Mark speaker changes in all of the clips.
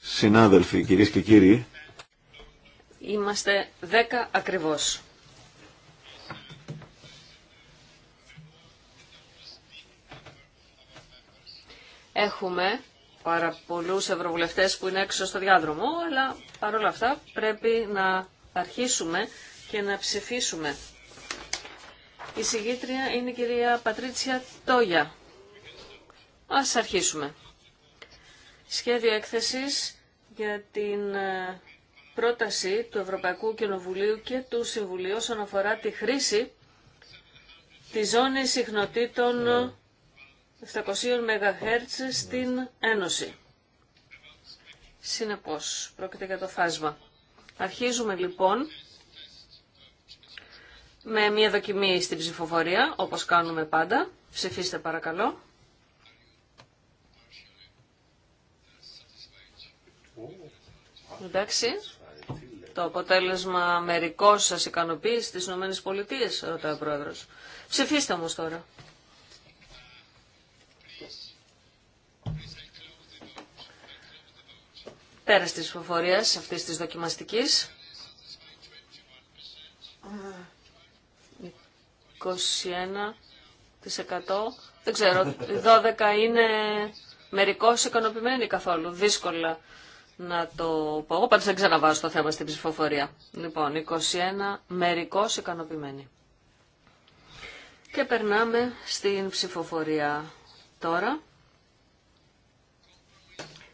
Speaker 1: Συνάδελφοι, κυρίες και κύριοι,
Speaker 2: είμαστε δέκα ακριβώς. Έχουμε πάρα πολλούς ευρωβουλευτές που είναι έξω στο διάδρομο, αλλά παρόλα αυτά πρέπει να αρχίσουμε και να ψηφίσουμε. Η συγγήτρια είναι η κυρία Πατρίτσια Τόγια. Ας αρχίσουμε. Σχέδιο έκθεσης για την ε, πρόταση του Ευρωπαϊκού Κοινοβουλίου και του Συμβουλίου όσον αφορά τη χρήση της ζώνης συχνοτήτων 700 MHz στην Ένωση. Συνεπώς, πρόκειται για το φάσμα. Αρχίζουμε λοιπόν με μια δοκιμή στην ψηφοφορία, όπως κάνουμε πάντα. Ψηφίστε παρακαλώ. Εντάξει. Το αποτέλεσμα μερικό σα ικανοποιεί στι ΗΠΑ, ρωτάει ο πρόεδρο. Ψηφίστε όμω τώρα. Πέρα τη ψηφοφορία αυτή τη δοκιμαστική. 21%. Δεν ξέρω, 12 είναι μερικώς ικανοποιημένοι καθόλου, δύσκολα να το πω. Εγώ πάντως δεν ξαναβάζω το θέμα στην ψηφοφορία. Λοιπόν, 21 μερικώς ικανοποιημένοι. Και περνάμε στην ψηφοφορία τώρα.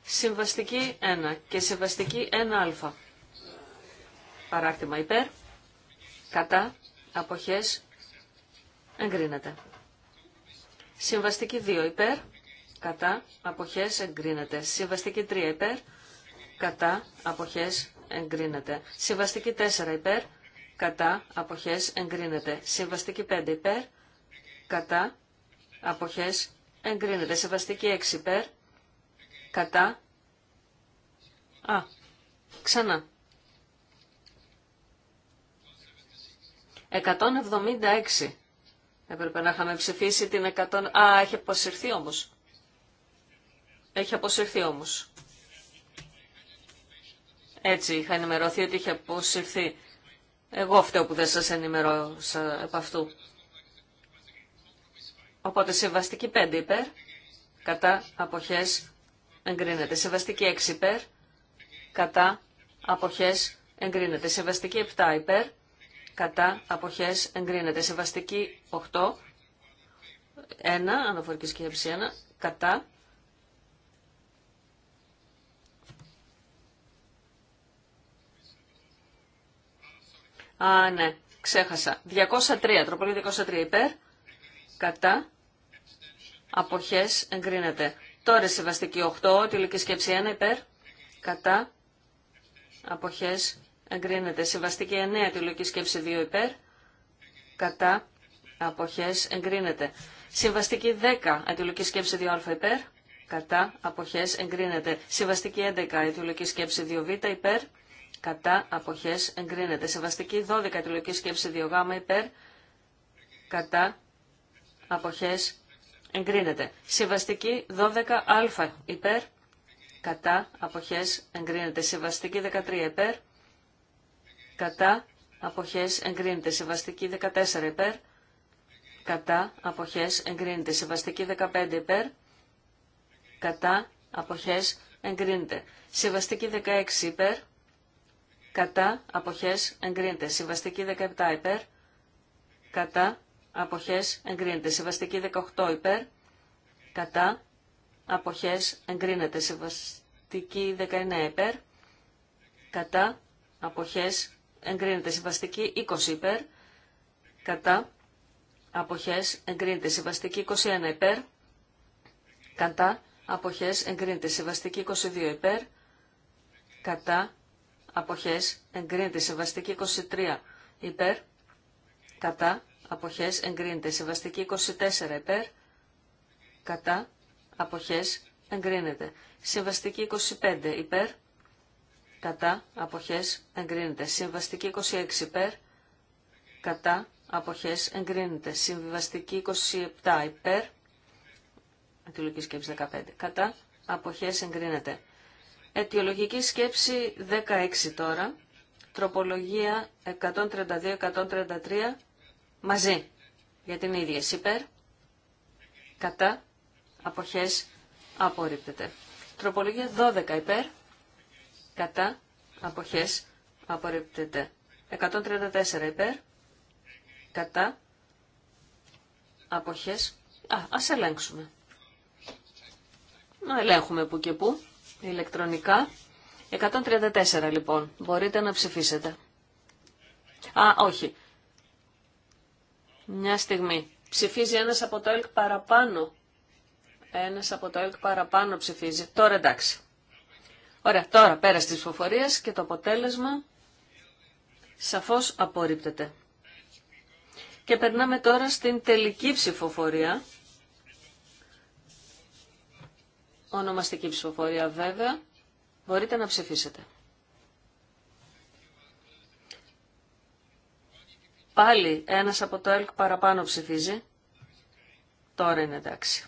Speaker 2: Συμβαστική 1 και συμβαστική 1α. Παράκτημα υπέρ, κατά, αποχές, εγκρίνεται. Συμβαστική 2 υπέρ, κατά, αποχές, εγκρίνεται. Συμβαστική 3 υπέρ, κατά, αποχές, εγκρίνεται. Συμβαστική 4 υπέρ, κατά, αποχές, εγκρίνεται. Συμβαστική 5 υπέρ, κατά, αποχές, εγκρίνεται. Συμβαστική 6 υπέρ, κατά, α, ξανά. 176. Έπρεπε να είχαμε ψηφίσει την 100... Α, έχει αποσυρθεί όμως. Έχει αποσυρθεί όμως. Έτσι είχα ενημερωθεί ότι είχε αποσυρθεί. Εγώ φταίω που δεν σας ενημερώσα από αυτού. Οπότε σεβαστική 5 υπέρ, κατά αποχές εγκρίνεται. Σεβαστική 6 υπέρ, κατά αποχές εγκρίνεται. Σεβαστική 7 υπέρ, κατά αποχές εγκρίνεται. Σεβαστική 8, 1, αναφορική σκέψη 1, κατά Α, ναι, ξέχασα. 203, τροπολογία 203 υπέρ, κατά, αποχές εγκρίνεται. Τώρα σεβαστική 8, αιτιολογική σκέψη 1 υπέρ, κατά, αποχές εγκρίνεται. Σεβαστική 9, αιτιολογική σκέψη 2 υπέρ, κατά, αποχές εγκρίνεται. Συμβαστική 10, αιτιολογική σκέψη 2α υπέρ, κατά, αποχές εγκρίνεται. Συμβαστική 11, αιτιολογική σκέψη 2β υπέρ, κατά αποχές εγκρίνεται. Σεβαστική 12 αιτιολογική σκέψη γάμα υπέρ κατά αποχές εγκρίνεται. Σεβαστική 12α υπέρ κατά αποχές εγκρίνεται. Σεβαστική 13 υπέρ κατά αποχές εγκρίνεται. Σεβαστική 14 υπέρ κατά αποχές εγκρίνεται. Σεβαστική 15 υπέρ κατά αποχές εγκρίνεται. Σεβαστική 16 υπέρ κατά αποχές εγκρίνεται. Συμβαστική 17 υπέρ, κατά αποχές εγκρίνεται. Συμβαστική 18 υπέρ, κατά αποχές εγκρίνεται. Συμβαστική 19 υπέρ, κατά αποχές εγκρίνεται. Συμβαστική 20 υπέρ, κατά αποχές εγκρίνεται. Συμβαστική 21 υπέρ, κατά αποχές εγκρίνεται. Συμβαστική 22 υπέρ, κατά αποχές εγκρίνεται. Σεβαστική 23 υπέρ, κατά, αποχές εγκρίνεται. Σεβαστική 24 υπέρ, κατά, αποχές εγκρίνεται. Συμβαστική 25 υπέρ, κατά, αποχές εγκρίνεται. Συμβαστική 26 υπέρ, κατά, αποχές εγκρίνεται. Συμβαστική 27 υπέρ, αντιλογική σκέψη 15, κατά, αποχές εγκρίνεται. Αιτιολογική σκέψη 16 τώρα. Τροπολογία 132-133 μαζί για την ίδια Σιπέρ, Κατά. Αποχές απορρίπτεται. Τροπολογία 12 υπέρ. Κατά. Αποχές απορρίπτεται. 134 υπέρ. Κατά. Αποχές. Α, ας ελέγξουμε. Να ελέγχουμε που και που ηλεκτρονικά. 134 λοιπόν. Μπορείτε να ψηφίσετε. Α, όχι. Μια στιγμή. Ψηφίζει ένας από το ΕΛΚ παραπάνω. Ένας από το ΕΛΚ παραπάνω ψηφίζει. Τώρα εντάξει. Ωραία, τώρα πέρα τη ψηφοφορία και το αποτέλεσμα σαφώς απορρίπτεται. Και περνάμε τώρα στην τελική ψηφοφορία Ονομαστική ψηφοφορία βέβαια. Μπορείτε να ψηφίσετε. Πάλι ένας από το ΕΛΚ παραπάνω ψηφίζει. Τώρα είναι εντάξει.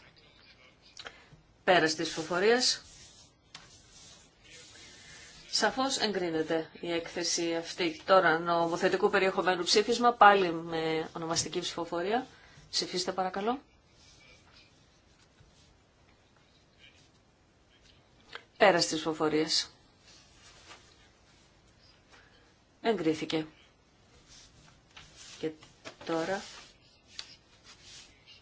Speaker 2: Πέρα της ψηφοφορίας. Σαφώς εγκρίνεται η έκθεση αυτή. Τώρα νομοθετικού περιεχομένου ψήφισμα, πάλι με ονομαστική ψηφοφορία. Ψηφίστε παρακαλώ. Πέρα στις ψηφοφορίες. Εγκρίθηκε. Και τώρα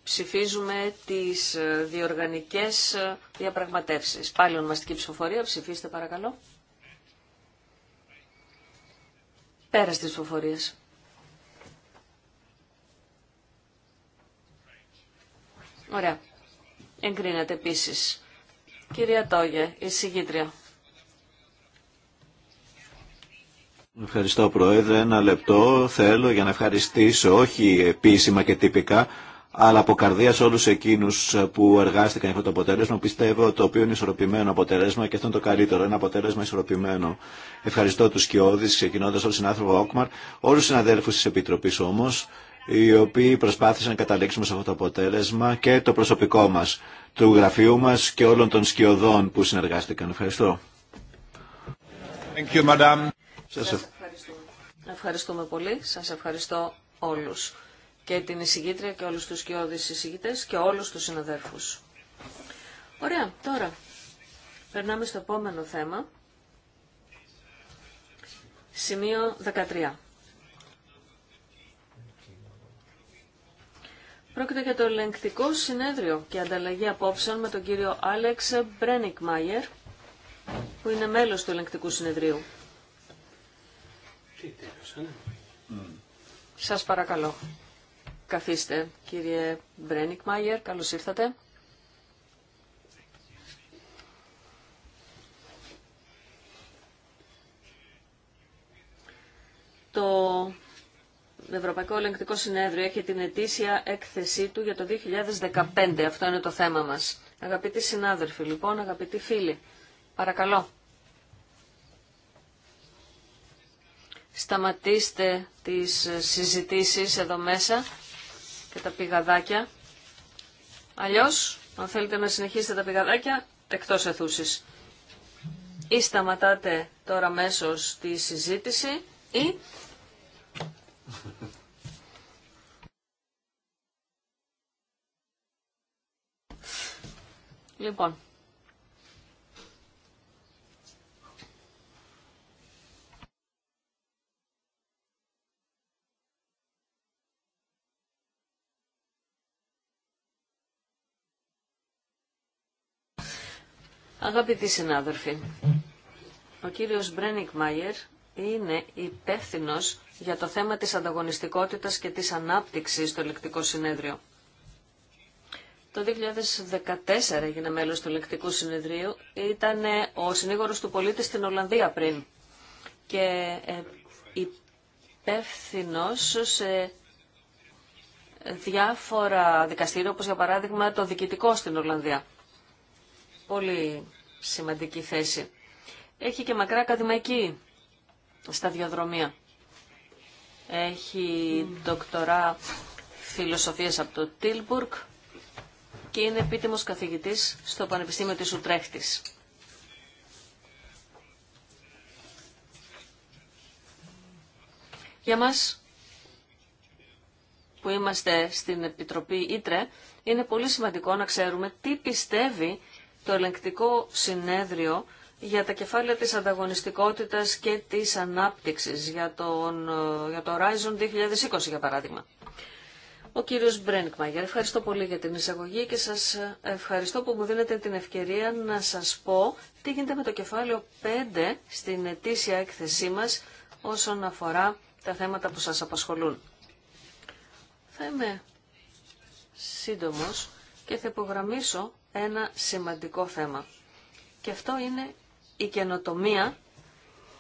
Speaker 2: ψηφίζουμε τις ε, διοργανικές ε, διαπραγματεύσεις. Πάλι ονομαστική ψηφοφορία. Ψηφίστε παρακαλώ. Πέρα στις ψηφοφορίες. Ωραία. Εγκρίνεται επίσης Κυρία Τόγε, η
Speaker 1: Ευχαριστώ Πρόεδρε. Ένα λεπτό θέλω για να ευχαριστήσω όχι επίσημα και τυπικά αλλά από καρδία σε όλους εκείνους που εργάστηκαν αυτό το αποτέλεσμα πιστεύω το οποίο είναι ισορροπημένο αποτέλεσμα και αυτό είναι το καλύτερο, ένα αποτέλεσμα ισορροπημένο. Ευχαριστώ τους Κιώδης, ξεκινώντας τον συνάνθρωπο Όκμαρ, όλους τους συναδέλφους της Επιτροπής όμως οι οποίοι προσπάθησαν να καταλήξουμε σε αυτό το αποτέλεσμα και το προσωπικό μας, του γραφείου μας και όλων των σκιωδών που συνεργάστηκαν. Ευχαριστώ. Thank you, Σας
Speaker 2: ευχαριστούμε. πολύ. Σας ευχαριστώ όλους. Και την εισηγήτρια και όλους τους σκιώδεις εισηγητές και όλους τους συναδέρφους. Ωραία, τώρα περνάμε στο επόμενο θέμα. Σημείο 13. Πρόκειται για το ελεγκτικό συνέδριο και ανταλλαγή απόψεων με τον κύριο Άλεξ Μπρένικ που είναι μέλος του ελεγκτικού συνεδρίου. Ε? Mm. Σας παρακαλώ. Καθίστε, κύριε Μπρένικ Μάιερ, καλώς ήρθατε. Το το Ευρωπαϊκό Ελεγκτικό Συνέδριο έχει την ετήσια έκθεσή του για το 2015. Αυτό είναι το θέμα μας. Αγαπητοί συνάδελφοι, λοιπόν, αγαπητοί φίλοι, παρακαλώ. Σταματήστε τις συζητήσεις εδώ μέσα και τα πηγαδάκια. Αλλιώς, αν θέλετε να συνεχίσετε τα πηγαδάκια, εκτός αιθούσης. Ή σταματάτε τώρα μέσω τη συζήτηση ή Λοιπόν. Αγαπητοί συνάδελφοι, ο κύριος Μπρένικ Μάιερ είναι υπεύθυνο για το θέμα της ανταγωνιστικότητας και της ανάπτυξης στο λεκτικό συνέδριο. Το 2014 έγινε μέλος του λεκτικού συνεδρίου. Ήταν ε, ο συνήγορος του πολίτη στην Ολλανδία πριν και ε, υπεύθυνο σε διάφορα δικαστήρια, όπως για παράδειγμα το διοικητικό στην Ολλανδία. Πολύ σημαντική θέση. Έχει και μακρά ακαδημαϊκή σταδιοδρομία έχει δοκτορά φιλοσοφίας από το Τίλμπουργκ και είναι επίτιμος καθηγητής στο Πανεπιστήμιο της Ουτρέχτης. Για μας που είμαστε στην Επιτροπή Ήτρε, είναι πολύ σημαντικό να ξέρουμε τι πιστεύει το ελεγκτικό συνέδριο για τα κεφάλαια της ανταγωνιστικότητας και της ανάπτυξης, για, τον, για το Horizon 2020 για παράδειγμα. Ο κύριος Μπρένικμαγερ, ευχαριστώ πολύ για την εισαγωγή και σας ευχαριστώ που μου δίνετε την ευκαιρία να σας πω τι γίνεται με το κεφάλαιο 5 στην ετήσια έκθεσή μας όσον αφορά τα θέματα που σας απασχολούν. Θα είμαι σύντομος και θα υπογραμμίσω ένα σημαντικό θέμα. Και αυτό είναι η καινοτομία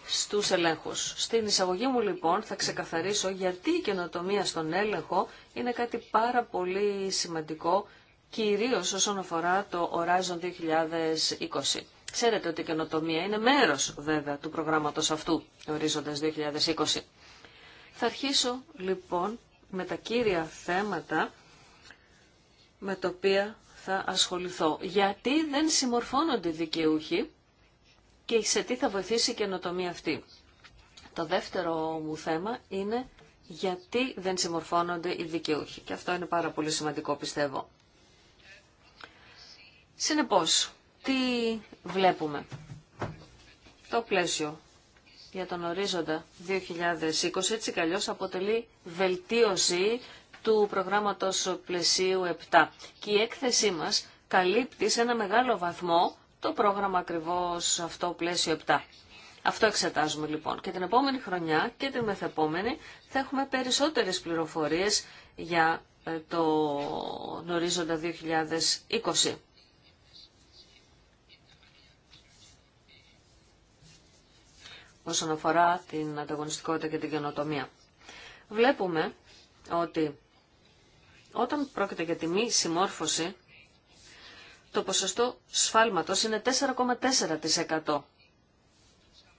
Speaker 2: στους ελέγχους. Στην εισαγωγή μου λοιπόν θα ξεκαθαρίσω γιατί η καινοτομία στον έλεγχο είναι κάτι πάρα πολύ σημαντικό, κυρίως όσον αφορά το Horizon 2020. Ξέρετε ότι η καινοτομία είναι μέρος βέβαια του προγράμματος αυτού, ορίζοντας 2020. Θα αρχίσω λοιπόν με τα κύρια θέματα με τα οποία θα ασχοληθώ. Γιατί δεν συμμορφώνονται οι δικαιούχοι και σε τι θα βοηθήσει η καινοτομία αυτή. Το δεύτερο μου θέμα είναι γιατί δεν συμμορφώνονται οι δικαιούχοι. Και αυτό είναι πάρα πολύ σημαντικό πιστεύω. Συνεπώς, τι βλέπουμε. Το πλαίσιο για τον ορίζοντα 2020 έτσι καλώς αποτελεί βελτίωση του προγράμματος πλαισίου 7. Και η έκθεσή μας καλύπτει σε ένα μεγάλο βαθμό το πρόγραμμα ακριβώς αυτό πλαίσιο 7. Αυτό εξετάζουμε λοιπόν. Και την επόμενη χρονιά και την μεθεπόμενη θα έχουμε περισσότερες πληροφορίες για ε, το νορίζοντα 2020. όσον αφορά την ανταγωνιστικότητα και την καινοτομία. Βλέπουμε ότι όταν πρόκειται για τη μη συμμόρφωση, το ποσοστό σφάλματος είναι 4,4%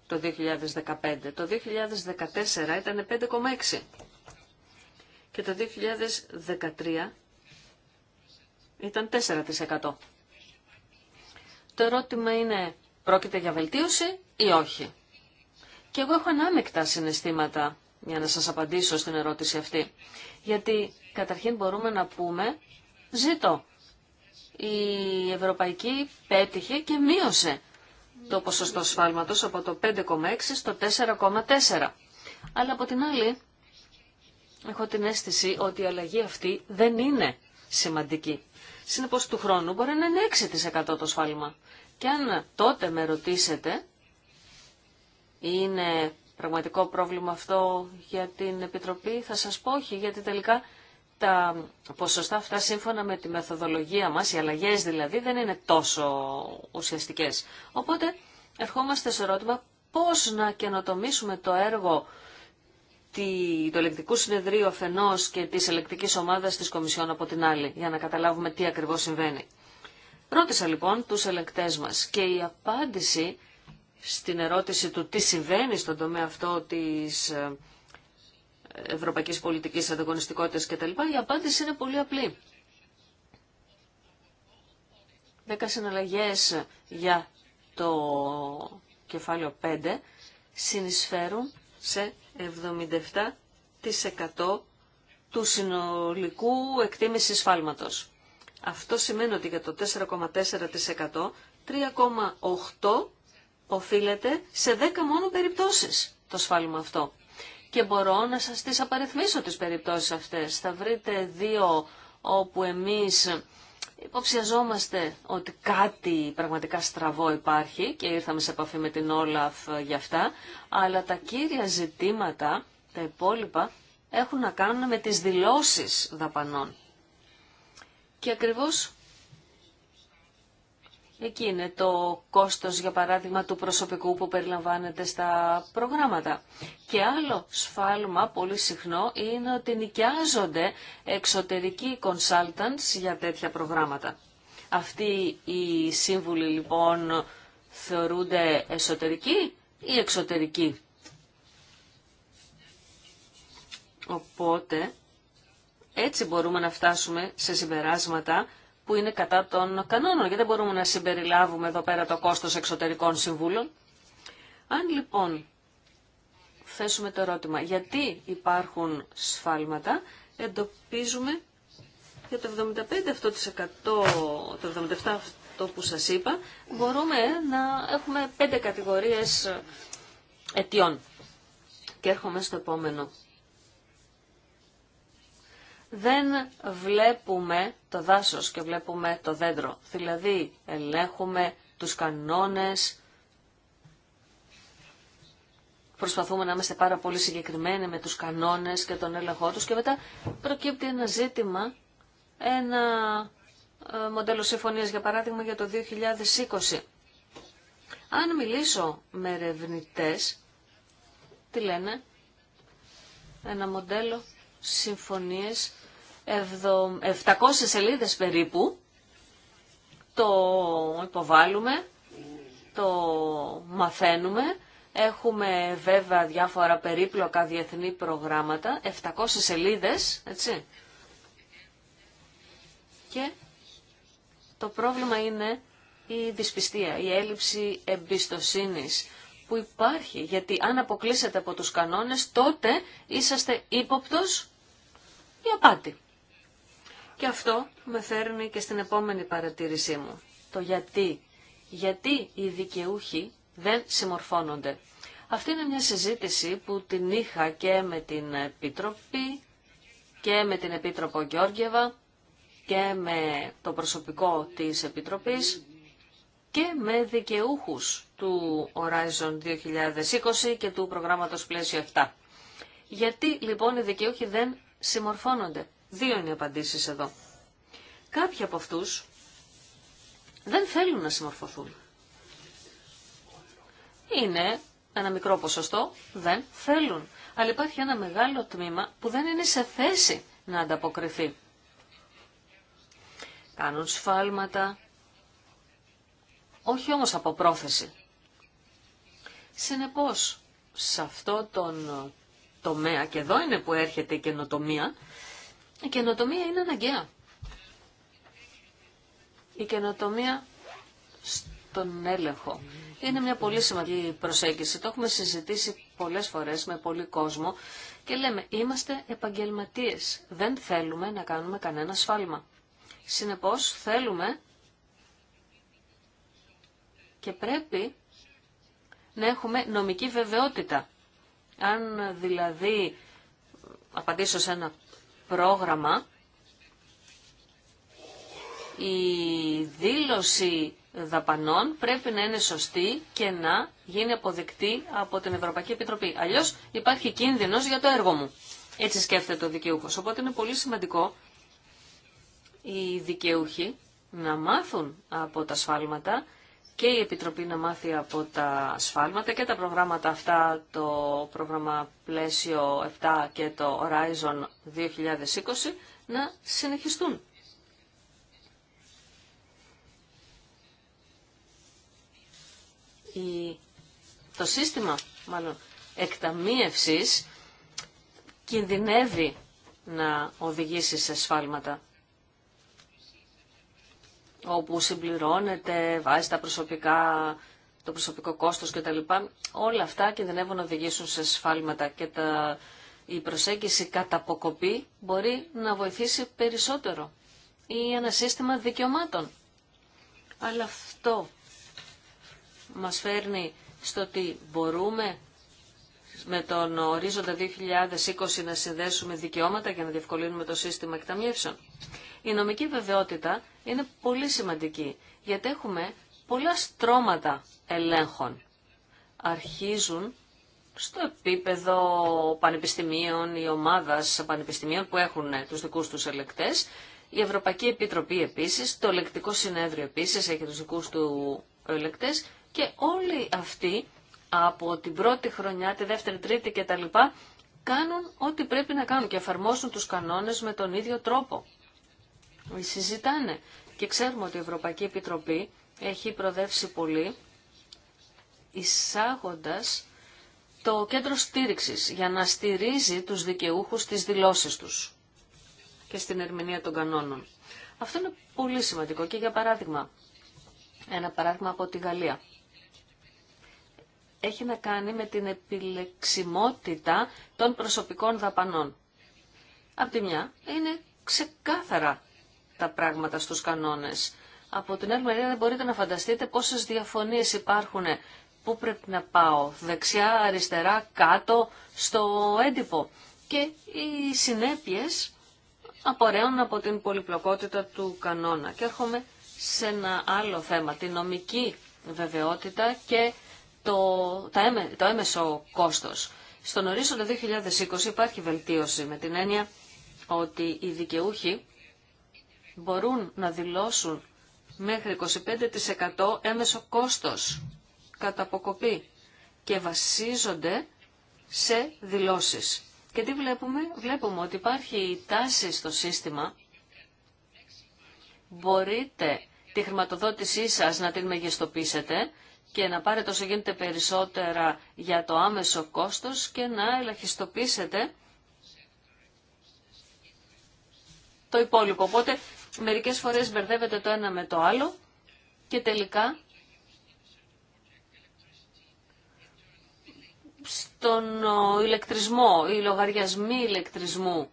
Speaker 2: το 2015. Το 2014 ήταν 5,6% και το 2013 ήταν 4%. Το ερώτημα είναι, πρόκειται για βελτίωση ή όχι. Και εγώ έχω ανάμεκτα συναισθήματα για να σας απαντήσω στην ερώτηση αυτή. Γιατί καταρχήν μπορούμε να πούμε, ζήτω η Ευρωπαϊκή πέτυχε και μείωσε το ποσοστό σφάλματος από το 5,6 στο 4,4. Αλλά από την άλλη, έχω την αίσθηση ότι η αλλαγή αυτή δεν είναι σημαντική. Συνεπώς του χρόνου μπορεί να είναι 6% το σφάλμα. Και αν τότε με ρωτήσετε, είναι πραγματικό πρόβλημα αυτό για την Επιτροπή, θα σας πω όχι, γιατί τελικά τα ποσοστά αυτά σύμφωνα με τη μεθοδολογία μας, οι αλλαγές δηλαδή, δεν είναι τόσο ουσιαστικές. Οπότε ερχόμαστε σε ερώτημα πώς να καινοτομήσουμε το έργο του ελεκτικού συνεδρίου αφενός και της ελεκτικής ομάδας της Κομισιόν από την άλλη, για να καταλάβουμε τι ακριβώς συμβαίνει. Ρώτησα λοιπόν τους ελεκτές μας και η απάντηση στην ερώτηση του τι συμβαίνει στον τομέα αυτό της ε, ευρωπαϊκής πολιτικής ανταγωνιστικότητας κτλ. Η απάντηση είναι πολύ απλή. Δέκα συναλλαγές για το κεφάλαιο 5 συνεισφέρουν σε 77% του συνολικού εκτίμησης σφάλματος. Αυτό σημαίνει ότι για το 4,4% 3,8% οφείλεται σε 10 μόνο περιπτώσεις το σφάλμα αυτό και μπορώ να σας τις απαριθμίσω τις περιπτώσεις αυτές. Θα βρείτε δύο όπου εμείς υποψιαζόμαστε ότι κάτι πραγματικά στραβό υπάρχει και ήρθαμε σε επαφή με την Όλαφ για αυτά, αλλά τα κύρια ζητήματα, τα υπόλοιπα, έχουν να κάνουν με τις δηλώσεις δαπανών. Και ακριβώς Εκεί είναι το κόστος, για παράδειγμα, του προσωπικού που περιλαμβάνεται στα προγράμματα. Και άλλο σφάλμα, πολύ συχνό, είναι ότι νοικιάζονται εξωτερικοί consultants για τέτοια προγράμματα. Αυτοί οι σύμβουλοι, λοιπόν, θεωρούνται εσωτερικοί ή εξωτερικοί. Οπότε, έτσι μπορούμε να φτάσουμε σε συμπεράσματα που είναι κατά των κανόνων, γιατί δεν μπορούμε να συμπεριλάβουμε εδώ πέρα το κόστος εξωτερικών συμβούλων. Αν λοιπόν θέσουμε το ερώτημα γιατί υπάρχουν σφάλματα, εντοπίζουμε για το 75% αυτό, το 77% αυτό που σας είπα, μπορούμε να έχουμε πέντε κατηγορίες αιτιών. Και έρχομαι στο επόμενο δεν βλέπουμε το δάσος και βλέπουμε το δέντρο. Δηλαδή ελέγχουμε τους κανόνες, προσπαθούμε να είμαστε πάρα πολύ συγκεκριμένοι με τους κανόνες και τον έλεγχό τους και μετά προκύπτει ένα ζήτημα, ένα ε, μοντέλο συμφωνίας για παράδειγμα για το 2020. Αν μιλήσω με ερευνητέ, τι λένε, ένα μοντέλο συμφωνίες 700 σελίδες περίπου. Το υποβάλλουμε, το μαθαίνουμε. Έχουμε βέβαια διάφορα περίπλοκα διεθνή προγράμματα, 700 σελίδες, έτσι. Και το πρόβλημα είναι η δυσπιστία, η έλλειψη εμπιστοσύνης που υπάρχει. Γιατί αν αποκλείσετε από τους κανόνες, τότε είσαστε ύποπτος για απάτη. Και αυτό με φέρνει και στην επόμενη παρατήρησή μου. Το γιατί. Γιατί οι δικαιούχοι δεν συμμορφώνονται. Αυτή είναι μια συζήτηση που την είχα και με την Επίτροπη και με την Επίτροπο Γεώργιεβα και με το προσωπικό της Επιτροπής και με δικαιούχους του Horizon 2020 και του προγράμματος πλαίσιο 7. Γιατί λοιπόν οι δικαιούχοι δεν συμμορφώνονται. Δύο είναι οι απαντήσεις εδώ. Κάποιοι από αυτούς δεν θέλουν να συμμορφωθούν. Είναι ένα μικρό ποσοστό, δεν θέλουν. Αλλά υπάρχει ένα μεγάλο τμήμα που δεν είναι σε θέση να ανταποκριθεί. Κάνουν σφάλματα, όχι όμως από πρόθεση. Συνεπώς, σε αυτό τον τομέα, και εδώ είναι που έρχεται η καινοτομία, η καινοτομία είναι αναγκαία. Η καινοτομία στον έλεγχο. Είναι μια πολύ σημαντική προσέγγιση. Το έχουμε συζητήσει πολλές φορές με πολύ κόσμο και λέμε είμαστε επαγγελματίες. Δεν θέλουμε να κάνουμε κανένα σφάλμα. Συνεπώς θέλουμε και πρέπει να έχουμε νομική βεβαιότητα. Αν δηλαδή απαντήσω σε ένα πρόγραμμα η δήλωση δαπανών πρέπει να είναι σωστή και να γίνει αποδεκτή από την Ευρωπαϊκή Επιτροπή. Αλλιώς υπάρχει κίνδυνος για το έργο μου. Έτσι σκέφτεται ο δικαιούχος. Οπότε είναι πολύ σημαντικό οι δικαιούχοι να μάθουν από τα σφάλματα και η Επιτροπή να μάθει από τα σφάλματα και τα προγράμματα αυτά, το πρόγραμμα πλαίσιο 7 και το Horizon 2020, να συνεχιστούν. Το σύστημα, μάλλον, εκταμίευσης κινδυνεύει να οδηγήσει σε σφάλματα όπου συμπληρώνεται, βάζει τα προσωπικά, το προσωπικό κόστος κτλ. Όλα αυτά κινδυνεύουν να οδηγήσουν σε σφάλματα και τα, η προσέγγιση κατά αποκοπή μπορεί να βοηθήσει περισσότερο ή ένα σύστημα δικαιωμάτων. Αλλά αυτό μας φέρνει στο ότι μπορούμε με τον ορίζοντα 2020 να συνδέσουμε δικαιώματα για να διευκολύνουμε το σύστημα εκταμιεύσεων. Η νομική βεβαιότητα είναι πολύ σημαντική, γιατί έχουμε πολλά στρώματα ελέγχων. Αρχίζουν στο επίπεδο πανεπιστημίων ή ομάδας πανεπιστημίων που έχουν ε, τους δικούς τους ελεκτές. Η ομάδα επίσης, το Ελεκτικό Συνέδριο επίσης έχει τους δικούς του ελεκτές και όλοι αυτοί από την πρώτη χρονιά, τη δεύτερη, τρίτη κτλ. κάνουν ό,τι πρέπει να κάνουν και εφαρμόσουν τους κανόνες με τον ίδιο τρόπο. Συζητάνε και ξέρουμε ότι η Ευρωπαϊκή Επιτροπή έχει προδεύσει πολύ εισάγοντας το κέντρο στήριξης για να στηρίζει τους δικαιούχους στις δηλώσεις τους και στην ερμηνεία των κανόνων. Αυτό είναι πολύ σημαντικό και για παράδειγμα, ένα παράδειγμα από τη Γαλλία έχει να κάνει με την επιλεξιμότητα των προσωπικών δαπανών. Απ' τη μια είναι ξεκάθαρα τα πράγματα στους κανόνες. Από την άλλη μεριά δεν μπορείτε να φανταστείτε πόσες διαφωνίες υπάρχουν. Πού πρέπει να πάω, δεξιά, αριστερά, κάτω, στο έντυπο. Και οι συνέπειες απορρέουν από την πολυπλοκότητα του κανόνα. Και έρχομαι σε ένα άλλο θέμα, τη νομική βεβαιότητα και το, έμεσο κόστος. Στον ορίζοντα 2020 υπάρχει βελτίωση με την έννοια ότι οι δικαιούχοι μπορούν να δηλώσουν μέχρι 25% έμεσο κόστος κατά αποκοπή και βασίζονται σε δηλώσεις. Και τι βλέπουμε, βλέπουμε ότι υπάρχει τάση στο σύστημα, μπορείτε τη χρηματοδότησή σας να την μεγιστοποιήσετε, και να πάρετε όσο γίνεται περισσότερα για το άμεσο κόστος και να ελαχιστοποιήσετε το υπόλοιπο. Οπότε μερικές φορές μπερδεύετε το ένα με το άλλο και τελικά στον ηλεκτρισμό, οι λογαριασμοί ηλεκτρισμού.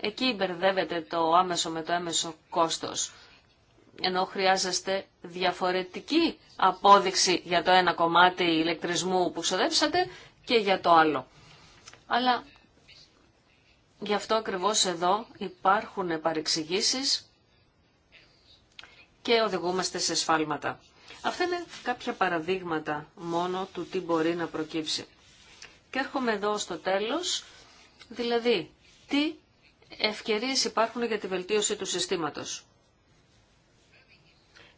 Speaker 2: Εκεί μπερδεύεται το άμεσο με το έμεσο κόστος ενώ χρειάζεστε διαφορετική απόδειξη για το ένα κομμάτι ηλεκτρισμού που ξοδέψατε και για το άλλο. Αλλά γι' αυτό ακριβώς εδώ υπάρχουν παρεξηγήσεις και οδηγούμαστε σε σφάλματα. Αυτά είναι κάποια παραδείγματα μόνο του τι μπορεί να προκύψει. Και έρχομαι εδώ στο τέλος, δηλαδή τι ευκαιρίες υπάρχουν για τη βελτίωση του συστήματος.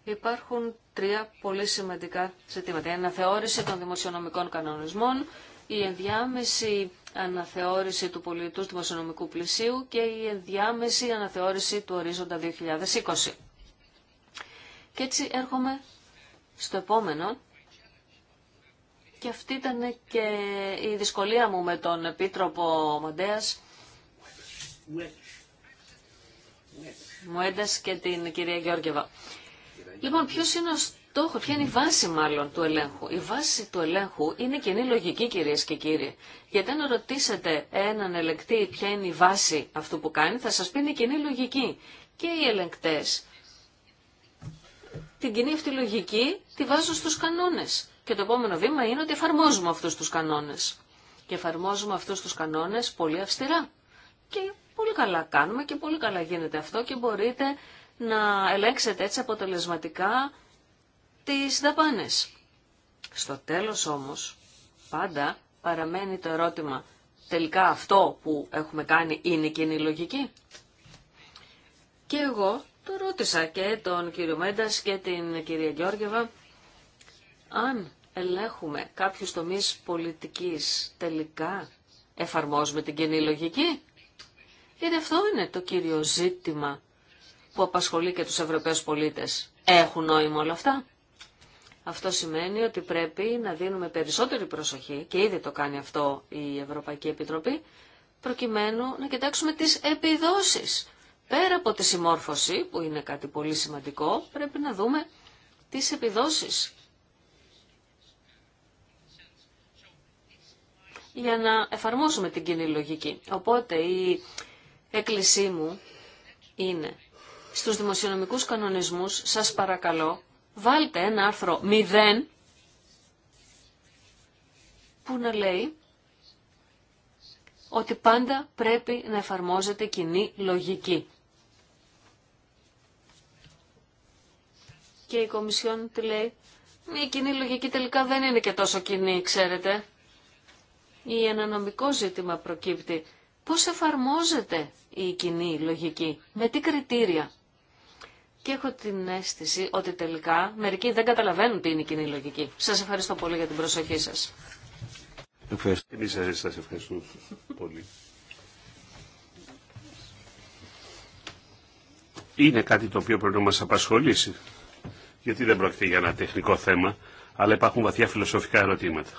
Speaker 2: Υπάρχουν τρία πολύ σημαντικά ζητήματα. Η αναθεώρηση των δημοσιονομικών κανονισμών, η ενδιάμεση αναθεώρηση του πολιτού δημοσιονομικού πλησίου και η ενδιάμεση αναθεώρηση του ορίζοντα 2020. Και έτσι έρχομαι στο επόμενο. Και αυτή ήταν και η δυσκολία μου με τον Επίτροπο Μαντέας. Μουέντας και την κυρία Γιώργεβα. Λοιπόν, ποιο είναι ο στόχο, ποια είναι η βάση μάλλον του ελέγχου. Η βάση του ελέγχου είναι κοινή λογική κυρίε και κύριοι. Γιατί αν ρωτήσετε έναν ελεγκτή ποια είναι η βάση αυτού που κάνει, θα σα πει είναι κοινή λογική. Και οι ελεγκτές την κοινή αυτή λογική τη βάζουν στου κανόνε. Και το επόμενο βήμα είναι ότι εφαρμόζουμε αυτού του κανόνε. Και εφαρμόζουμε αυτού του κανόνε πολύ αυστηρά. Και πολύ καλά κάνουμε και πολύ καλά γίνεται αυτό και μπορείτε να ελέγξετε έτσι αποτελεσματικά τις δαπάνες. Στο τέλος όμως, πάντα παραμένει το ερώτημα, τελικά αυτό που έχουμε κάνει είναι κοινή λογική. Και εγώ το ρώτησα και τον κύριο Μέντας και την κυρία Γιώργεβα, αν ελέγχουμε κάποιους τομείς πολιτικής τελικά εφαρμόζουμε την κοινή λογική. Γιατί αυτό είναι το κύριο ζήτημα που απασχολεί και τους Ευρωπαίους πολίτες. Έχουν νόημα όλα αυτά. Αυτό σημαίνει ότι πρέπει να δίνουμε περισσότερη προσοχή, και ήδη το κάνει αυτό η Ευρωπαϊκή Επιτροπή, προκειμένου να κοιτάξουμε τις επιδόσεις. Πέρα από τη συμμόρφωση, που είναι κάτι πολύ σημαντικό, πρέπει να δούμε τις επιδόσεις. Για να εφαρμόσουμε την κοινή λογική. Οπότε η έκκλησή μου είναι στους δημοσιονομικούς κανονισμούς, σας παρακαλώ, βάλτε ένα άρθρο 0 που να λέει ότι πάντα πρέπει να εφαρμόζεται κοινή λογική. Και η Κομισιόν τι λέει, η κοινή λογική τελικά δεν είναι και τόσο κοινή, ξέρετε. Η ανανομικό ζήτημα προκύπτει. Πώς εφαρμόζεται η κοινή λογική, με τι κριτήρια. Και έχω την αίσθηση ότι τελικά μερικοί δεν καταλαβαίνουν τι είναι η κοινή λογική. Σας ευχαριστώ πολύ για την προσοχή σας.
Speaker 3: Ευχαριστώ. Εμείς σας ευχαριστούμε πολύ. Είναι κάτι το οποίο πρέπει να μας απασχολήσει, γιατί δεν πρόκειται για ένα τεχνικό θέμα, αλλά υπάρχουν βαθιά φιλοσοφικά ερωτήματα.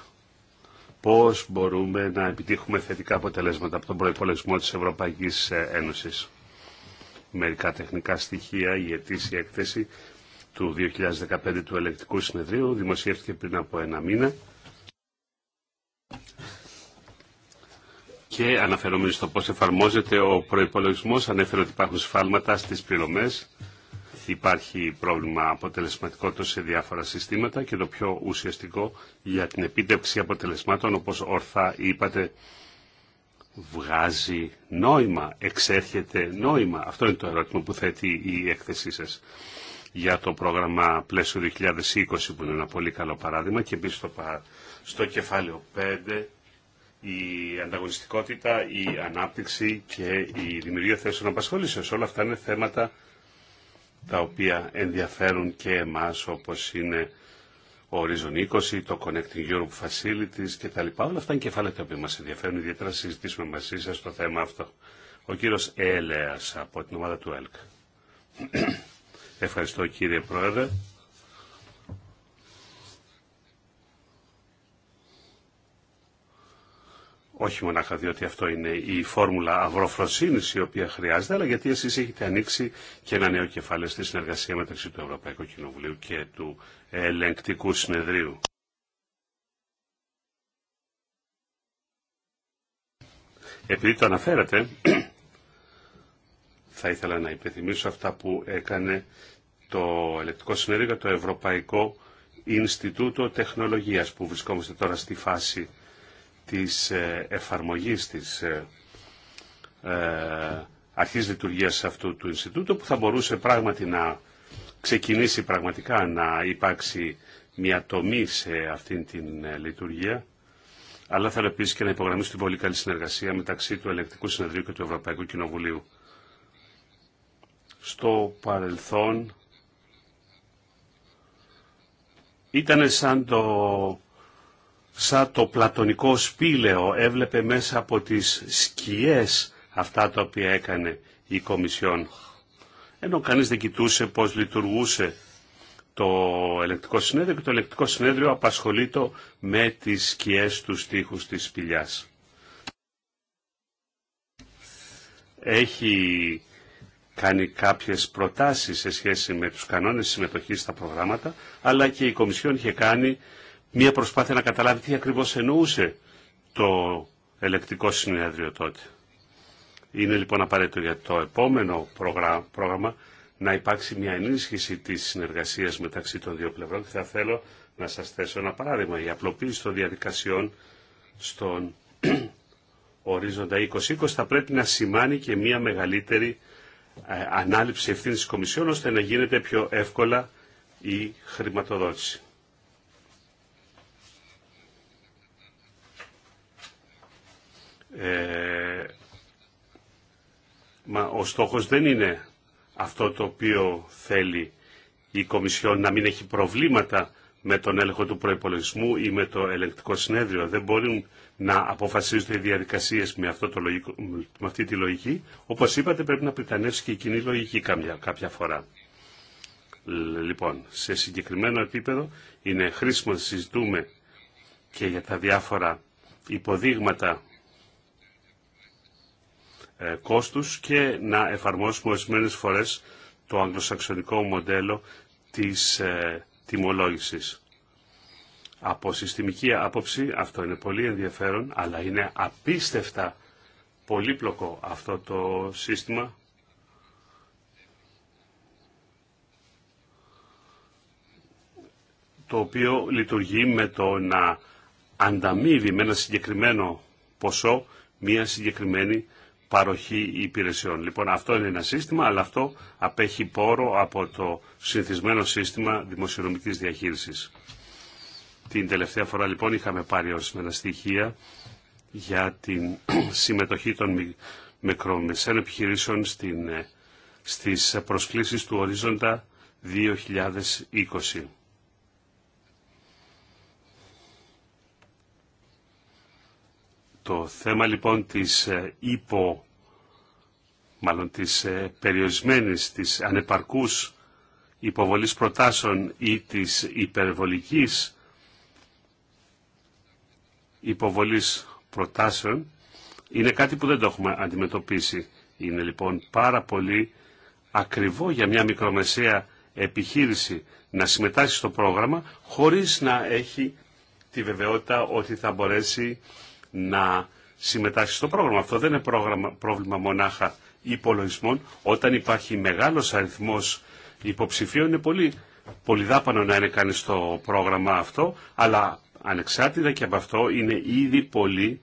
Speaker 3: Πώς μπορούμε να επιτύχουμε θετικά αποτελέσματα από τον προϋπολογισμό της Ευρωπαϊκής Ένωσης μερικά τεχνικά στοιχεία, η ετήσια έκθεση του 2015 του Ελεκτικού Συνεδρίου δημοσιεύτηκε πριν από ένα μήνα και αναφερόμενοι στο πώς εφαρμόζεται ο προϋπολογισμός ανέφερε ότι υπάρχουν σφάλματα στις πληρωμές υπάρχει πρόβλημα αποτελεσματικότητα σε διάφορα συστήματα και το πιο ουσιαστικό για την επίτευξη αποτελεσμάτων όπως ορθά είπατε βγάζει νόημα, εξέρχεται νόημα. Αυτό είναι το ερώτημα που θέτει η έκθεσή σας για το πρόγραμμα πλαίσιο 2020 που είναι ένα πολύ καλό παράδειγμα και επίσης στο, στο κεφάλαιο 5 η ανταγωνιστικότητα, η ανάπτυξη και η δημιουργία θέσεων απασχολήσεως. Όλα αυτά είναι θέματα τα οποία ενδιαφέρουν και εμάς όπως είναι Horizon 20, το Connecting Europe Facilities κτλ. Όλα αυτά είναι κεφάλαια τα οποία μας ενδιαφέρουν ιδιαίτερα να συζητήσουμε μαζί σα το θέμα αυτό. Ο κύριος Έλεα από την ομάδα του ΕΛΚ. Ευχαριστώ κύριε Πρόεδρε. όχι μονάχα διότι αυτό είναι η φόρμουλα αυροφροσύνης η οποία χρειάζεται, αλλά γιατί εσείς έχετε ανοίξει και ένα νέο κεφάλαιο στη συνεργασία μεταξύ του Ευρωπαϊκού Κοινοβουλίου και του Ελεγκτικού Συνεδρίου. Επειδή το αναφέρατε, θα ήθελα να υπενθυμίσω αυτά που έκανε το Ελεκτικό Συνέδριο για το Ευρωπαϊκό Ινστιτούτο Τεχνολογίας που βρισκόμαστε τώρα στη φάση της ε, εφαρμογής της ε, ε, αρχής λειτουργίας αυτού του Ινστιτούτου που θα μπορούσε πράγματι να ξεκινήσει πραγματικά να υπάρξει μια τομή σε αυτήν την λειτουργία αλλά θέλω επίση και να υπογραμμίσω την πολύ καλή συνεργασία μεταξύ του Ελεκτικού Συνεδρίου και του Ευρωπαϊκού Κοινοβουλίου. Στο παρελθόν ήταν σαν το σαν το πλατωνικό σπήλαιο έβλεπε μέσα από τις σκιές αυτά τα οποία έκανε η Κομισιόν. Ενώ κανείς δεν κοιτούσε πώς λειτουργούσε το ελεκτικό συνέδριο και το ελεκτικό συνέδριο απασχολείται με τις σκιές του στίχους της σπηλιάς. Έχει κάνει κάποιες προτάσεις σε σχέση με τους κανόνες συμμετοχής στα προγράμματα, αλλά και η Κομισιόν είχε κάνει μια προσπάθεια να καταλάβει τι ακριβώς εννοούσε το ελεκτικό συνέδριο τότε. Είναι λοιπόν απαραίτητο για το επόμενο πρόγραμμα να υπάρξει μια ενίσχυση της συνεργασίας μεταξύ των δύο πλευρών και θα θέλω να σας θέσω ένα παράδειγμα. Η απλοποίηση των διαδικασιών στον ορίζοντα 2020 θα πρέπει να σημάνει και μια μεγαλύτερη ε, ανάληψη ευθύνης της Κομισιόν ώστε να γίνεται πιο εύκολα η χρηματοδότηση. Ε, μα ο στόχος δεν είναι αυτό το οποίο θέλει η Κομισιόν να μην έχει προβλήματα με τον έλεγχο του προϋπολογισμού ή με το ελεγκτικό συνέδριο. Δεν μπορούν να αποφασίζονται οι διαδικασίες με, αυτό το λογικό, με αυτή τη λογική. Όπως είπατε πρέπει να πριτανεύσει και η κοινή λογική κάποια φορά. Λοιπόν, σε συγκεκριμένο επίπεδο είναι χρήσιμο να συζητούμε και για τα διάφορα υποδείγματα ε, κόστους και να εφαρμόσουμε ορισμένε φορές το αγγλοσαξονικό μοντέλο της ε, τιμολόγησης. Από συστημική άποψη αυτό είναι πολύ ενδιαφέρον, αλλά είναι απίστευτα πολύπλοκο αυτό το σύστημα. το οποίο λειτουργεί με το να ανταμείβει με ένα συγκεκριμένο ποσό μία συγκεκριμένη παροχή υπηρεσιών. Λοιπόν, αυτό είναι ένα σύστημα, αλλά αυτό απέχει πόρο από το συνηθισμένο σύστημα δημοσιονομικής διαχείρισης. Την τελευταία φορά λοιπόν είχαμε πάρει ορισμένα στοιχεία για την συμμετοχή των μικρομεσαίων επιχειρήσεων στην, ε, στις προσκλήσεις του ορίζοντα 2020. Το θέμα λοιπόν της υπο, ε, μάλλον της ε, περιορισμένης, της ανεπαρκούς υποβολής προτάσεων ή της υπερβολικής υποβολής προτάσεων είναι κάτι που δεν το έχουμε αντιμετωπίσει. Είναι λοιπόν πάρα πολύ ακριβό για μια μικρομεσαία επιχείρηση να συμμετάσχει στο πρόγραμμα χωρίς να έχει τη βεβαιότητα ότι θα μπορέσει να συμμετάσχει στο πρόγραμμα. Αυτό δεν είναι πρόγραμμα, πρόβλημα μονάχα υπολογισμών. Όταν υπάρχει μεγάλος αριθμός υποψηφίων είναι πολύ πολυδάπανο να είναι κανείς στο πρόγραμμα αυτό, αλλά ανεξάρτητα και από αυτό είναι ήδη πολύ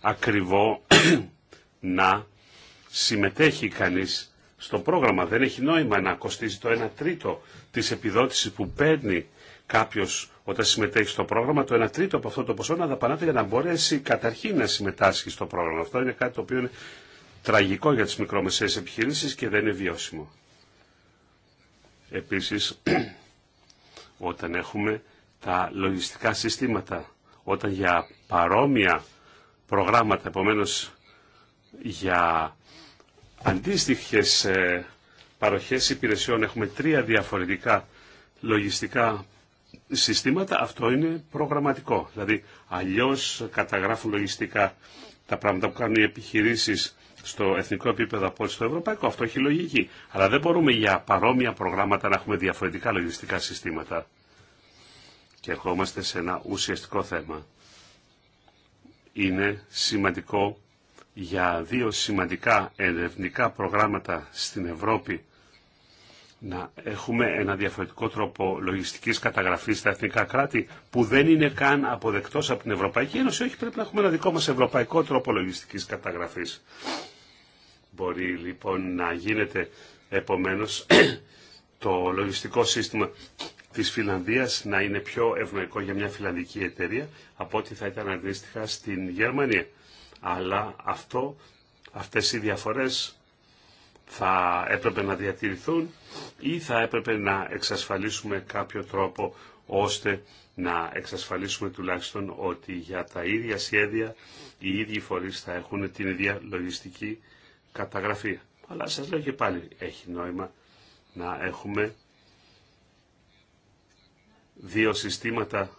Speaker 3: ακριβό να συμμετέχει κανείς στο πρόγραμμα. Δεν έχει νόημα να κοστίζει το 1 τρίτο της επιδότησης που παίρνει κάποιος όταν συμμετέχει στο πρόγραμμα, το 1 τρίτο από αυτό το ποσό να δαπανάται για να μπορέσει καταρχήν να συμμετάσχει στο πρόγραμμα. Αυτό είναι κάτι το οποίο είναι τραγικό για τις μικρομεσαίες επιχειρήσεις και δεν είναι βιώσιμο. Επίσης, όταν έχουμε τα λογιστικά συστήματα, όταν για παρόμοια προγράμματα, επομένω για αντίστοιχε ε, παροχέ υπηρεσιών έχουμε τρία διαφορετικά λογιστικά συστήματα, αυτό είναι προγραμματικό. Δηλαδή, αλλιώς καταγράφουν λογιστικά τα πράγματα που κάνουν οι επιχειρήσεις στο εθνικό επίπεδο από ό,τι στο ευρωπαϊκό. Αυτό έχει λογική. Αλλά δεν μπορούμε για παρόμοια προγράμματα να έχουμε διαφορετικά λογιστικά συστήματα. Και ερχόμαστε σε ένα ουσιαστικό θέμα. Είναι σημαντικό για δύο σημαντικά ερευνητικά προγράμματα στην Ευρώπη να έχουμε ένα διαφορετικό τρόπο λογιστικής καταγραφής στα εθνικά κράτη που δεν είναι καν αποδεκτός από την Ευρωπαϊκή Ένωση. Όχι, πρέπει να έχουμε ένα δικό μας ευρωπαϊκό τρόπο λογιστικής καταγραφής. Μπορεί λοιπόν να γίνεται επομένως το λογιστικό σύστημα της Φιλανδίας να είναι πιο ευνοϊκό για μια φιλανδική εταιρεία από ό,τι θα ήταν αντίστοιχα στην Γερμανία. Αλλά αυτό, αυτές οι διαφορές θα έπρεπε να διατηρηθούν ή θα έπρεπε να εξασφαλίσουμε κάποιο τρόπο ώστε να εξασφαλίσουμε τουλάχιστον ότι για τα ίδια σχέδια οι ίδιοι φορείς θα έχουν την ίδια λογιστική καταγραφή. Αλλά σας λέω και πάλι έχει νόημα να έχουμε δύο συστήματα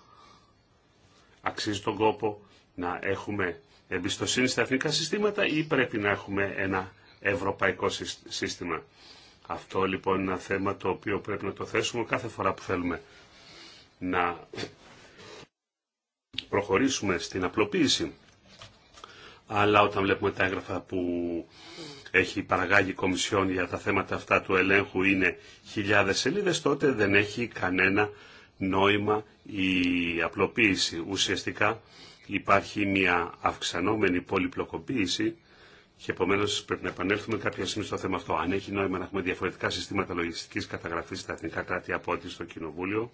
Speaker 3: αξίζει τον κόπο να έχουμε εμπιστοσύνη στα εθνικά συστήματα ή πρέπει να έχουμε ένα ευρωπαϊκό σύστημα. Αυτό λοιπόν είναι ένα θέμα το οποίο πρέπει να το θέσουμε κάθε φορά που θέλουμε να προχωρήσουμε στην απλοποίηση. Αλλά όταν βλέπουμε τα έγγραφα που έχει παραγάγει η Κομισιόν για τα θέματα αυτά του ελέγχου είναι χιλιάδες σελίδες, τότε δεν έχει κανένα νόημα η απλοποίηση. Ουσιαστικά υπάρχει μια αυξανόμενη πολυπλοκοποίηση και επομένω πρέπει να επανέλθουμε κάποια στιγμή στο θέμα αυτό. Αν έχει νόημα να έχουμε διαφορετικά συστήματα λογιστική καταγραφή στα εθνικά κράτη από ό,τι στο Κοινοβούλιο,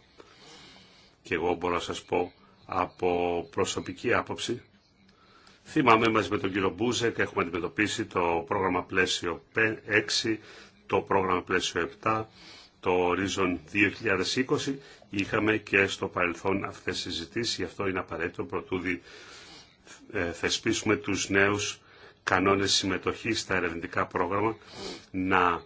Speaker 3: και εγώ μπορώ να σα πω από προσωπική άποψη, θυμάμαι μαζί με τον κύριο Μπούζεκ έχουμε αντιμετωπίσει το πρόγραμμα πλαίσιο 6, το πρόγραμμα πλαίσιο 7, το Horizon 2020. Είχαμε και στο παρελθόν αυτές τις συζητήσεις, γι' αυτό είναι απαραίτητο πρωτού ε, θεσπίσουμε τους νέους κανόνες συμμετοχής στα ερευνητικά πρόγραμμα να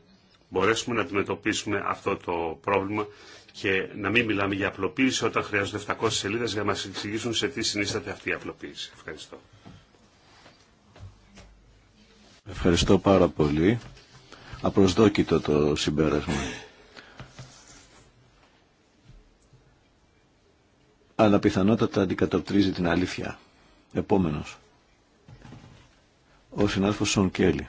Speaker 3: μπορέσουμε να αντιμετωπίσουμε αυτό το πρόβλημα και να μην μιλάμε για απλοποίηση όταν χρειάζονται 700 σελίδες για να μας εξηγήσουν σε τι συνίσταται αυτή η απλοποίηση. Ευχαριστώ.
Speaker 1: Ευχαριστώ πάρα πολύ. Απροσδόκητο το συμπέρασμα. Αλλά πιθανότατα αντικατοπτρίζει την αλήθεια. Επόμενος ο συνάδελφος Σον Κέλλη.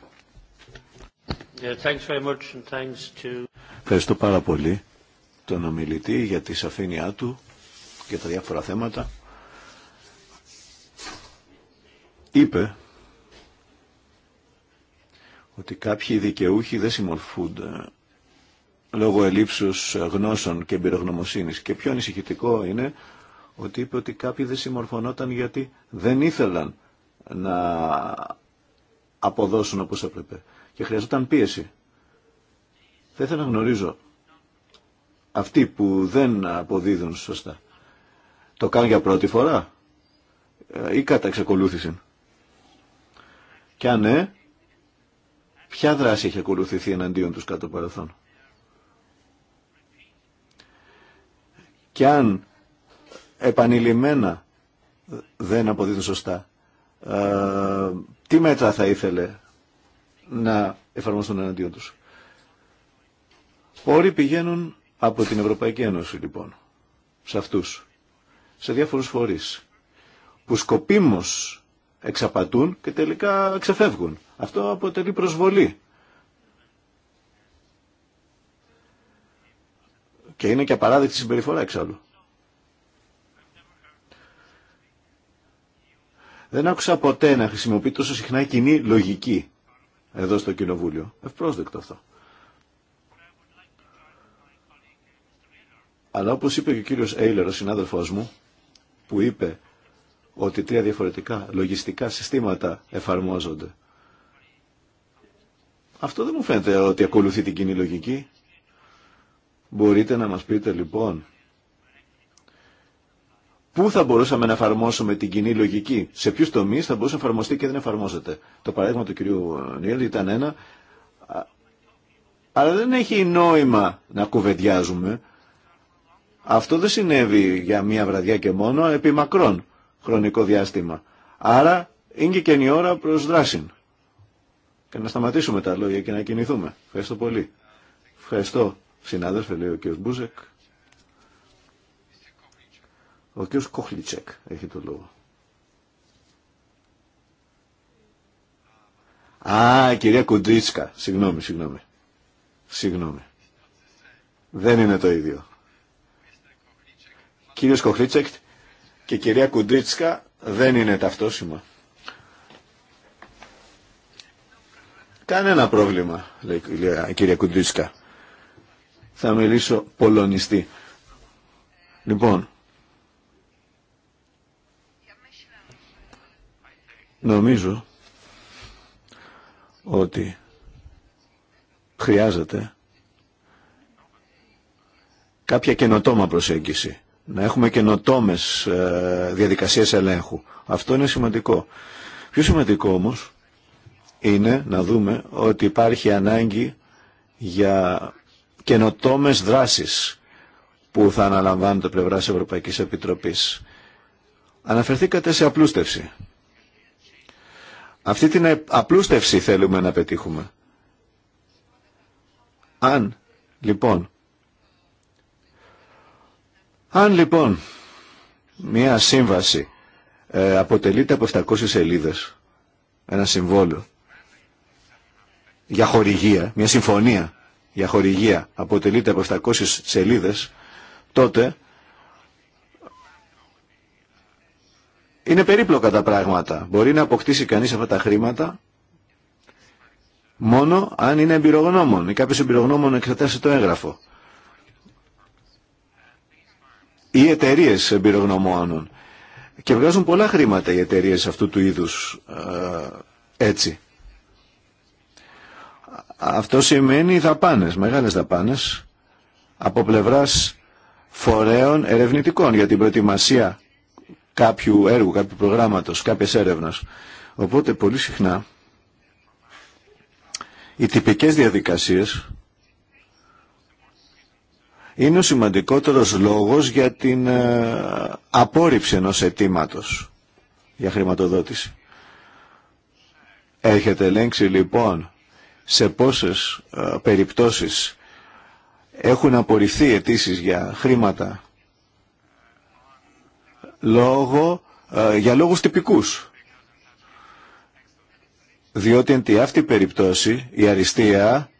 Speaker 1: Ευχαριστώ πάρα πολύ τον ομιλητή για τη σαφήνειά του και τα διάφορα θέματα. Είπε ότι κάποιοι δικαιούχοι δεν συμμορφούνται λόγω ελλείψους γνώσεων και εμπειρογνωμοσύνης. Και πιο ανησυχητικό είναι ότι είπε ότι κάποιοι δεν συμμορφωνόταν γιατί δεν ήθελαν να αποδώσουν όπως έπρεπε. Και χρειαζόταν πίεση. Θα ήθελα να γνωρίζω αυτοί που δεν αποδίδουν σωστά. Το κάνουν για πρώτη φορά ε, ή κατά εξακολούθηση. Και αν ναι, ποια δράση έχει ακολουθηθεί εναντίον τους κατά παρελθόν. Και αν επανειλημμένα δεν αποδίδουν σωστά, ε, τι μέτρα θα ήθελε να εφαρμοστούν εναντίον τους. Όλοι πηγαίνουν από την Ευρωπαϊκή Ένωση λοιπόν, σε αυτούς, σε διάφορους φορείς, που σκοπίμως εξαπατούν και τελικά ξεφεύγουν. Αυτό αποτελεί προσβολή. Και είναι και απαράδεκτη συμπεριφορά εξάλλου. Δεν άκουσα ποτέ να χρησιμοποιεί τόσο συχνά κοινή λογική εδώ στο Κοινοβούλιο. Ευπρόσδεκτο αυτό. Αλλά όπως είπε και ο κύριος Έιλερ, ο συνάδελφός μου, που είπε ότι τρία διαφορετικά λογιστικά συστήματα εφαρμόζονται. Αυτό δεν μου φαίνεται ότι ακολουθεί την κοινή λογική. Μπορείτε να μας πείτε λοιπόν Πού θα μπορούσαμε να εφαρμόσουμε την κοινή λογική, σε ποιου τομεί θα μπορούσε να εφαρμοστεί και δεν εφαρμόζεται. Το παράδειγμα του κυρίου Νιέλ ήταν ένα, αλλά δεν έχει νόημα να κουβεντιάζουμε. Αυτό δεν συνέβη για μία βραδιά και μόνο, επί μακρόν χρονικό διάστημα. Άρα είναι και η ώρα προς δράση. Και να σταματήσουμε τα λόγια και να κινηθούμε. Ευχαριστώ πολύ. Ευχαριστώ, συνάδελφε, λέει ο κ. Μπούζεκ. Ο κ. Κοχλιτσέκ έχει το λόγο. Α, η κυρία Κουντρίτσκα. Συγγνώμη, συγγνώμη. Συγγνώμη. Δεν είναι το ίδιο. Κύριος Κοχλίτσεκ και κυρία Κουντρίτσκα δεν είναι ταυτόσημα. Κανένα πρόβλημα, λέει η κυρία Κουντρίτσκα. Θα μιλήσω πολωνιστή. Λοιπόν, Νομίζω ότι χρειάζεται κάποια καινοτόμα προσέγγιση. Να έχουμε καινοτόμες ε, διαδικασίες ελέγχου. Αυτό είναι σημαντικό. Πιο σημαντικό όμως είναι να δούμε ότι υπάρχει ανάγκη για καινοτόμες δράσεις που θα το πλευράς Ευρωπαϊκής Επιτροπής. Αναφερθήκατε σε απλούστευση. Αυτή την ε- απλούστευση θέλουμε να πετύχουμε. Αν, λοιπόν, αν λοιπόν μια σύμβαση ε, αποτελείται από 700 σελίδες, ένα συμβόλαιο για χορηγία, μια συμφωνία για χορηγία αποτελείται από 700 σελίδες, τότε Είναι περίπλοκα τα πράγματα. Μπορεί να αποκτήσει κανείς αυτά τα χρήματα μόνο αν είναι εμπειρογνώμων ή κάποιος εμπειρογνώμων εξετάσει το έγγραφο. Ή εταιρείε εμπειρογνωμόνων. Και βγάζουν πολλά χρήματα οι εταιρείε αυτού του είδους ε, έτσι. Αυτό σημαίνει δαπάνες, μεγάλες δαπάνες από πλευράς φορέων ερευνητικών για την προετοιμασία κάποιου έργου, κάποιου προγράμματος, κάποιες έρευνας. Οπότε πολύ συχνά οι τυπικές διαδικασίες είναι ο σημαντικότερος λόγος για την ε, απόρριψη ενός αιτήματο για χρηματοδότηση. Έχετε ελέγξει λοιπόν σε πόσες ε, περιπτώσεις έχουν απορριφθεί αιτήσει για χρήματα λόγω, ε, για λόγους τυπικούς. Διότι εν τη αυτή περιπτώση η αριστεία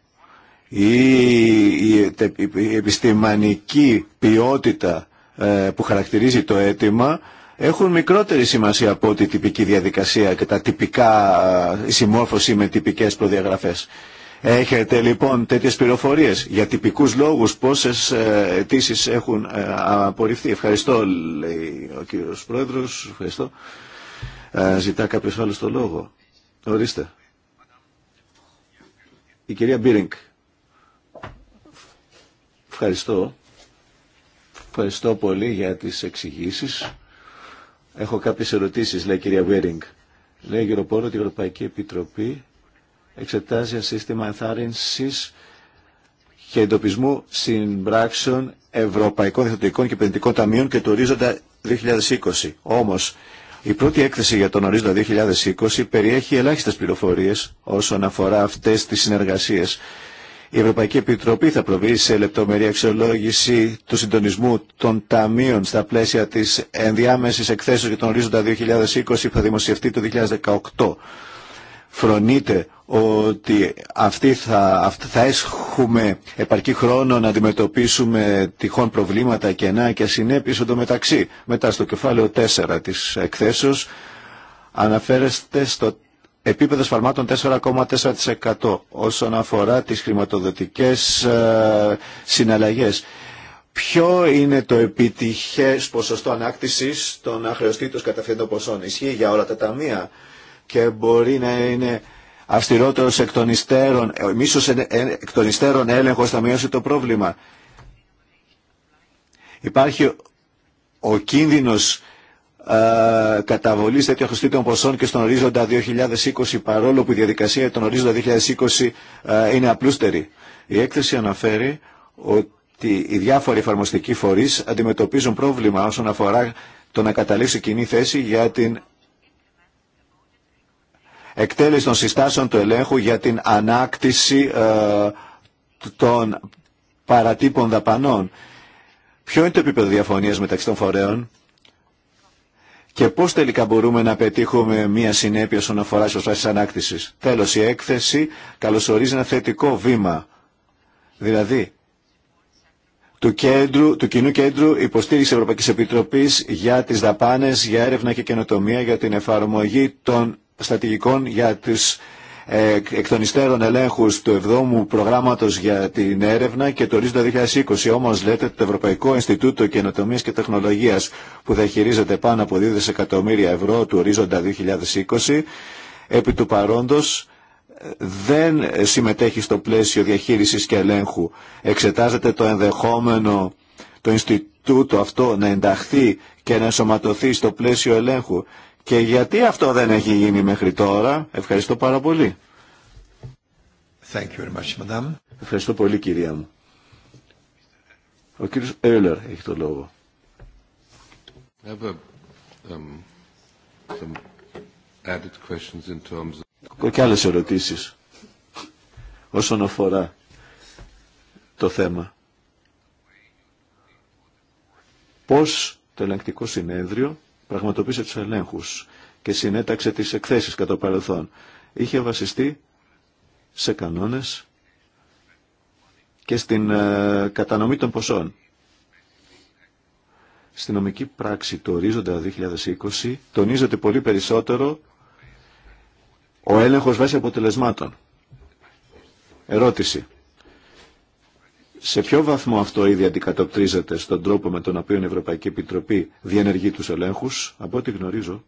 Speaker 1: ή η, η επιστημανική ποιότητα ε, που χαρακτηρίζει το αίτημα έχουν μικρότερη σημασία από τη τυπική διαδικασία και τα τυπικά η ε, συμμόρφωση με τυπικές προδιαγραφές. Έχετε λοιπόν τέτοιες πληροφορίες για τυπικούς λόγους πόσες ε, αιτήσει έχουν ε, απορριφθεί. Ευχαριστώ λέει ο κύριος Πρόεδρος. Ευχαριστώ. Ε, ζητά κάποιος άλλος το λόγο. Ορίστε. Η κυρία Μπίρινγκ. Ευχαριστώ. Ευχαριστώ πολύ για τις εξηγήσει. Έχω κάποιες ερωτήσεις, λέει η κυρία Βέρινγκ. Λέει η ότι η Ευρωπαϊκή Επιτροπή εξετάζει ένα σύστημα ενθάρρυνσης και εντοπισμού συμπράξεων Ευρωπαϊκών Διευθυντικών και Επενδυτικών Ταμείων και του ορίζοντα 2020. Όμως, η πρώτη έκθεση για τον ορίζοντα 2020 περιέχει ελάχιστες πληροφορίες όσον αφορά αυτές τις συνεργασίες. Η Ευρωπαϊκή Επιτροπή θα προβεί σε λεπτομερή αξιολόγηση του συντονισμού των ταμείων στα πλαίσια της ενδιάμεσης εκθέσεως για τον ορίζοντα 2020 που θα δημοσιευτεί το 2018 φρονείτε ότι αυτή θα, αυτή θα έχουμε επαρκή χρόνο να αντιμετωπίσουμε τυχόν προβλήματα, κενά και συνέπειες μεταξύ. Μετά στο κεφάλαιο 4 της εκθέσεως αναφέρεστε στο επίπεδο σφαλμάτων 4,4% όσον αφορά τις χρηματοδοτικές ε, συναλλαγές. Ποιο είναι το επιτυχές ποσοστό ανάκτησης των αχρεωστήτων καταφύντων ποσών. Ισχύει για όλα τα ταμεία και μπορεί να είναι αυστηρότερο εκ των υστέρων, ε, μίσος ε, έλεγχος θα μειώσει το πρόβλημα. Υπάρχει ο κίνδυνος καταβολή ε, καταβολής τέτοιων χρηστήτων ποσών και στον ορίζοντα 2020 παρόλο που η διαδικασία των ορίζοντα 2020 είναι απλούστερη. Η έκθεση αναφέρει ότι οι διάφοροι εφαρμοστικοί φορείς αντιμετωπίζουν πρόβλημα όσον αφορά το να καταλήξει κοινή θέση για την εκτέλεση των συστάσεων του ελέγχου για την ανάκτηση ε, των παρατύπων δαπανών. Ποιο είναι το επίπεδο διαφωνίας μεταξύ των φορέων και πώς τελικά μπορούμε να πετύχουμε μια συνέπεια στον αφορά στις προσπάσεις ανάκτησης. Τέλος, η έκθεση καλωσορίζει ένα θετικό βήμα. Δηλαδή, του, κέντρου, Κοινού Κέντρου Υποστήριξη Ευρωπαϊκής Επιτροπής για τις δαπάνες για έρευνα και καινοτομία για την εφαρμογή των στρατηγικών για τις ε, εκτονιστέρων των ελέγχους του 7ου προγράμματος για την έρευνα και το ορίζοντα 2020. Όμως λέτε το Ευρωπαϊκό Ινστιτούτο Καινοτομίας και Τεχνολογίας που διαχειρίζεται πάνω από 2 δισεκατομμύρια ευρώ του ορίζοντα 2020 επί του παρόντος δεν συμμετέχει στο πλαίσιο διαχείρισης και ελέγχου. Εξετάζεται το ενδεχόμενο το Ινστιτούτο αυτό να ενταχθεί και να ενσωματωθεί στο πλαίσιο ελέγχου και γιατί αυτό δεν έχει γίνει μέχρι τώρα. Ευχαριστώ πάρα πολύ. Thank you very much, Ευχαριστώ πολύ κυρία μου. Ο κύριος Έλλερ έχει το λόγο. Um, Έχω και άλλες ερωτήσεις όσον αφορά το θέμα. Πώς το ελεγκτικό συνέδριο πραγματοποίησε τους ελέγχους και συνέταξε τις εκθέσεις κατά παρελθόν. Είχε βασιστεί σε κανόνες και στην ε, κατανομή των ποσών. Στην νομική πράξη του ορίζοντα 2020 τονίζεται πολύ περισσότερο ο έλεγχος βάσει αποτελεσμάτων. Ερώτηση σε ποιο βαθμό αυτό ήδη αντικατοπτρίζεται στον τρόπο με τον οποίο η Ευρωπαϊκή Επιτροπή διενεργεί τους ελέγχους, από ό,τι γνωρίζω,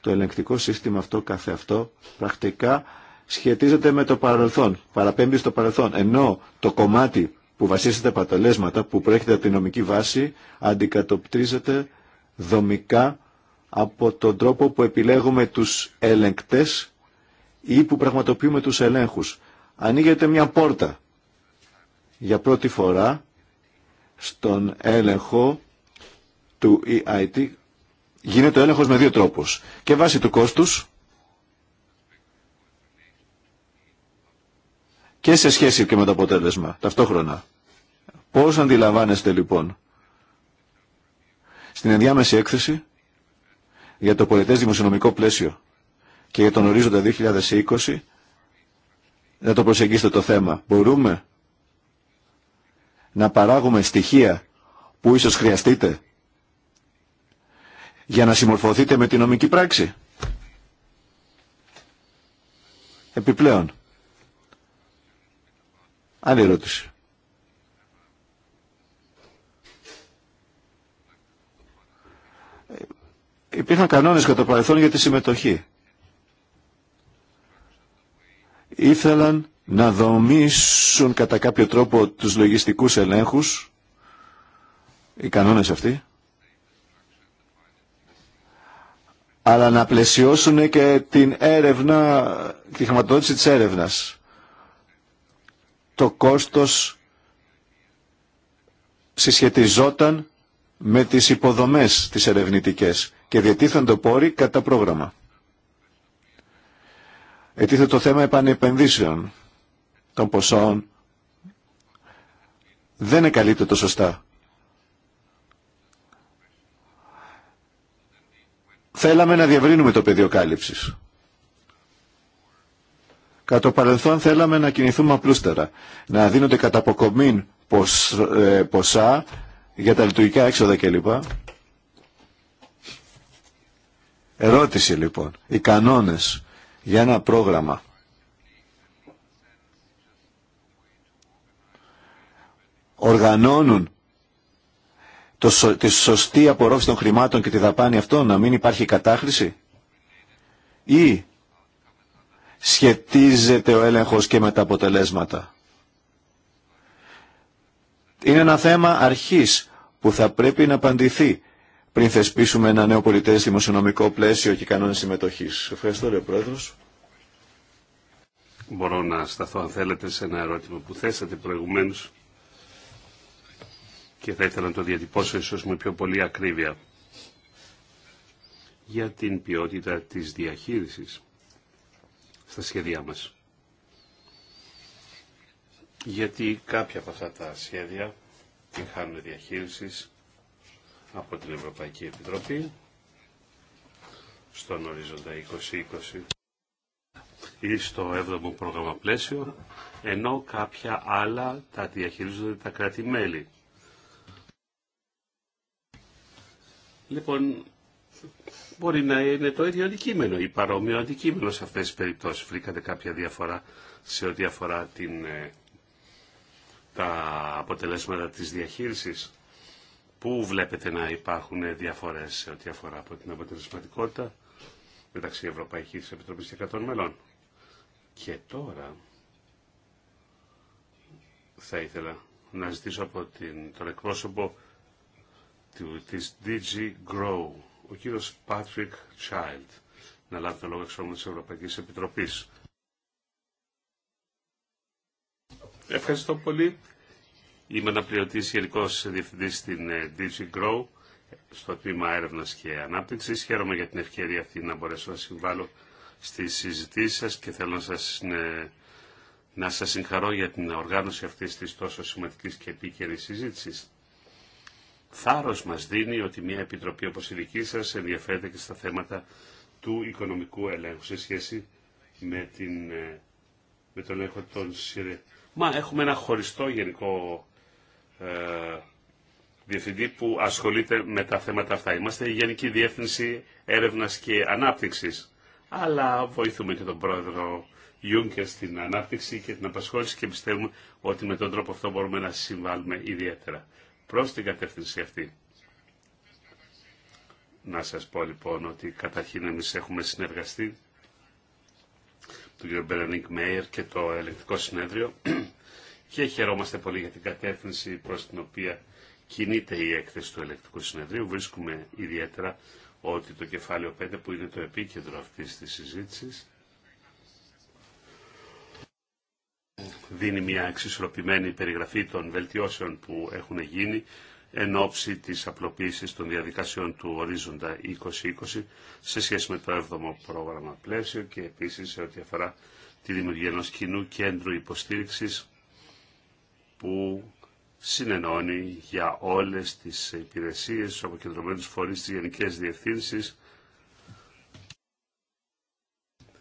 Speaker 1: το ελεγκτικό σύστημα αυτό καθε αυτό πρακτικά σχετίζεται με το παρελθόν, παραπέμπει στο παρελθόν, ενώ το κομμάτι που βασίζεται από που προέρχεται από την νομική βάση, αντικατοπτρίζεται δομικά από τον τρόπο που επιλέγουμε τους ελεγκτές ή που πραγματοποιούμε τους ελέγχου. Ανοίγεται μια πόρτα για πρώτη φορά στον έλεγχο του EIT γίνεται ο έλεγχος με δύο τρόπους και βάσει του κόστους και σε σχέση και με το αποτέλεσμα ταυτόχρονα. Πώς αντιλαμβάνεστε λοιπόν στην ενδιάμεση έκθεση για το πολιτές δημοσιονομικό πλαίσιο και για τον ορίζοντα 2020 να το προσεγγίσετε το θέμα. Μπορούμε να παράγουμε στοιχεία που ίσως χρειαστείτε για να συμμορφωθείτε με την νομική πράξη. Επιπλέον. Άλλη ερώτηση. Υπήρχαν κανόνες κατά παρελθόν για τη συμμετοχή. Ήθελαν να δομήσουν κατά κάποιο τρόπο τους λογιστικούς ελέγχους, οι κανόνες αυτοί, αλλά να πλαισιώσουν και την έρευνα, τη χρηματοδότηση της έρευνας. Το κόστος συσχετιζόταν με τις υποδομές τις ερευνητικές και το πόροι κατά πρόγραμμα. Ετίθεται το θέμα επανεπενδύσεων των ποσών δεν το σωστά. Θέλαμε να διαβρύνουμε το πεδίο κάλυψης. Κατά παρελθόν θέλαμε να κινηθούμε απλούστερα, να δίνονται κατά αποκομήν ε, ποσά για τα λειτουργικά έξοδα κλπ. Ερώτηση λοιπόν, οι κανόνες για ένα πρόγραμμα οργανώνουν το, τη σωστή απορρόφηση των χρημάτων και τη δαπάνη αυτών, να μην υπάρχει κατάχρηση ή σχετίζεται ο έλεγχος και με τα αποτελέσματα. Είναι ένα θέμα αρχής που θα πρέπει να απαντηθεί πριν θεσπίσουμε ένα νέο πολιτές δημοσιονομικό πλαίσιο και κανόνες συμμετοχής. Ευχαριστώ, ρε Πρόεδρος.
Speaker 3: Μπορώ να σταθώ, αν θέλετε, σε ένα ερώτημα που θέσατε προηγουμένως και θα ήθελα να το διατυπώσω ίσως με πιο πολύ ακρίβεια για την ποιότητα της διαχείρισης στα σχέδιά μας. Γιατί κάποια από αυτά τα σχέδια την χάνουν διαχείρισης από την Ευρωπαϊκή Επιτροπή στον ορίζοντα 2020 ή στο 7ο πρόγραμμα πλαίσιο, ενώ κάποια άλλα τα διαχειρίζονται τα κράτη-μέλη. Λοιπόν, μπορεί να είναι το ίδιο αντικείμενο ή παρόμοιο αντικείμενο σε αυτές τις περιπτώσεις. Βρήκατε κάποια διαφορά σε ό,τι αφορά την, ε, τα αποτελέσματα της διαχείρισης. Πού βλέπετε να υπάρχουν διαφορές σε ό,τι αφορά από την αποτελεσματικότητα μεταξύ Ευρωπαϊκής Επιτροπής και 100 μελών. Και τώρα θα ήθελα να ζητήσω από τον εκπρόσωπο της DG Grow, ο κύριος Patrick Child, να λάβει το λόγο της Ευρωπαϊκής Επιτροπής. Ευχαριστώ πολύ. Είμαι αναπληρωτή γενικός Διευθυντή στην ε, DG Grow στο τμήμα έρευνα και ανάπτυξη. Χαίρομαι για την ευκαιρία αυτή να μπορέσω να συμβάλλω στι συζητήσει σα και θέλω να σας, ε, να σας συγχαρώ για την οργάνωση αυτή τη τόσο σημαντική και επίκαιρη συζήτηση θάρρος μας δίνει ότι μια επιτροπή όπως η δική σας ενδιαφέρεται και στα θέματα του οικονομικού ελέγχου σε σχέση με, την, ε, με τον έλεγχο των ΣΥΡΕ. Μα έχουμε ένα χωριστό γενικό ε, διευθυντή που ασχολείται με τα θέματα αυτά. Είμαστε η Γενική Διεύθυνση Έρευνας και Ανάπτυξης. Αλλά βοηθούμε και τον πρόεδρο Γιούνκερ στην ανάπτυξη και την απασχόληση και πιστεύουμε ότι με τον τρόπο αυτό μπορούμε να συμβάλλουμε ιδιαίτερα προς την κατεύθυνση αυτή. Να σας πω λοιπόν ότι καταρχήν εμείς έχουμε συνεργαστεί του κ. Μπερενίκ Μέιερ και το ελεκτικό συνέδριο και χαιρόμαστε πολύ για την κατεύθυνση προς την οποία κινείται η έκθεση του ελεκτικού συνεδρίου. Βρίσκουμε ιδιαίτερα ότι το κεφάλαιο 5 που είναι το επίκεντρο αυτής της συζήτησης δίνει μια εξισορροπημένη περιγραφή των βελτιώσεων που έχουν γίνει εν ώψη της απλοποίησης των διαδικασιών του ορίζοντα 2020 σε σχέση με το 7ο πρόγραμμα πλαίσιο και επίσης σε ό,τι αφορά τη δημιουργία ενός κοινού κέντρου υποστήριξης που συνενώνει για όλες τις υπηρεσίες, του αποκεντρωμένους φορείς, τις γενικές διευθύνσεις,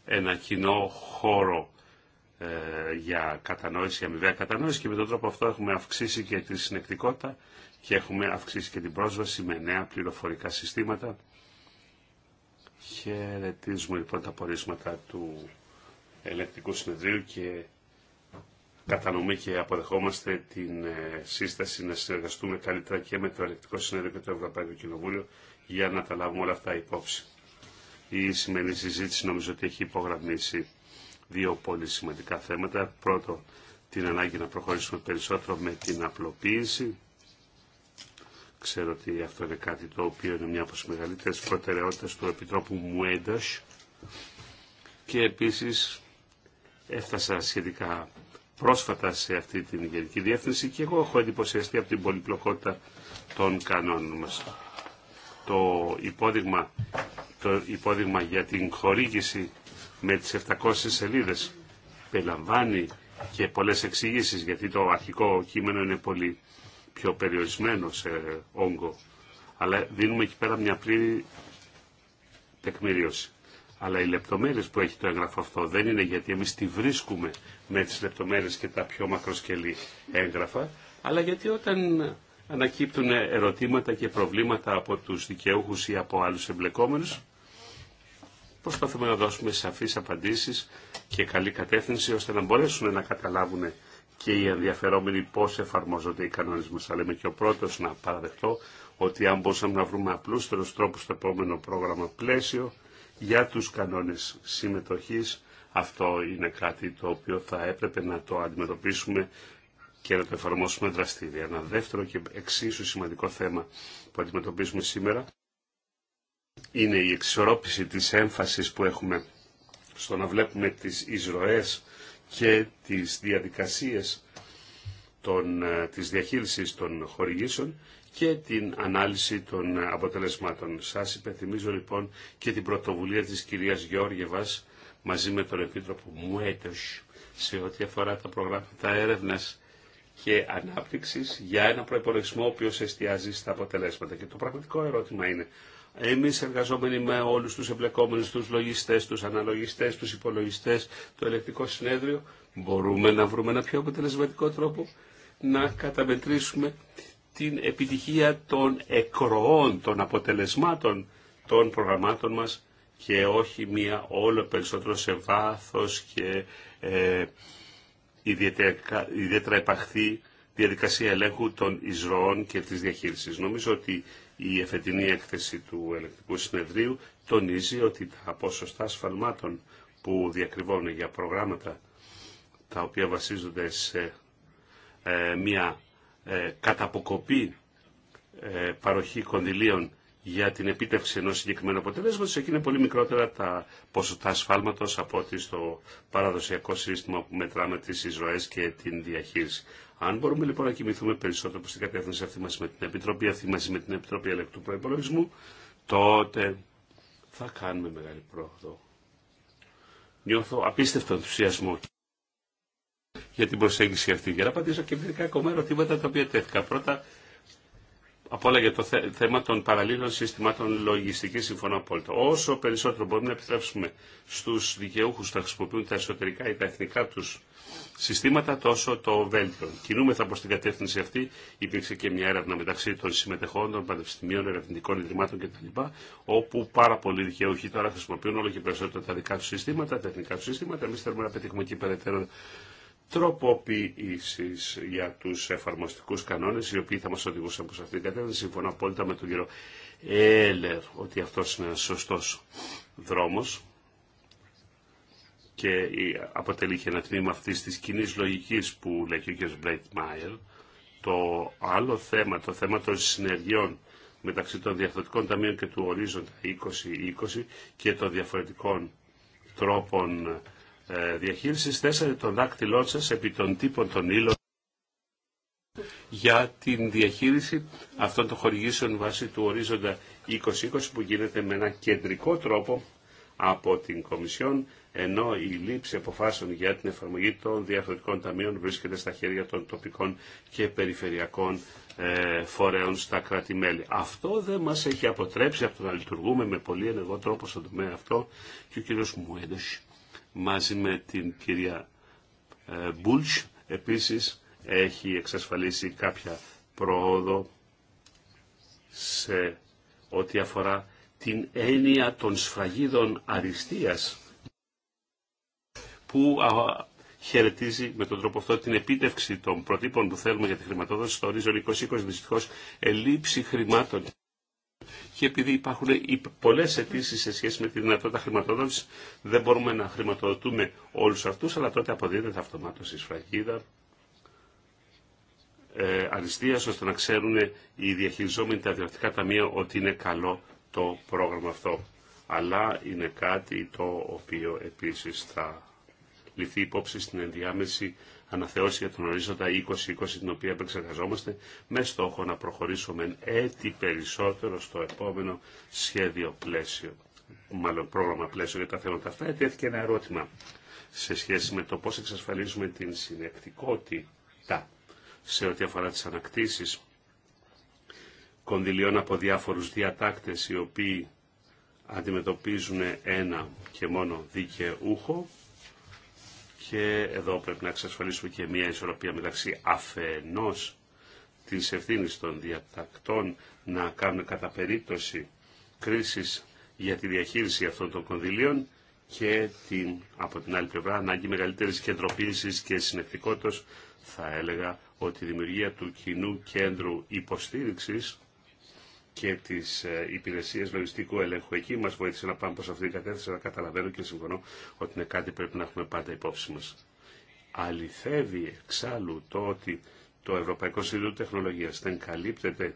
Speaker 3: ένα κοινό χώρο ε, για κατανόηση, για αμοιβαία κατανόηση και με τον τρόπο αυτό έχουμε αυξήσει και τη συνεκτικότητα και έχουμε αυξήσει και την πρόσβαση με νέα πληροφορικά συστήματα. Χαιρετίζουμε λοιπόν τα πορίσματα του ελεκτικού συνεδρίου και κατανοούμε και αποδεχόμαστε την ε, σύσταση να συνεργαστούμε καλύτερα και με το ελεκτικό συνέδριο και το Ευρωπαϊκό Κοινοβούλιο για να τα λάβουμε όλα αυτά υπόψη. Η σημερινή συζήτηση νομίζω ότι έχει υπογραμμίσει δύο πολύ σημαντικά θέματα. Πρώτο, την ανάγκη να προχωρήσουμε περισσότερο με την απλοποίηση. Ξέρω ότι αυτό είναι κάτι το οποίο είναι μια από τις μεγαλύτερες προτεραιότητες του Επιτρόπου Μουέντος Και επίσης έφτασα σχετικά πρόσφατα σε αυτή την Γενική Διεύθυνση και εγώ έχω εντυπωσιαστεί από την πολυπλοκότητα των κανόνων μας. Το το υπόδειγμα για την χορήγηση με τις 700 σελίδες. Περιλαμβάνει και πολλές εξηγήσεις γιατί το αρχικό κείμενο είναι πολύ πιο περιορισμένο σε όγκο. Αλλά δίνουμε εκεί πέρα μια πλήρη τεκμηρίωση. Αλλά οι λεπτομέρειες που έχει το έγγραφο αυτό δεν είναι γιατί εμείς τη βρίσκουμε με τις λεπτομέρειες και τα πιο μακροσκελή έγγραφα, αλλά γιατί όταν ανακύπτουν ερωτήματα και προβλήματα από τους δικαιούχους ή από άλλους εμπλεκόμενους, Προσπαθούμε να δώσουμε σαφείς απαντήσεις και καλή κατεύθυνση ώστε να μπορέσουν να καταλάβουν και οι ενδιαφερόμενοι πώς εφαρμόζονται οι κανόνες μας. Αλλά είμαι και ο πρώτος να παραδεχτώ ότι αν μπορούσαμε να βρούμε απλούστερους τρόπους στο επόμενο πρόγραμμα πλαίσιο για τους κανόνες συμμετοχής, αυτό είναι κάτι το οποίο θα έπρεπε να το αντιμετωπίσουμε και να το εφαρμόσουμε δραστήρια. Ένα δεύτερο και εξίσου σημαντικό θέμα που αντιμετωπίζουμε σήμερα είναι η εξισορρόπηση της έμφασης που έχουμε στο να βλέπουμε τις εισρωές και τις διαδικασίες των, ε, της διαχείρισης των χορηγήσεων και την ανάλυση των αποτελεσμάτων. Σας υπενθυμίζω λοιπόν και την πρωτοβουλία της κυρίας Γεώργεβας μαζί με τον Επίτροπο Μουέτος σε ό,τι αφορά τα προγράμματα έρευνας και ανάπτυξης για ένα προϋπολογισμό ο οποίος εστιάζει στα αποτελέσματα. Και το πραγματικό ερώτημα είναι εμείς εργαζόμενοι με όλους τους εμπλεκόμενου τους λογιστές, τους αναλογιστές, τους υπολογιστές, το ελεκτικό συνέδριο, μπορούμε να βρούμε ένα πιο αποτελεσματικό τρόπο να καταμετρήσουμε την επιτυχία των εκροών, των αποτελεσμάτων των προγραμμάτων μας και όχι μία όλο περισσότερο σε βάθος και ε, ιδιαίτερα, ιδιαίτερα επαχθή διαδικασία ελέγχου των εισρώων και της διαχείρισης. Νομίζω ότι η εφετινή έκθεση του Ελεκτικού Συνεδρίου τονίζει ότι τα ποσοστά ασφαλμάτων που διακριβώνουν για προγράμματα τα οποία βασίζονται σε ε, μια ε, καταποκοπή ε, παροχή κονδυλίων για την επίτευξη ενός συγκεκριμένου αποτελέσματος, εκεί είναι πολύ μικρότερα τα ποσοστά ασφάλματος από ότι στο παραδοσιακό σύστημα που μετράμε τις εισρωές και την διαχείριση. Αν μπορούμε λοιπόν να κοιμηθούμε περισσότερο προ την κατεύθυνση αυτή μαζί με την Επιτροπή, αυτή μαζί με την Επιτροπή Ελεκτού Προπολογισμού, τότε θα κάνουμε μεγάλη πρόοδο. Νιώθω απίστευτο ενθουσιασμό για την προσέγγιση αυτή. Για να απαντήσω και μερικά ακόμα ερωτήματα τα οποία τέθηκα. Πρώτα, από όλα για το θέμα των παραλλήλων συστημάτων λογιστική συμφωνώ απόλυτα. Όσο περισσότερο μπορούμε να επιτρέψουμε στου δικαιούχου να χρησιμοποιούν τα εσωτερικά ή τα εθνικά του συστήματα, τόσο το βέλτιο. Κινούμεθα προ την κατεύθυνση αυτή. Υπήρξε και μια έρευνα μεταξύ των συμμετεχόντων, πανεπιστημίων, ερευνητικών ιδρυμάτων κτλ. Όπου πάρα πολλοί δικαιούχοι τώρα χρησιμοποιούν όλο και περισσότερο τα δικά του συστήματα, τα εθνικά του συστήματα. Εμεί θέλουμε να πετύχουμε εκεί περαιτέρω τροποποιήσει για του εφαρμοστικού κανόνε οι οποίοι θα μα οδηγούσαν προς αυτήν την κατεύθυνση. Συμφωνώ απόλυτα με τον κύριο Έλερ ότι αυτό είναι ένα σωστό δρόμο και αποτελεί και ένα τμήμα αυτή τη κοινή λογική που λέει και ο κύριο Μπρέιτ Μάιερ. Το άλλο θέμα, το θέμα των συνεργειών μεταξύ των διαφορετικών ταμείων και του ορίζοντα 2020 και των διαφορετικών τρόπων ε, διαχείρισης θέσατε των δάκτυλό σας επί των τύπων των ύλων για την διαχείριση αυτών των χορηγήσεων βάσει του ορίζοντα 2020 που γίνεται με ένα κεντρικό τρόπο από την Κομισιόν, ενώ η λήψη αποφάσεων για την εφαρμογή των διαφορετικών ταμείων βρίσκεται στα χέρια των τοπικών και περιφερειακών ε, φορέων στα κράτη-μέλη. Αυτό δεν μας έχει αποτρέψει από το να λειτουργούμε με πολύ ενεργό τρόπο στον τομέα αυτό και ο κύριος Μουέντος μαζί με την κυρία ε, Μπούλτς. Επίσης έχει εξασφαλίσει κάποια πρόοδο σε ό,τι αφορά την έννοια των σφραγίδων αριστείας που χαιρετίζει με τον τρόπο αυτό την επίτευξη των προτύπων που θέλουμε για τη χρηματοδότηση στο ορίζον 2020. Δυστυχώς, ελλείψη χρημάτων και επειδή υπάρχουν πολλέ αιτήσει σε σχέση με τη δυνατότητα χρηματοδότηση δεν μπορούμε να χρηματοδοτούμε όλους αυτούς, αλλά τότε αποδίδεται αυτομάτω η σφραγίδα ε, αριστεία, ώστε να ξέρουν οι διαχειριζόμενοι τα διευθυντικά ταμεία ότι είναι καλό το πρόγραμμα αυτό. Αλλά είναι κάτι το οποίο επίση θα λυθεί υπόψη στην ενδιάμεση αναθεώσει για τον ορίζοντα 2020 την οποία επεξεργαζόμαστε με στόχο να προχωρήσουμε έτσι περισσότερο στο επόμενο σχέδιο πλαίσιο, μάλλον πρόγραμμα πλαίσιο για τα θέματα αυτά. Ετέθηκε ένα ερώτημα σε σχέση με το πώς εξασφαλίζουμε την συνεκτικότητα σε ό,τι αφορά τις ανακτήσεις κονδυλίων από διάφορους διατάκτες οι οποίοι αντιμετωπίζουν ένα και μόνο δικαιούχο και εδώ πρέπει να εξασφαλίσουμε και μια ισορροπία μεταξύ αφενός της ευθύνη των διατακτών να κάνουν κατά περίπτωση για τη διαχείριση αυτών των κονδυλίων και την, από την άλλη πλευρά ανάγκη μεγαλύτερης κεντροποίησης και συνεκτικότητας θα έλεγα ότι η δημιουργία του κοινού κέντρου υποστήριξης και τι ε, υπηρεσίε λογιστικού ελέγχου εκεί μα βοήθησε να πάμε προ αυτήν την κατεύθυνση. Αλλά καταλαβαίνω και συμφωνώ ότι είναι κάτι που πρέπει να έχουμε πάντα υπόψη μα. Αληθεύει εξάλλου το ότι το Ευρωπαϊκό Συνδείο Τεχνολογία δεν καλύπτεται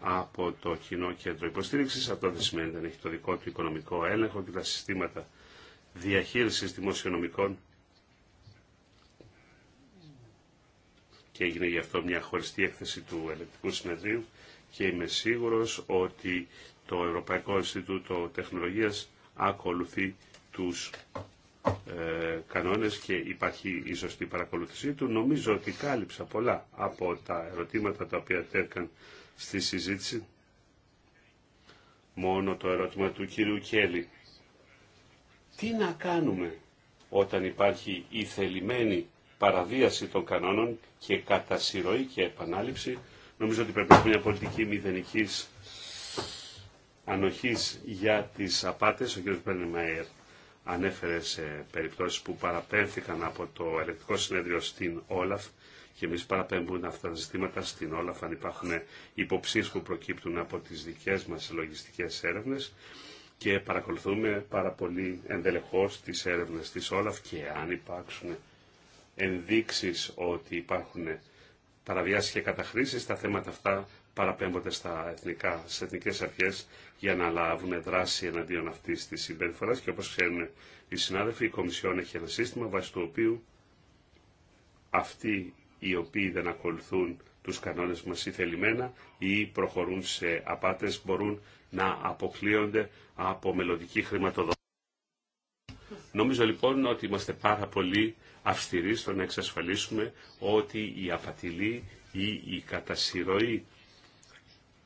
Speaker 3: από το κοινό κέντρο υποστήριξη. Αυτό δεν σημαίνει ότι δεν έχει το δικό του οικονομικό έλεγχο και τα συστήματα διαχείριση δημοσιονομικών. Και έγινε γι' αυτό μια χωριστή έκθεση του ελεκτικού συνεδρίου και είμαι σίγουρος ότι το Ευρωπαϊκό Ινστιτούτο Τεχνολογίας ακολουθεί τους ε, κανόνες και υπάρχει η σωστή παρακολούθησή του. Νομίζω ότι κάλυψα πολλά από τα ερωτήματα τα οποία τέρκαν στη συζήτηση. Μόνο το ερώτημα του κύριου Κέλλη. Τι να κάνουμε όταν υπάρχει η θελημένη παραβίαση των κανόνων και κατά και επανάληψη Νομίζω ότι πρέπει να έχουμε μια πολιτική μηδενική ανοχής για τις απάτες. Ο κ. Πέννεμαερ ανέφερε σε περιπτώσεις που παραπέμφθηκαν από το ελεκτικό συνέδριο στην Όλαφ και εμεί παραπέμπουν αυτά τα ζητήματα στην Όλαφ αν υπάρχουν υποψίες που προκύπτουν από τις δικές μας λογιστικές έρευνε. και παρακολουθούμε πάρα πολύ εντελεχώς τις έρευνες της Όλαφ και αν υπάρξουν ενδείξεις ότι υπάρχουν παραβιάσεις και καταχρήσεις, τα θέματα αυτά παραπέμπονται στα εθνικά, στι εθνικέ αρχές για να λάβουν δράση εναντίον αυτή τη συμπεριφορά. και όπω ξέρουν οι συνάδελφοι, η Κομισιόν έχει ένα σύστημα βάσει του οποίου αυτοί οι οποίοι δεν ακολουθούν τους κανόνες μας ή θελημένα ή προχωρούν σε απάτες μπορούν να αποκλείονται από μελλοντική χρηματοδότηση. Νομίζω λοιπόν ότι είμαστε πάρα πολύ αυστηροί στο να εξασφαλίσουμε ότι η απατηλή ή η κατασυρωή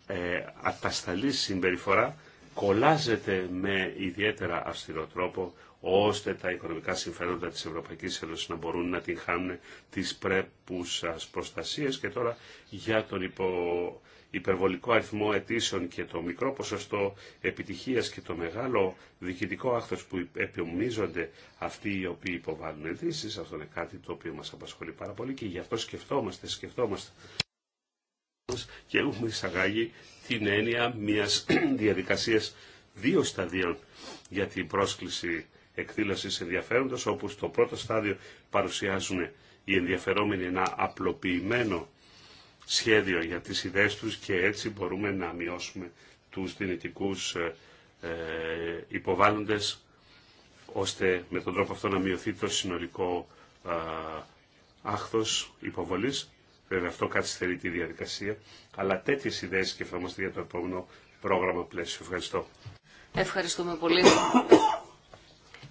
Speaker 3: ε, ατασταλής συμπεριφορά κολλάζεται με ιδιαίτερα αυστηρό τρόπο ώστε τα οικονομικά συμφέροντα της Ευρωπαϊκής Ένωσης να μπορούν να την χάνουν τις πρέπουσες προστασίες και τώρα για τον υπο υπερβολικό αριθμό αιτήσεων και το μικρό ποσοστό επιτυχίας και το μεγάλο διοικητικό άκθος που επιμίζονται αυτοί οι οποίοι υποβάλλουν αιτήσεις. αυτό είναι κάτι το οποίο μας απασχολεί πάρα πολύ και γι' αυτό σκεφτόμαστε, σκεφτόμαστε και έχουμε εισαγάγει την έννοια μιας διαδικασίας δύο σταδίων για την πρόσκληση εκδήλωσης ενδιαφέροντος, όπου στο πρώτο στάδιο παρουσιάζουν οι ενδιαφερόμενοι ένα απλοποιημένο σχέδιο για τις ιδέες τους και έτσι μπορούμε να μειώσουμε τους δυνητικούς ε, ε, υποβάλλοντες ώστε με τον τρόπο αυτό να μειωθεί το συνολικό άχθος υποβολής. Βέβαια αυτό καθυστερεί τη διαδικασία, αλλά τέτοιες ιδέες σκεφτόμαστε για το επόμενο πρόγραμμα πλαίσιο. Ευχαριστώ.
Speaker 2: Ευχαριστούμε πολύ.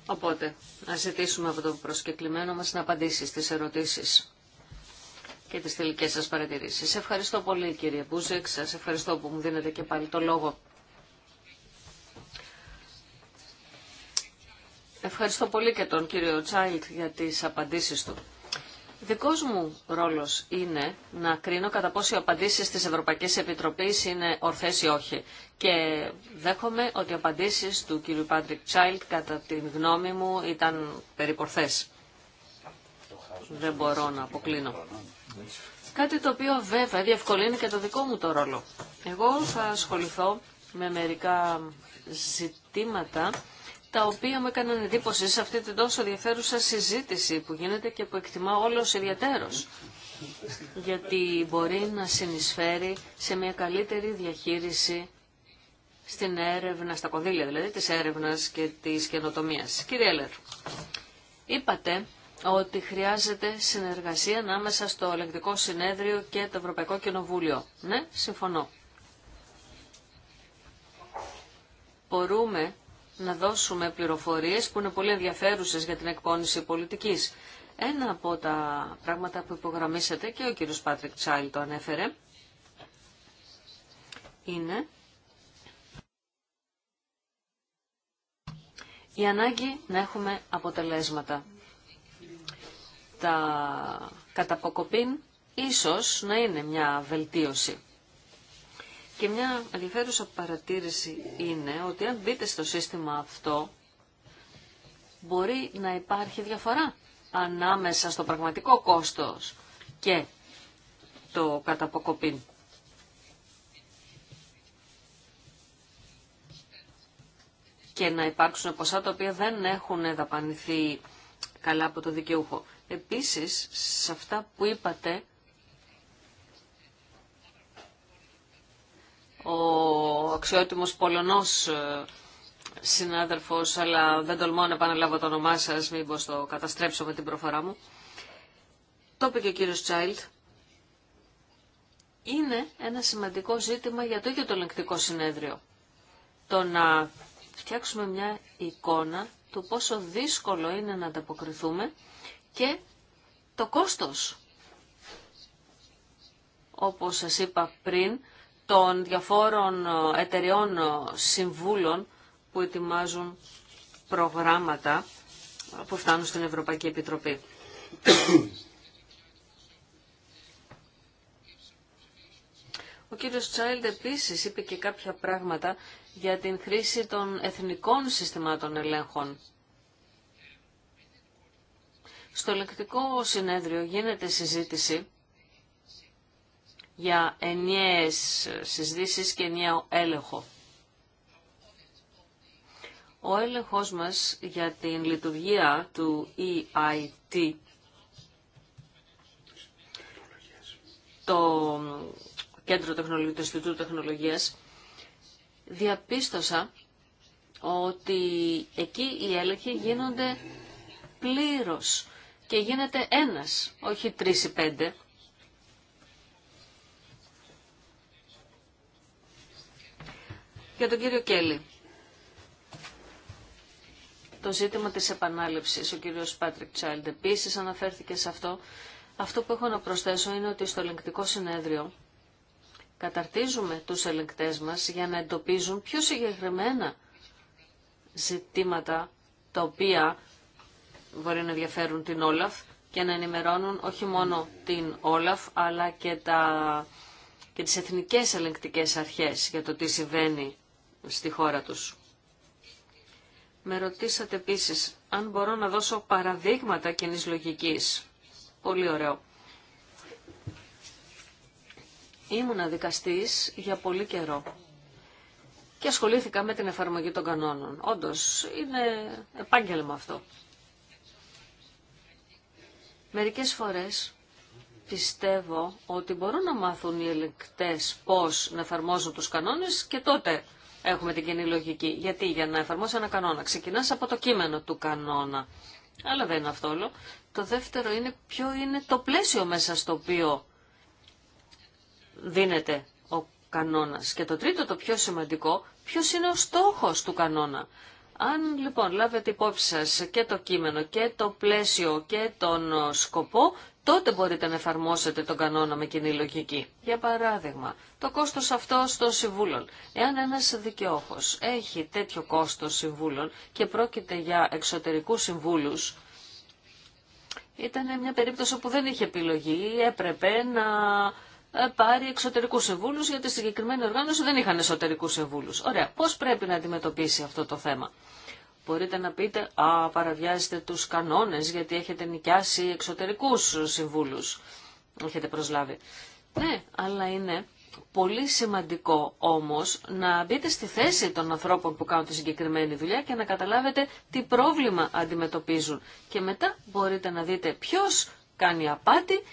Speaker 2: Οπότε, να ζητήσουμε από τον προσκεκλημένο μας να απαντήσει στις ερωτήσεις και τις τελικές σας παρατηρήσεις. Ευχαριστώ πολύ κύριε Μπούζεκ, σας ευχαριστώ που μου δίνετε και πάλι το λόγο. Ευχαριστώ πολύ και τον κύριο Τσάιλτ για τις απαντήσεις του. Δικός μου ρόλος είναι να κρίνω κατά πόσο οι απαντήσεις της Ευρωπαϊκής Επιτροπής είναι ορθές ή όχι. Και δέχομαι ότι οι απαντήσεις του κύριου Πάντρικ Τσάιλτ κατά την γνώμη μου ήταν περιπορθές. Δεν μπορώ να αποκλίνω. Κάτι το οποίο βέβαια διευκολύνει και το δικό μου το ρόλο. Εγώ θα ασχοληθώ με μερικά ζητήματα τα οποία μου έκαναν εντύπωση σε αυτή την τόσο ενδιαφέρουσα συζήτηση που γίνεται και που εκτιμά όλο ιδιαίτερο Γιατί μπορεί να συνεισφέρει σε μια καλύτερη διαχείριση στην έρευνα, στα κονδύλια δηλαδή, της έρευνας και της καινοτομίας. Κύριε Έλερ, είπατε ότι χρειάζεται συνεργασία ανάμεσα στο Ελεγκτικό Συνέδριο και το Ευρωπαϊκό Κοινοβούλιο. Ναι, συμφωνώ. Μπορούμε να δώσουμε πληροφορίες που είναι πολύ ενδιαφέρουσες για την εκπόνηση πολιτικής. Ένα από τα πράγματα που υπογραμμίσατε και ο κύριος Πάτρικ Τσάιλ το ανέφερε είναι η ανάγκη να έχουμε αποτελέσματα τα καταποκοπήν ίσως να είναι μια βελτίωση. Και μια ενδιαφέρουσα παρατήρηση είναι ότι αν δείτε στο σύστημα αυτό μπορεί να υπάρχει διαφορά ανάμεσα στο πραγματικό κόστος και το καταποκοπήν. και να υπάρξουν ποσά τα οποία δεν έχουν δαπανηθεί καλά από το δικαιούχο. Επίσης, σε αυτά που είπατε, ο αξιότιμος Πολωνός ε, συνάδελφος, αλλά δεν τολμώ να επαναλάβω το όνομά σας, μήπως το καταστρέψω με την προφορά μου. Το είπε και ο κύριος Τσάιλτ. Είναι ένα σημαντικό ζήτημα για το ίδιο το ελεγκτικό συνέδριο. Το να φτιάξουμε μια εικόνα του πόσο δύσκολο είναι να ανταποκριθούμε και το κόστος. Όπως σας είπα πριν, των διαφόρων ε, εταιριών ε, συμβούλων που ετοιμάζουν προγράμματα ε, που φτάνουν στην Ευρωπαϊκή Επιτροπή. Ο κύριος Τσάιλντ επίσης είπε και κάποια πράγματα για την χρήση των εθνικών συστημάτων ελέγχων στο λεκτικό συνέδριο γίνεται συζήτηση για ενιαίες συζητήσεις και ενιαίο έλεγχο. Ο έλεγχος μας για την λειτουργία του EIT, το Κέντρο Τεχνολογίας, του Ινστιτούτο Τεχνολογίας, διαπίστωσα ότι εκεί οι έλεγχοι γίνονται πλήρως και γίνεται ένας, όχι τρεις ή πέντε. Για τον κύριο Κέλλη. Το ζήτημα της επανάληψης, ο κύριος Πάτρικ Τσάιλντ επίσης αναφέρθηκε σε αυτό. Αυτό που έχω να προσθέσω είναι ότι στο ελεγκτικό συνέδριο καταρτίζουμε τους ελεγκτές μας για να εντοπίζουν πιο συγκεκριμένα ζητήματα τα οποία μπορεί να ενδιαφέρουν την Όλαφ και να ενημερώνουν όχι μόνο την Όλαφ αλλά και, τα, και τις εθνικές ελεγκτικές αρχές για το τι συμβαίνει στη χώρα τους. Με ρωτήσατε επίσης αν μπορώ να δώσω παραδείγματα κοινή λογικής. Πολύ ωραίο. Ήμουνα δικαστής για πολύ καιρό και ασχολήθηκα με την εφαρμογή των κανόνων. Όντως, είναι επάγγελμα αυτό. Μερικές φορές πιστεύω ότι μπορούν να μάθουν οι ελεγκτές πώς να εφαρμόζουν τους κανόνες και τότε έχουμε την κοινή λογική. Γιατί για να εφαρμόσει ένα κανόνα ξεκινάς από το κείμενο του κανόνα. Αλλά δεν είναι αυτό όλο. Το δεύτερο είναι ποιο είναι το πλαίσιο μέσα στο οποίο δίνεται ο κανόνας. Και το τρίτο, το πιο σημαντικό, ποιος είναι ο στόχος του κανόνα. Αν λοιπόν λάβετε υπόψη σας και το κείμενο και το πλαίσιο και τον ε, σκοπό, τότε μπορείτε να εφαρμόσετε τον κανόνα με κοινή λογική. Για παράδειγμα, το κόστος αυτό των συμβούλων. Εάν ένας δικαιώχος έχει τέτοιο κόστος συμβούλων και πρόκειται για εξωτερικούς συμβούλους, ήταν μια περίπτωση που δεν είχε επιλογή, έπρεπε να ε, πάρει εξωτερικούς συμβούλους, γιατί στη συγκεκριμένη οργάνωση δεν είχαν εσωτερικούς συμβούλους. Ωραία, πώς πρέπει να αντιμετωπίσει αυτό το θέμα. Μπορείτε να πείτε, α, παραβιάζετε τους κανόνες γιατί έχετε νοικιάσει εξωτερικούς συμβούλους. Έχετε προσλάβει. Ναι, αλλά είναι πολύ σημαντικό όμως να μπείτε στη θέση των ανθρώπων που κάνουν τη συγκεκριμένη δουλειά και να καταλάβετε τι πρόβλημα αντιμετωπίζουν. Και μετά μπορείτε να δείτε ποιος κάνει απάτη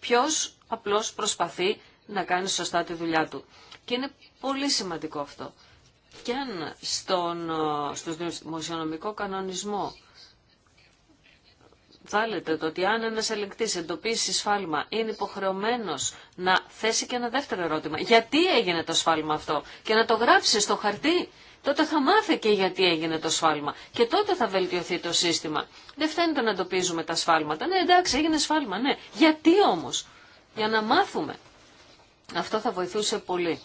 Speaker 2: Ποιος απλώς προσπαθεί να κάνει σωστά τη δουλειά του. Και είναι πολύ σημαντικό αυτό. Και αν στον, δημοσιονομικό κανονισμό βάλετε το ότι αν ένας ελεγκτής εντοπίσει σφάλμα είναι υποχρεωμένος να θέσει και ένα δεύτερο ερώτημα. Γιατί έγινε το σφάλμα αυτό και να το γράψει στο χαρτί τότε θα μάθε και γιατί έγινε το σφάλμα και τότε θα βελτιωθεί το σύστημα. Δεν φτάνει το να εντοπίζουμε τα σφάλματα. Ναι, εντάξει, έγινε σφάλμα, ναι. Γιατί όμω, για να μάθουμε. Αυτό θα βοηθούσε πολύ.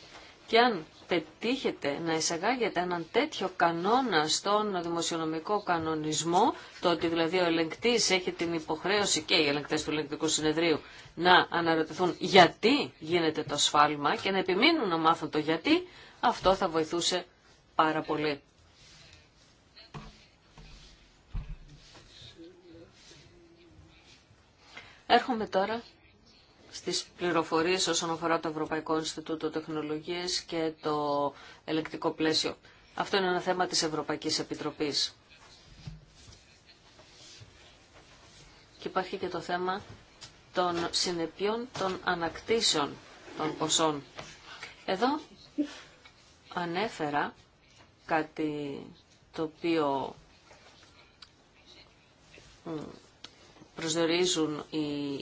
Speaker 2: Και αν πετύχετε να εισαγάγετε έναν τέτοιο κανόνα στον δημοσιονομικό κανονισμό, το ότι δηλαδή ο ελεγκτής έχει την υποχρέωση και οι ελεγκτέ του ελεγκτικού συνεδρίου να αναρωτηθούν γιατί γίνεται το σφάλμα και να επιμείνουν να μάθουν το γιατί, αυτό θα βοηθούσε πάρα πολύ. Έρχομαι τώρα στις πληροφορίες όσον αφορά το Ευρωπαϊκό Ινστιτούτο Τεχνολογίας και το ελεκτικό πλαίσιο. Αυτό είναι ένα θέμα της Ευρωπαϊκής Επιτροπής. Και υπάρχει και το θέμα των συνεπειών των ανακτήσεων των ποσών. Εδώ ανέφερα κάτι το οποίο προσδιορίζουν η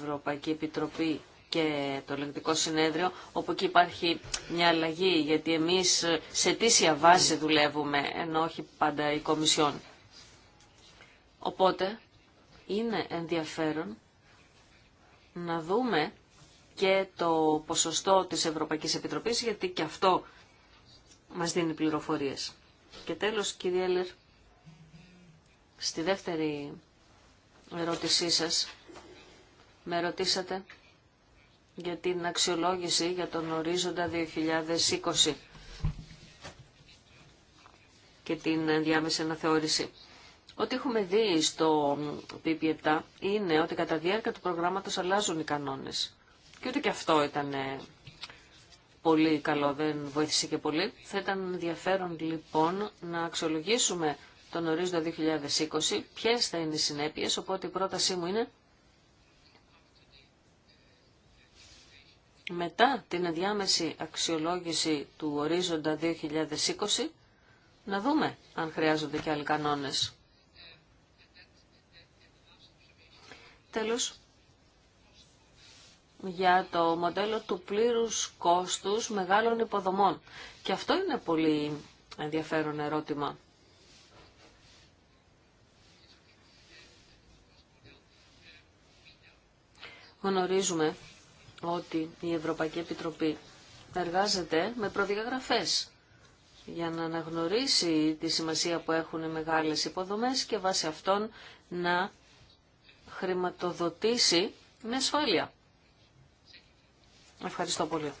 Speaker 2: Ευρωπαϊκή Επιτροπή και το Ελεγκτικό Συνέδριο, όπου εκεί υπάρχει μια αλλαγή, γιατί εμείς σε τήσια βάση δουλεύουμε, ενώ όχι πάντα η Κομισιόν. Οπότε, είναι ενδιαφέρον να δούμε και το ποσοστό της Ευρωπαϊκής Επιτροπής, γιατί και αυτό μας δίνει πληροφορίες. Και τέλος, κύριε Έλλερ, στη δεύτερη ερώτησή σας, με ρωτήσατε για την αξιολόγηση για τον ορίζοντα 2020 και την διάμεση αναθεώρηση. Ό,τι έχουμε δει στο PP7 είναι ότι κατά διάρκεια του προγράμματος αλλάζουν οι κανόνες. Και ότι και αυτό ήταν ε, πολύ καλό, δεν βοήθησε και πολύ. Θα ήταν ενδιαφέρον λοιπόν να αξιολογήσουμε τον ορίζοντα 2020, Ποιε θα είναι οι συνέπειε, οπότε η πρότασή μου είναι μετά την ενδιάμεση αξιολόγηση του ορίζοντα 2020 να δούμε αν χρειάζονται και άλλοι κανόνες. Τέλος, για το μοντέλο του πλήρους κόστους μεγάλων υποδομών. Και αυτό είναι πολύ ενδιαφέρον ερώτημα. Γνωρίζουμε ότι η Ευρωπαϊκή Επιτροπή εργάζεται με προδιαγραφές για να αναγνωρίσει τη σημασία που έχουν οι μεγάλες υποδομές και βάσει αυτών να χρηματοδοτήσει με ασφάλεια. Ευχαριστώ πολύ.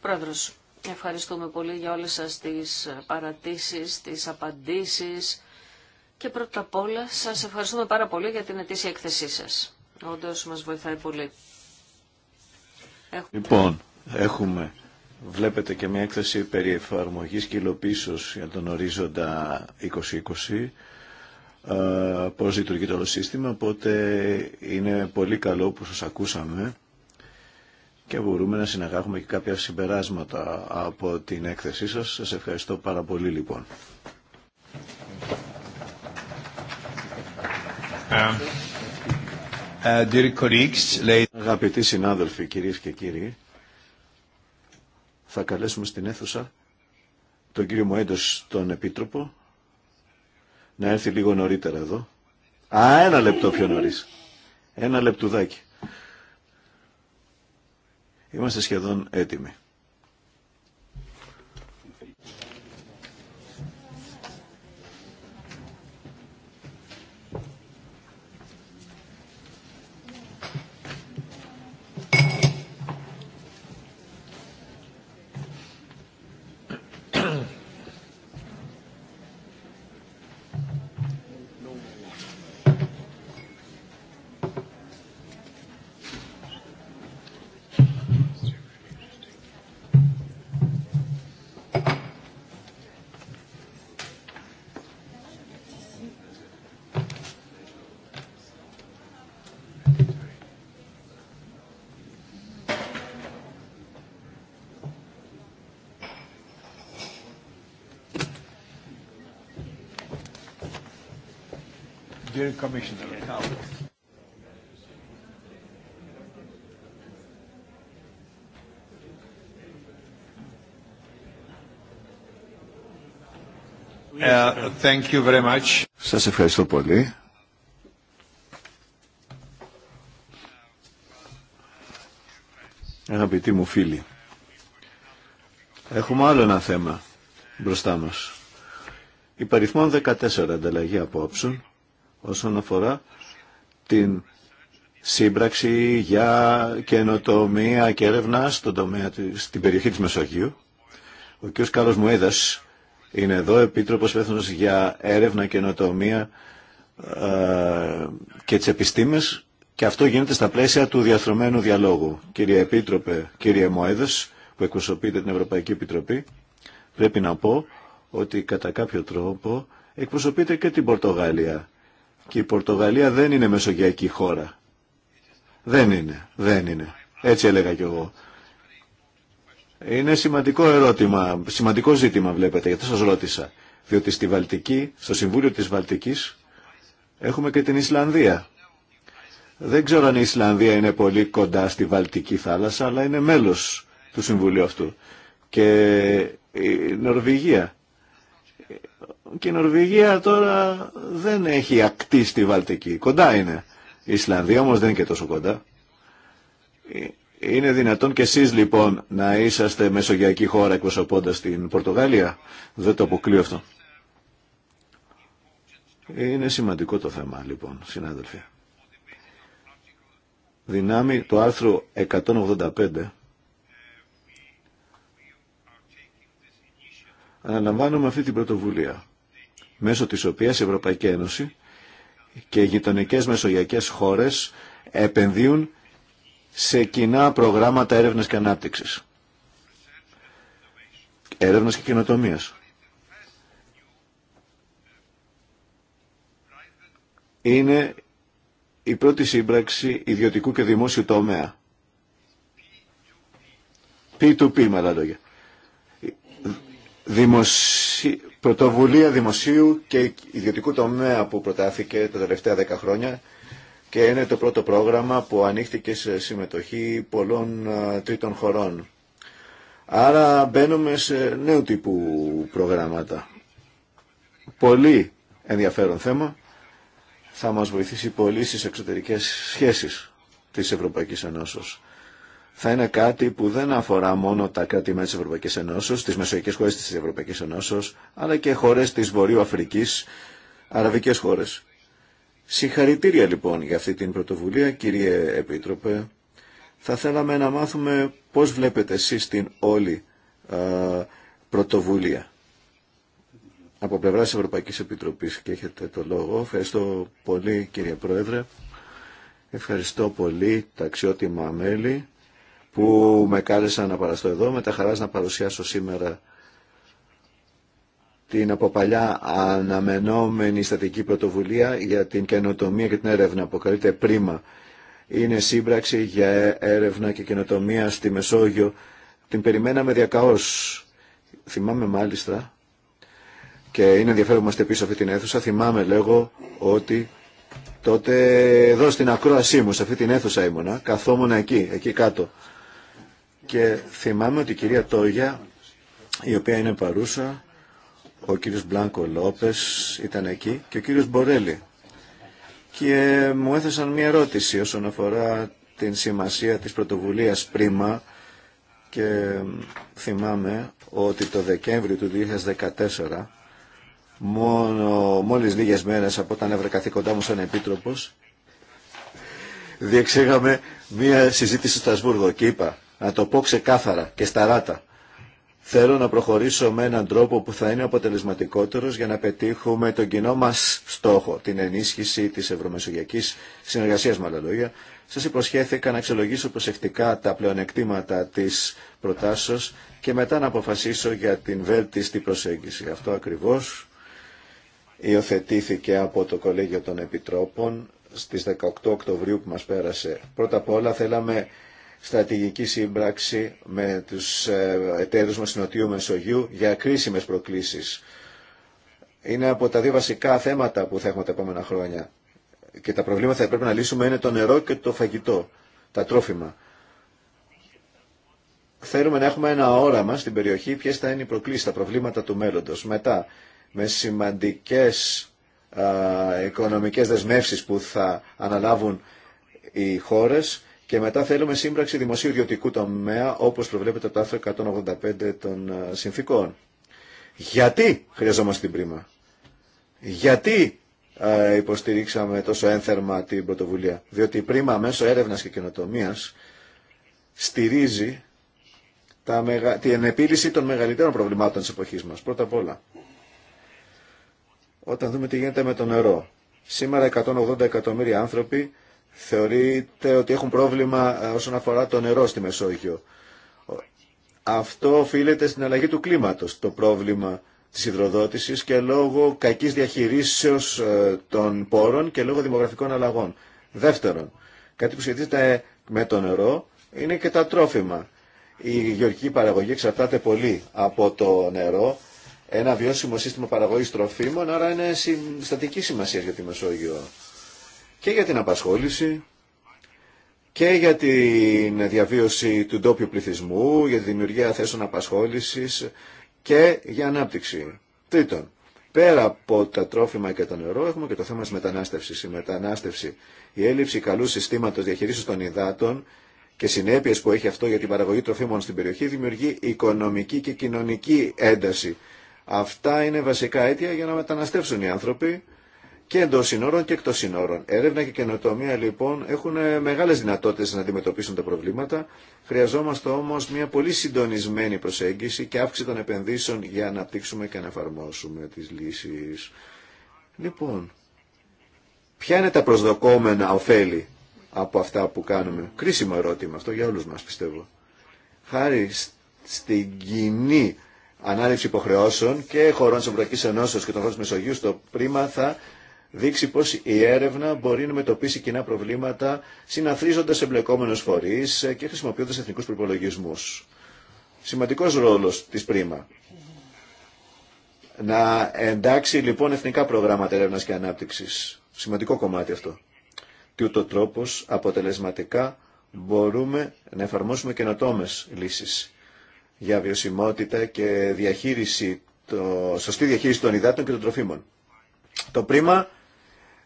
Speaker 2: Πρόεδρος, ευχαριστούμε πολύ για όλες σας τις παρατήσεις, τις απαντήσεις και πρώτα απ' όλα σας ευχαριστούμε πάρα πολύ για την ετήσια έκθεσή σας. Όντως μας βοηθάει πολύ. Λοιπόν,
Speaker 1: έχουμε, βλέπετε και μια έκθεση περί εφαρμογής και υλοποίησης για τον ορίζοντα 2020 ε, πώς λειτουργεί το σύστημα, οπότε είναι πολύ καλό που σας ακούσαμε και μπορούμε να συναγάγουμε και κάποια συμπεράσματα από την έκθεσή σας. Σας ευχαριστώ πάρα πολύ λοιπόν. Ε, ε, Αγαπητοί συνάδελφοι, κυρίες και κύριοι, θα καλέσουμε στην αίθουσα τον κύριο Μοέντος, τον Επίτροπο, να έρθει λίγο νωρίτερα εδώ. Α, ένα λεπτό πιο νωρίς. Ένα λεπτουδάκι. Είμαστε σχεδόν έτοιμοι. Commissioner. Uh, thank you very much. Σας ευχαριστώ πολύ. Αγαπητοί μου φίλοι, έχουμε άλλο ένα θέμα μπροστά μας. Υπαριθμών 14 ανταλλαγή απόψεων όσον αφορά την σύμπραξη για καινοτομία και έρευνα στον τομέα, στην περιοχή της Μεσογείου. Ο κ. Κάρος Μουέδας είναι εδώ, Επίτροπος Πέθνος για έρευνα, καινοτομία ε, και τις επιστήμες και αυτό γίνεται στα πλαίσια του διαθρωμένου διαλόγου. Κύριε Επίτροπε, κύριε Μουέδας, που εκπροσωπείτε την Ευρωπαϊκή Επιτροπή, πρέπει να πω ότι κατά κάποιο τρόπο εκπροσωπείτε και την Πορτογαλία και η Πορτογαλία δεν είναι μεσογειακή χώρα. Δεν είναι, δεν είναι. Έτσι έλεγα κι εγώ. Είναι σημαντικό ερώτημα, σημαντικό ζήτημα βλέπετε, γιατί σας ρώτησα. Διότι στη Βαλτική, στο Συμβούλιο της Βαλτικής, έχουμε και την Ισλανδία. Δεν ξέρω αν η Ισλανδία είναι πολύ κοντά στη Βαλτική θάλασσα, αλλά είναι μέλος του Συμβουλίου αυτού. Και η Νορβηγία και η Νορβηγία τώρα δεν έχει ακτή στη Βαλτική. Κοντά είναι. Η Ισλανδία όμως δεν είναι και τόσο κοντά. Ε, είναι δυνατόν και εσείς λοιπόν να είσαστε μεσογειακή χώρα εκπροσωπώντας την Πορτογαλία. Δεν το αποκλείω αυτό. Είναι σημαντικό το θέμα λοιπόν, συνάδελφοι. Δυνάμει το άρθρο 185 αναλαμβάνουμε αυτή την πρωτοβουλία, μέσω της οποίας η Ευρωπαϊκή Ένωση και οι γειτονικές μεσογειακές χώρες επενδύουν σε κοινά προγράμματα έρευνας και ανάπτυξης. Έρευνας και κοινοτομίας. Είναι η πρώτη σύμπραξη ιδιωτικού και δημόσιου τομέα. P2P με άλλα λόγια δημοσι... πρωτοβουλία δημοσίου και ιδιωτικού τομέα που προτάθηκε τα τελευταία δέκα χρόνια και είναι το πρώτο πρόγραμμα που ανοίχθηκε σε συμμετοχή πολλών τρίτων χωρών. Άρα μπαίνουμε σε νέου τύπου προγράμματα. Πολύ ενδιαφέρον θέμα. Θα μας βοηθήσει πολύ στις εξωτερικές σχέσεις της Ευρωπαϊκής Ενώσεως θα είναι κάτι που δεν αφορά μόνο τα κράτη-μέλη της Ευρωπαϊκής Ενώσεως, τις μεσογειακές χώρες της Ευρωπαϊκής Ενώσεως, αλλά και χώρες της Βορείου Αφρικής, αραβικές χώρες. Συγχαρητήρια λοιπόν για αυτή την πρωτοβουλία, κύριε Επίτροπε. Θα θέλαμε να μάθουμε πώς βλέπετε εσείς την όλη α, πρωτοβουλία από πλευρά τη Ευρωπαϊκής επιτροπή και έχετε το λόγο. Ευχαριστώ πολύ κύριε Πρόεδρε. Ευχαριστώ πολύ τα αξιότιμα μέλη που με κάλεσαν να παραστώ εδώ. Με τα χαράς να παρουσιάσω σήμερα την από παλιά αναμενόμενη στατική πρωτοβουλία για την καινοτομία και την έρευνα που καλείται πρίμα. Είναι σύμπραξη για έρευνα και καινοτομία στη Μεσόγειο. Την περιμέναμε διακαώς. Θυμάμαι μάλιστα και είναι ενδιαφέρον που είμαστε πίσω αυτή την αίθουσα. Θυμάμαι λέγω ότι τότε εδώ στην ακρόασή μου, σε αυτή την αίθουσα ήμουνα, καθόμουν εκεί, εκεί κάτω. Και θυμάμαι ότι η κυρία Τόγια, η οποία είναι παρούσα, ο κύριος Μπλάνκο Λόπες ήταν εκεί και ο κύριος Μπορέλη. Και μου έθεσαν μία ερώτηση όσον αφορά την σημασία της πρωτοβουλίας πρίμα και θυμάμαι ότι το Δεκέμβριο του 2014 μόνο, μόλις λίγες μέρες από όταν έβρε καθήκοντά μου σαν επίτροπος διεξήγαμε μία συζήτηση στο Στασβούργο να το πω ξεκάθαρα και σταράτα. Θέλω να προχωρήσω με έναν τρόπο που θα είναι αποτελεσματικότερος για να πετύχουμε τον κοινό μας στόχο, την ενίσχυση της ευρωμεσογειακής συνεργασίας με άλλα λόγια. Σας υποσχέθηκα να αξιολογήσω προσεκτικά τα πλεονεκτήματα της προτάσεως και μετά να αποφασίσω για την βέλτιστη προσέγγιση. Αυτό ακριβώς υιοθετήθηκε από το Κολέγιο των Επιτρόπων στις 18 Οκτωβρίου που μας πέρασε. Πρώτα απ' όλα θέλαμε στρατηγική σύμπραξη με τους ε, εταίρους μας Νοτιού Μεσογείου για κρίσιμες προκλήσεις. Είναι από τα δύο βασικά θέματα που θα έχουμε τα επόμενα χρόνια. Και τα προβλήματα που πρέπει να λύσουμε είναι το νερό και το φαγητό, τα τρόφιμα. Θέλουμε να έχουμε ένα όραμα στην περιοχή ποιε θα είναι οι προκλήσει, τα προβλήματα του μέλλοντο. Μετά, με σημαντικέ οικονομικέ δεσμεύσει που θα αναλάβουν οι χώρες και μετά θέλουμε σύμπραξη δημοσίου ιδιωτικού τομέα, όπως προβλέπεται το άρθρο 185 των ε, συνθήκων. Γιατί χρειαζόμαστε την πρίμα. Γιατί ε, υποστηρίξαμε τόσο ένθερμα την πρωτοβουλία. Διότι η πρίμα μέσω έρευνας και καινοτομία στηρίζει τα την επίλυση των μεγαλύτερων προβλημάτων της εποχής μας. Πρώτα απ' όλα, όταν δούμε τι γίνεται με το νερό. Σήμερα 180 εκατομμύρια άνθρωποι θεωρείται ότι έχουν πρόβλημα ε, όσον αφορά το νερό στη Μεσόγειο. Αυτό οφείλεται στην αλλαγή του κλίματος, το πρόβλημα της υδροδότησης και λόγω κακής διαχειρίσεως ε, των πόρων και λόγω δημογραφικών αλλαγών. Δεύτερον, κάτι που σχετίζεται με το νερό είναι και τα τρόφιμα. Η γεωργική παραγωγή εξαρτάται πολύ από το νερό. Ένα βιώσιμο σύστημα παραγωγής τροφίμων, άρα είναι στατική σημασία για τη Μεσόγειο και για την απασχόληση και για την διαβίωση του ντόπιου πληθυσμού, για τη δημιουργία θέσεων απασχόλησης και για ανάπτυξη. Τρίτον, πέρα από τα τρόφιμα και το νερό έχουμε και το θέμα της μετανάστευσης. Η μετανάστευση, η έλλειψη καλού συστήματος διαχείρισης των υδάτων και συνέπειε που έχει αυτό για την παραγωγή τροφίμων στην περιοχή δημιουργεί οικονομική και κοινωνική ένταση. Αυτά είναι βασικά αίτια για να μεταναστεύσουν οι άνθρωποι και εντό συνόρων και εκτό συνόρων. Έρευνα και καινοτομία λοιπόν έχουν μεγάλε δυνατότητε να αντιμετωπίσουν τα προβλήματα. Χρειαζόμαστε όμω μια πολύ συντονισμένη προσέγγιση και αύξηση των επενδύσεων για να αναπτύξουμε και να εφαρμόσουμε τι λύσει. Λοιπόν, ποια είναι τα προσδοκόμενα ωφέλη από αυτά που κάνουμε. Κρίσιμο ερώτημα αυτό για όλου μα πιστεύω. Χάρη στην κοινή ανάληψη υποχρεώσεων και χωρών τη Ευρωπαϊκή Ενώσεω και των χωρών τη Μεσογείου στο πρίμα θα δείξει πως η έρευνα μπορεί να μετωπίσει κοινά προβλήματα συναθρίζοντας εμπλεκόμενους φορείς και χρησιμοποιώντας εθνικούς προπολογισμούς. Σημαντικός ρόλος της πρίμα. Να εντάξει λοιπόν εθνικά προγράμματα έρευνας και ανάπτυξης. Σημαντικό κομμάτι αυτό. Τι ούτω τρόπος αποτελεσματικά μπορούμε να εφαρμόσουμε καινοτόμες λύσεις για βιωσιμότητα και διαχείριση, το, σωστή διαχείριση των υδάτων και των τροφίμων. Το πρίμα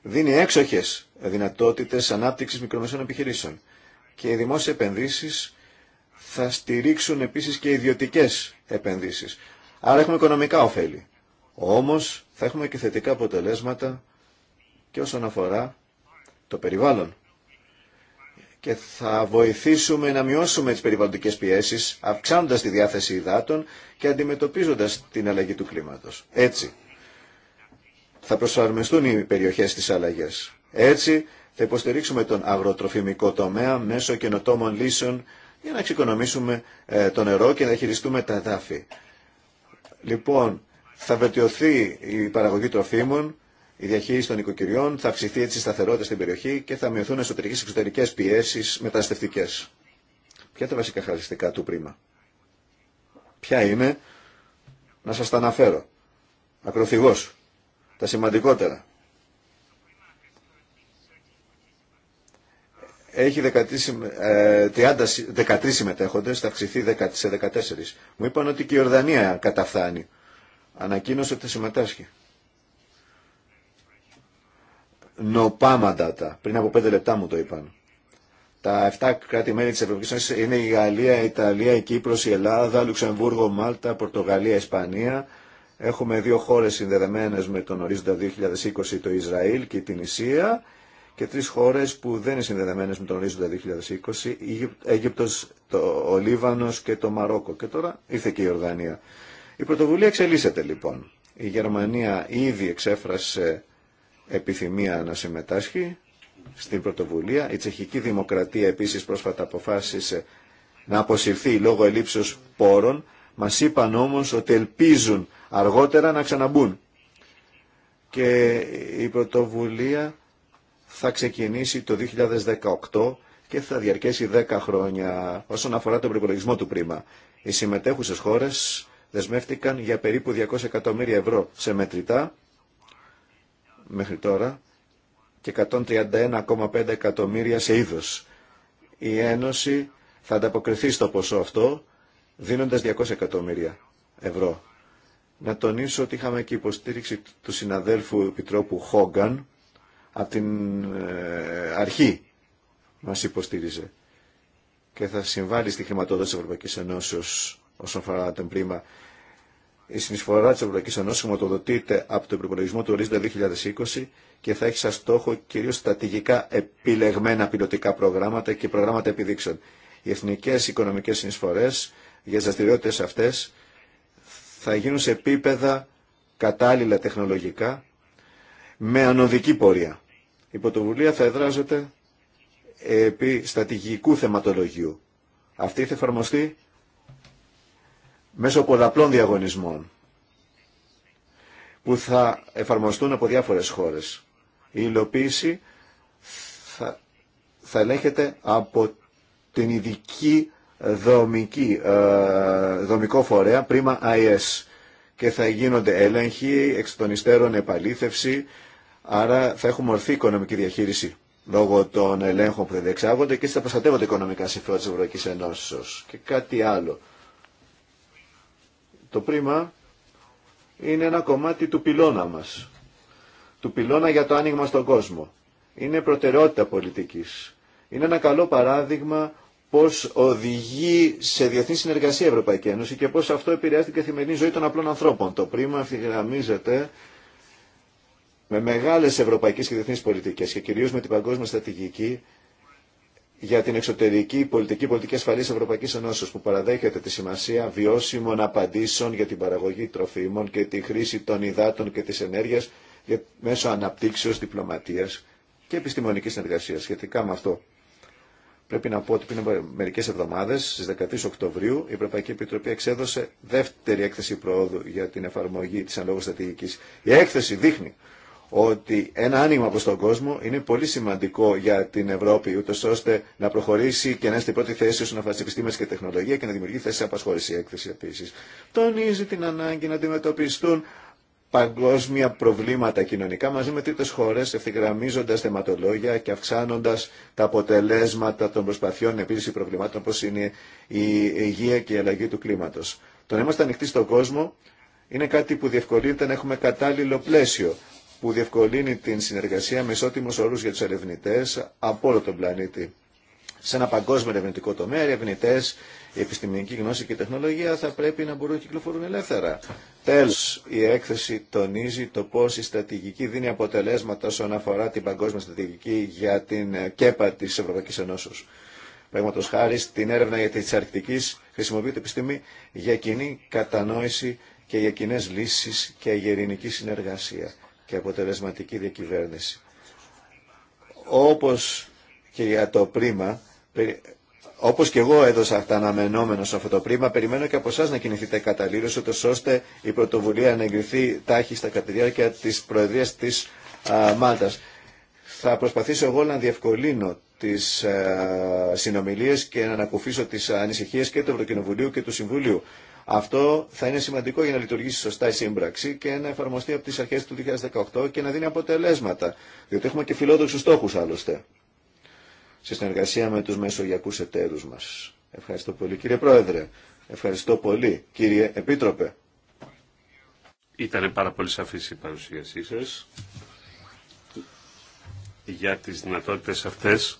Speaker 1: δίνει έξοχες δυνατότητε ανάπτυξης μικρομεσαίων επιχειρήσεων. Και οι δημόσιε επενδύσεις θα στηρίξουν επίσης και ιδιωτικέ επενδύσεις. Άρα έχουμε οικονομικά ωφέλη. Όμως θα έχουμε και θετικά αποτελέσματα και όσον αφορά το περιβάλλον. Και θα βοηθήσουμε να μειώσουμε τις περιβαλλοντικές πιέσεις, αυξάνοντα τη διάθεση υδάτων και αντιμετωπίζοντα την αλλαγή του κλίματο. Έτσι θα προσαρμοστούν οι περιοχές στις αλλαγές. Έτσι θα υποστηρίξουμε τον αγροτροφημικό τομέα μέσω καινοτόμων λύσεων για να εξοικονομήσουμε ε, το νερό και να χειριστούμε τα δάφη. Λοιπόν, θα βελτιωθεί η παραγωγή τροφίμων, η διαχείριση των οικοκυριών, θα αυξηθεί έτσι η σταθερότητα στην περιοχή και θα μειωθούν εσωτερικέ και εξωτερικέ πιέσει μεταναστευτικέ. Ποια τα βασικά χαρακτηριστικά του πρίμα. Ποια είναι, να σα τα αναφέρω. Ακροθυγός τα σημαντικότερα. Έχει 13, 30, ε, συμμετέχοντες, θα αυξηθεί σε 14. Μου είπαν ότι και η Ορδανία καταφθάνει. Ανακοίνωσε ότι θα συμμετάσχει. Νοπάμαντατα, πριν από 5 λεπτά μου το είπαν. Τα 7 κράτη-μέλη της Ευρωπαϊκής Ένωσης είναι η Γαλλία, η Ιταλία, η Κύπρος, η Ελλάδα, Λουξεμβούργο, Μάλτα, Πορτογαλία, Ισπανία, Έχουμε δύο χώρες συνδεδεμένες με τον ορίζοντα 2020, το Ισραήλ και την Ισία και τρεις χώρες που δεν είναι συνδεδεμένες με τον ορίζοντα 2020, η Αίγυπτος, το, ο Λίβανος και το Μαρόκο. Και τώρα ήρθε και η Ορδανία. Η πρωτοβουλία εξελίσσεται λοιπόν. Η Γερμανία ήδη εξέφρασε επιθυμία να συμμετάσχει στην πρωτοβουλία. Η Τσεχική Δημοκρατία επίσης πρόσφατα αποφάσισε να αποσυρθεί λόγω ελλείψεω πόρων μας είπαν όμως ότι ελπίζουν αργότερα να ξαναμπούν. Και η πρωτοβουλία θα ξεκινήσει το 2018 και θα διαρκέσει 10 χρόνια όσον αφορά τον προπολογισμό του πρίμα. Οι συμμετέχουσες χώρες δεσμεύτηκαν για περίπου 200 εκατομμύρια ευρώ σε μετρητά μέχρι τώρα και 131,5 εκατομμύρια σε είδος. Η Ένωση θα ανταποκριθεί στο ποσό αυτό δίνοντα 200 εκατομμύρια ευρώ. Να τονίσω ότι είχαμε και υποστήριξη του συναδέλφου Επιτρόπου Χόγκαν από την ε, αρχή μας υποστήριζε και θα συμβάλλει στη χρηματοδότηση της Ευρωπαϊκής Ενώσεως όσον αφορά την πρίμα. Η συνεισφορά της Ευρωπαϊκής Ενώσεως χρηματοδοτείται από τον προπολογισμό του ορίζοντα 2020 και θα έχει σαν στόχο κυρίως στρατηγικά επιλεγμένα πιλωτικά προγράμματα και προγράμματα επιδείξεων. Οι εθνικές οικονομικές συνεισφορές για τις δραστηριότητε αυτές θα γίνουν σε επίπεδα κατάλληλα τεχνολογικά με ανωδική πορεία. Η πρωτοβουλία θα εδράζεται επί στρατηγικού θεματολογίου. Αυτή θα εφαρμοστεί μέσω πολλαπλών διαγωνισμών που θα εφαρμοστούν από διάφορες χώρες. Η υλοποίηση θα, θα ελέγχεται από την ειδική δομική, ε, δομικό φορέα, πρίμα IS. Και θα γίνονται έλεγχοι, εξ των υστέρων επαλήθευση, άρα θα έχουμε ορθή οικονομική διαχείριση λόγω των ελέγχων που διεξάγονται και θα προστατεύονται οικονομικά συμφέροντα της Ευρωπαϊκής Ενώσεως. Και κάτι άλλο. Το πρίμα είναι ένα κομμάτι του πυλώνα μας. Του πυλώνα για το άνοιγμα στον κόσμο. Είναι προτεραιότητα πολιτικής. Είναι ένα καλό παράδειγμα πώς οδηγεί σε διεθνή συνεργασία η Ευρωπαϊκή Ένωση και πώς αυτό επηρεάζει την καθημερινή ζωή των απλών ανθρώπων. Το πρίμα αυθυγραμμίζεται με μεγάλες ευρωπαϊκές και διεθνείς πολιτικές και κυρίως με την παγκόσμια στρατηγική για την εξωτερική πολιτική πολιτική ασφαλής Ευρωπαϊκής Ενώσεως που παραδέχεται τη σημασία βιώσιμων απαντήσεων για την παραγωγή τροφίμων και τη χρήση των υδάτων και της ενέργειας μέσω αναπτύξεως, διπλωματίας και επιστημονικής συνεργασίας σχετικά με αυτό. Πρέπει να πω ότι πριν μερικέ εβδομάδε, στι 13 Οκτωβρίου, η Ευρωπαϊκή Επιτροπή εξέδωσε δεύτερη έκθεση προόδου για την εφαρμογή τη ανλόγου στρατηγική. Η έκθεση δείχνει ότι ένα άνοιγμα προ τον κόσμο είναι πολύ σημαντικό για την Ευρώπη, ούτω ώστε να προχωρήσει και να είναι στην πρώτη θέση όσον αφορά τι επιστήμε και τεχνολογία και να δημιουργεί θέσει απασχόληση. Η έκθεση επίση τονίζει την ανάγκη να αντιμετωπιστούν παγκόσμια προβλήματα κοινωνικά μαζί με τρίτες χώρες ευθυγραμμίζοντας θεματολόγια και αυξάνοντας τα αποτελέσματα των προσπαθειών επίλυση προβλημάτων όπως είναι η υγεία και η αλλαγή του κλίματος. Το να είμαστε ανοιχτοί στον κόσμο είναι κάτι που διευκολύνεται να έχουμε κατάλληλο πλαίσιο που διευκολύνει την συνεργασία με ισότιμους όρους για τους ερευνητέ από όλο τον πλανήτη. Σε ένα παγκόσμιο ερευνητικό τομέα, οι ερευνητέ, η επιστημονική γνώση και η τεχνολογία θα πρέπει να μπορούν να κυκλοφορούν ελεύθερα. Τέλος, η έκθεση τονίζει το πώς η στρατηγική δίνει αποτελέσματα όσον αφορά την παγκόσμια στρατηγική για την ε, ΚΕΠΑ της Ευρωπαϊκής Ενώσεως. Παραδείγματο χάρη στην έρευνα για τη Αρκτική χρησιμοποιείται επιστήμη για κοινή κατανόηση και για κοινέ λύσεις και για ειρηνική συνεργασία και αποτελεσματική διακυβέρνηση. Όπως και για το πρίμα, όπως και εγώ έδωσα αυτά αναμενόμενο σε αυτό το πρίμα, περιμένω και από εσά να κινηθείτε καταλήρως ώστε η πρωτοβουλία να εγκριθεί τάχιστα κατά τη διάρκεια της Προεδρίας της α, Θα προσπαθήσω εγώ να διευκολύνω τις συνομιλίε συνομιλίες και να ανακουφίσω τις ανησυχίες και του Ευρωκοινοβουλίου και του Συμβουλίου. Αυτό θα είναι σημαντικό για να λειτουργήσει σωστά η σύμπραξη και να εφαρμοστεί από τις αρχές του 2018 και να δίνει αποτελέσματα, διότι έχουμε και φιλόδοξους στόχους άλλωστε σε συνεργασία με τους μεσογειακούς εταίρους μας. Ευχαριστώ πολύ κύριε Πρόεδρε. Ευχαριστώ πολύ κύριε Επίτροπε.
Speaker 3: Ήταν πάρα πολύ σαφής η παρουσίασή σας για τις δυνατότητες αυτές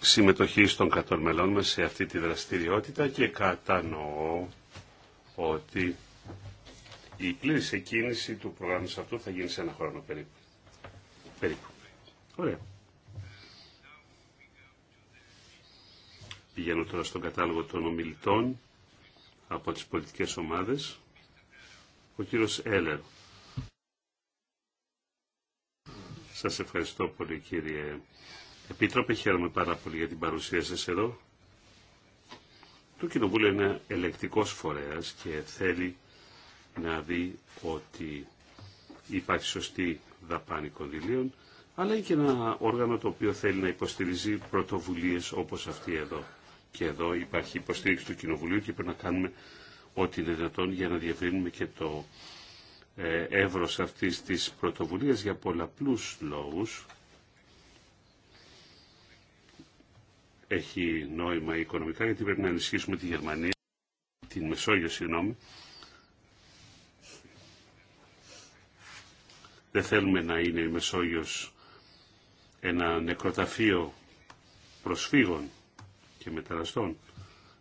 Speaker 3: συμμετοχή των κατών μελών μας σε αυτή τη δραστηριότητα και κατανοώ ότι η πλήρης εκκίνηση του προγράμματος αυτού θα γίνει σε ένα χρόνο περίπου. Ωραία. Πηγαίνω τώρα στον κατάλογο των ομιλητών από τις πολιτικές ομάδες. Ο κύριος Έλερ. Σας ευχαριστώ πολύ κύριε Επίτροπε. Χαίρομαι πάρα πολύ για την παρουσία σας εδώ. Το Κοινοβούλιο είναι ελεκτικός φορέας και θέλει να δει ότι υπάρχει σωστή δαπάνη κονδυλίων, αλλά είναι και ένα όργανο το οποίο θέλει να υποστηρίζει πρωτοβουλίες όπως αυτή εδώ και εδώ υπάρχει υποστήριξη του Κοινοβουλίου και πρέπει να κάνουμε ό,τι είναι δυνατόν για να διευρύνουμε και το ε, εύρος αυτής της πρωτοβουλίας για πολλαπλούς λόγους. Έχει νόημα οικονομικά γιατί πρέπει να ενισχύσουμε τη Γερμανία, την Μεσόγειο συγγνώμη. Δεν θέλουμε να είναι η Μεσόγειος ένα νεκροταφείο προσφύγων και μεταναστών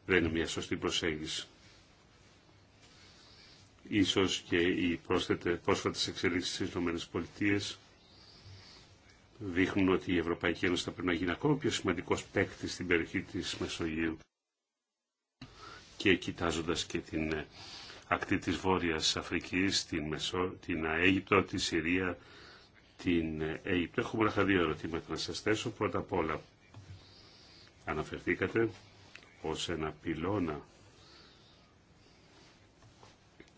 Speaker 3: δεν είναι μια σωστή προσέγγιση. Ίσως και οι πρόσθετε, πρόσφατες εξελίξεις στις ΗΠΑ δείχνουν ότι η Ευρωπαϊκή Ένωση θα πρέπει να γίνει ακόμα πιο σημαντικός παίκτη στην περιοχή της Μεσογείου και κοιτάζοντας και την ε, ακτή της Βόρειας Αφρικής, την, Μεσό, την Αίγυπτο, τη Συρία, την ε, Αίγυπτο. Έχουμε μόνο δύο ερωτήματα να σα θέσω. Πρώτα απ' όλα, αναφερθήκατε ως ένα πυλώνα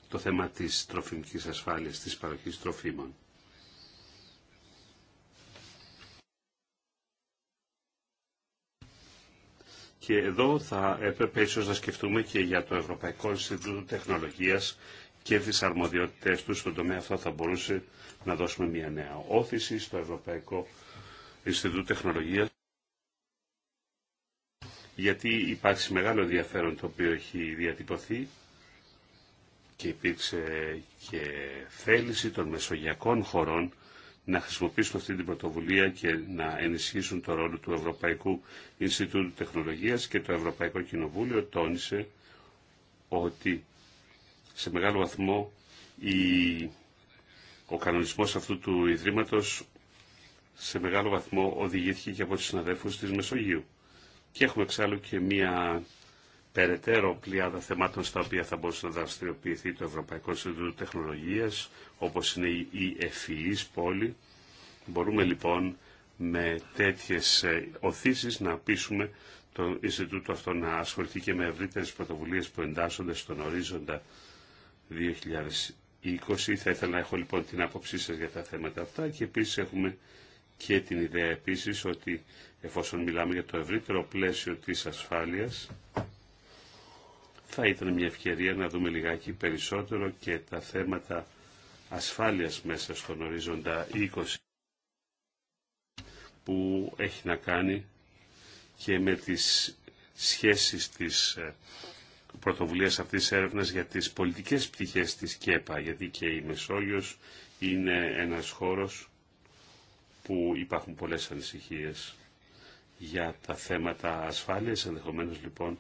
Speaker 3: το θέμα της τροφιμικής ασφάλειας, της παροχής τροφίμων. Και εδώ θα έπρεπε ίσως να σκεφτούμε και για το Ευρωπαϊκό Ινστιτούτο Τεχνολογίας και τις αρμοδιότητες του στον τομέα αυτό θα μπορούσε να δώσουμε μια νέα όθηση στο Ευρωπαϊκό Ινστιτούτο Τεχνολογίας γιατί υπάρχει μεγάλο ενδιαφέρον το οποίο έχει διατυπωθεί και υπήρξε και θέληση των μεσογειακών χωρών να χρησιμοποιήσουν αυτή την πρωτοβουλία και να ενισχύσουν το ρόλο του Ευρωπαϊκού Ινστιτούτου Τεχνολογίας και το Ευρωπαϊκό Κοινοβούλιο τόνισε ότι σε μεγάλο βαθμό η... ο κανονισμός αυτού του Ιδρύματος σε μεγάλο βαθμό οδηγήθηκε και από τους συναδέλφους της Μεσογείου. Και έχουμε εξάλλου και μία περαιτέρω πλειάδα θεμάτων στα οποία θα μπορούσε να δραστηριοποιηθεί το Ευρωπαϊκό Ινστιτούτο Τεχνολογίας, όπως είναι η ευφυής e e πόλη. Μπορούμε λοιπόν με τέτοιες ε, οθήσεις να πείσουμε το Ινστιτούτο αυτό να ασχοληθεί και με ευρύτερες πρωτοβουλίες που εντάσσονται στον ορίζοντα 2020. Θα ήθελα να έχω λοιπόν την άποψή σας για τα θέματα αυτά και επίσης έχουμε και την ιδέα επίσης ότι εφόσον μιλάμε για το ευρύτερο πλαίσιο της ασφάλειας, θα ήταν μια ευκαιρία να δούμε λιγάκι περισσότερο και τα θέματα ασφάλειας μέσα στον ορίζοντα 20 που έχει να κάνει και με τις σχέσεις της ε, πρωτοβουλίας αυτής της έρευνας για τις πολιτικές πτυχές της ΚΕΠΑ, γιατί και η Μεσόγειος είναι ένας χώρος που υπάρχουν πολλές ανησυχίες για τα θέματα ασφάλειας. Ενδεχομένως λοιπόν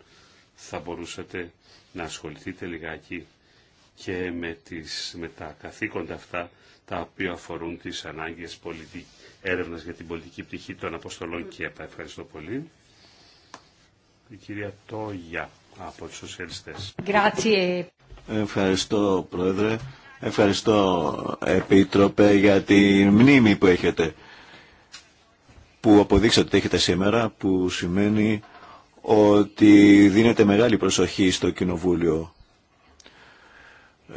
Speaker 3: θα μπορούσατε να ασχοληθείτε λιγάκι και με, τις, με τα καθήκοντα αυτά τα οποία αφορούν τις ανάγκες πολιτικ... έρευνας για την πολιτική πτυχή των αποστολών και ΕΠΑ. Ευχαριστώ πολύ. Η κυρία
Speaker 2: Τόγια
Speaker 3: από τους σοσιαλιστές.
Speaker 1: Ευχαριστώ Πρόεδρε. Ευχαριστώ Επίτροπε για τη μνήμη που έχετε που αποδείξατε ότι έχετε σήμερα, που σημαίνει ότι δίνετε μεγάλη προσοχή στο Κοινοβούλιο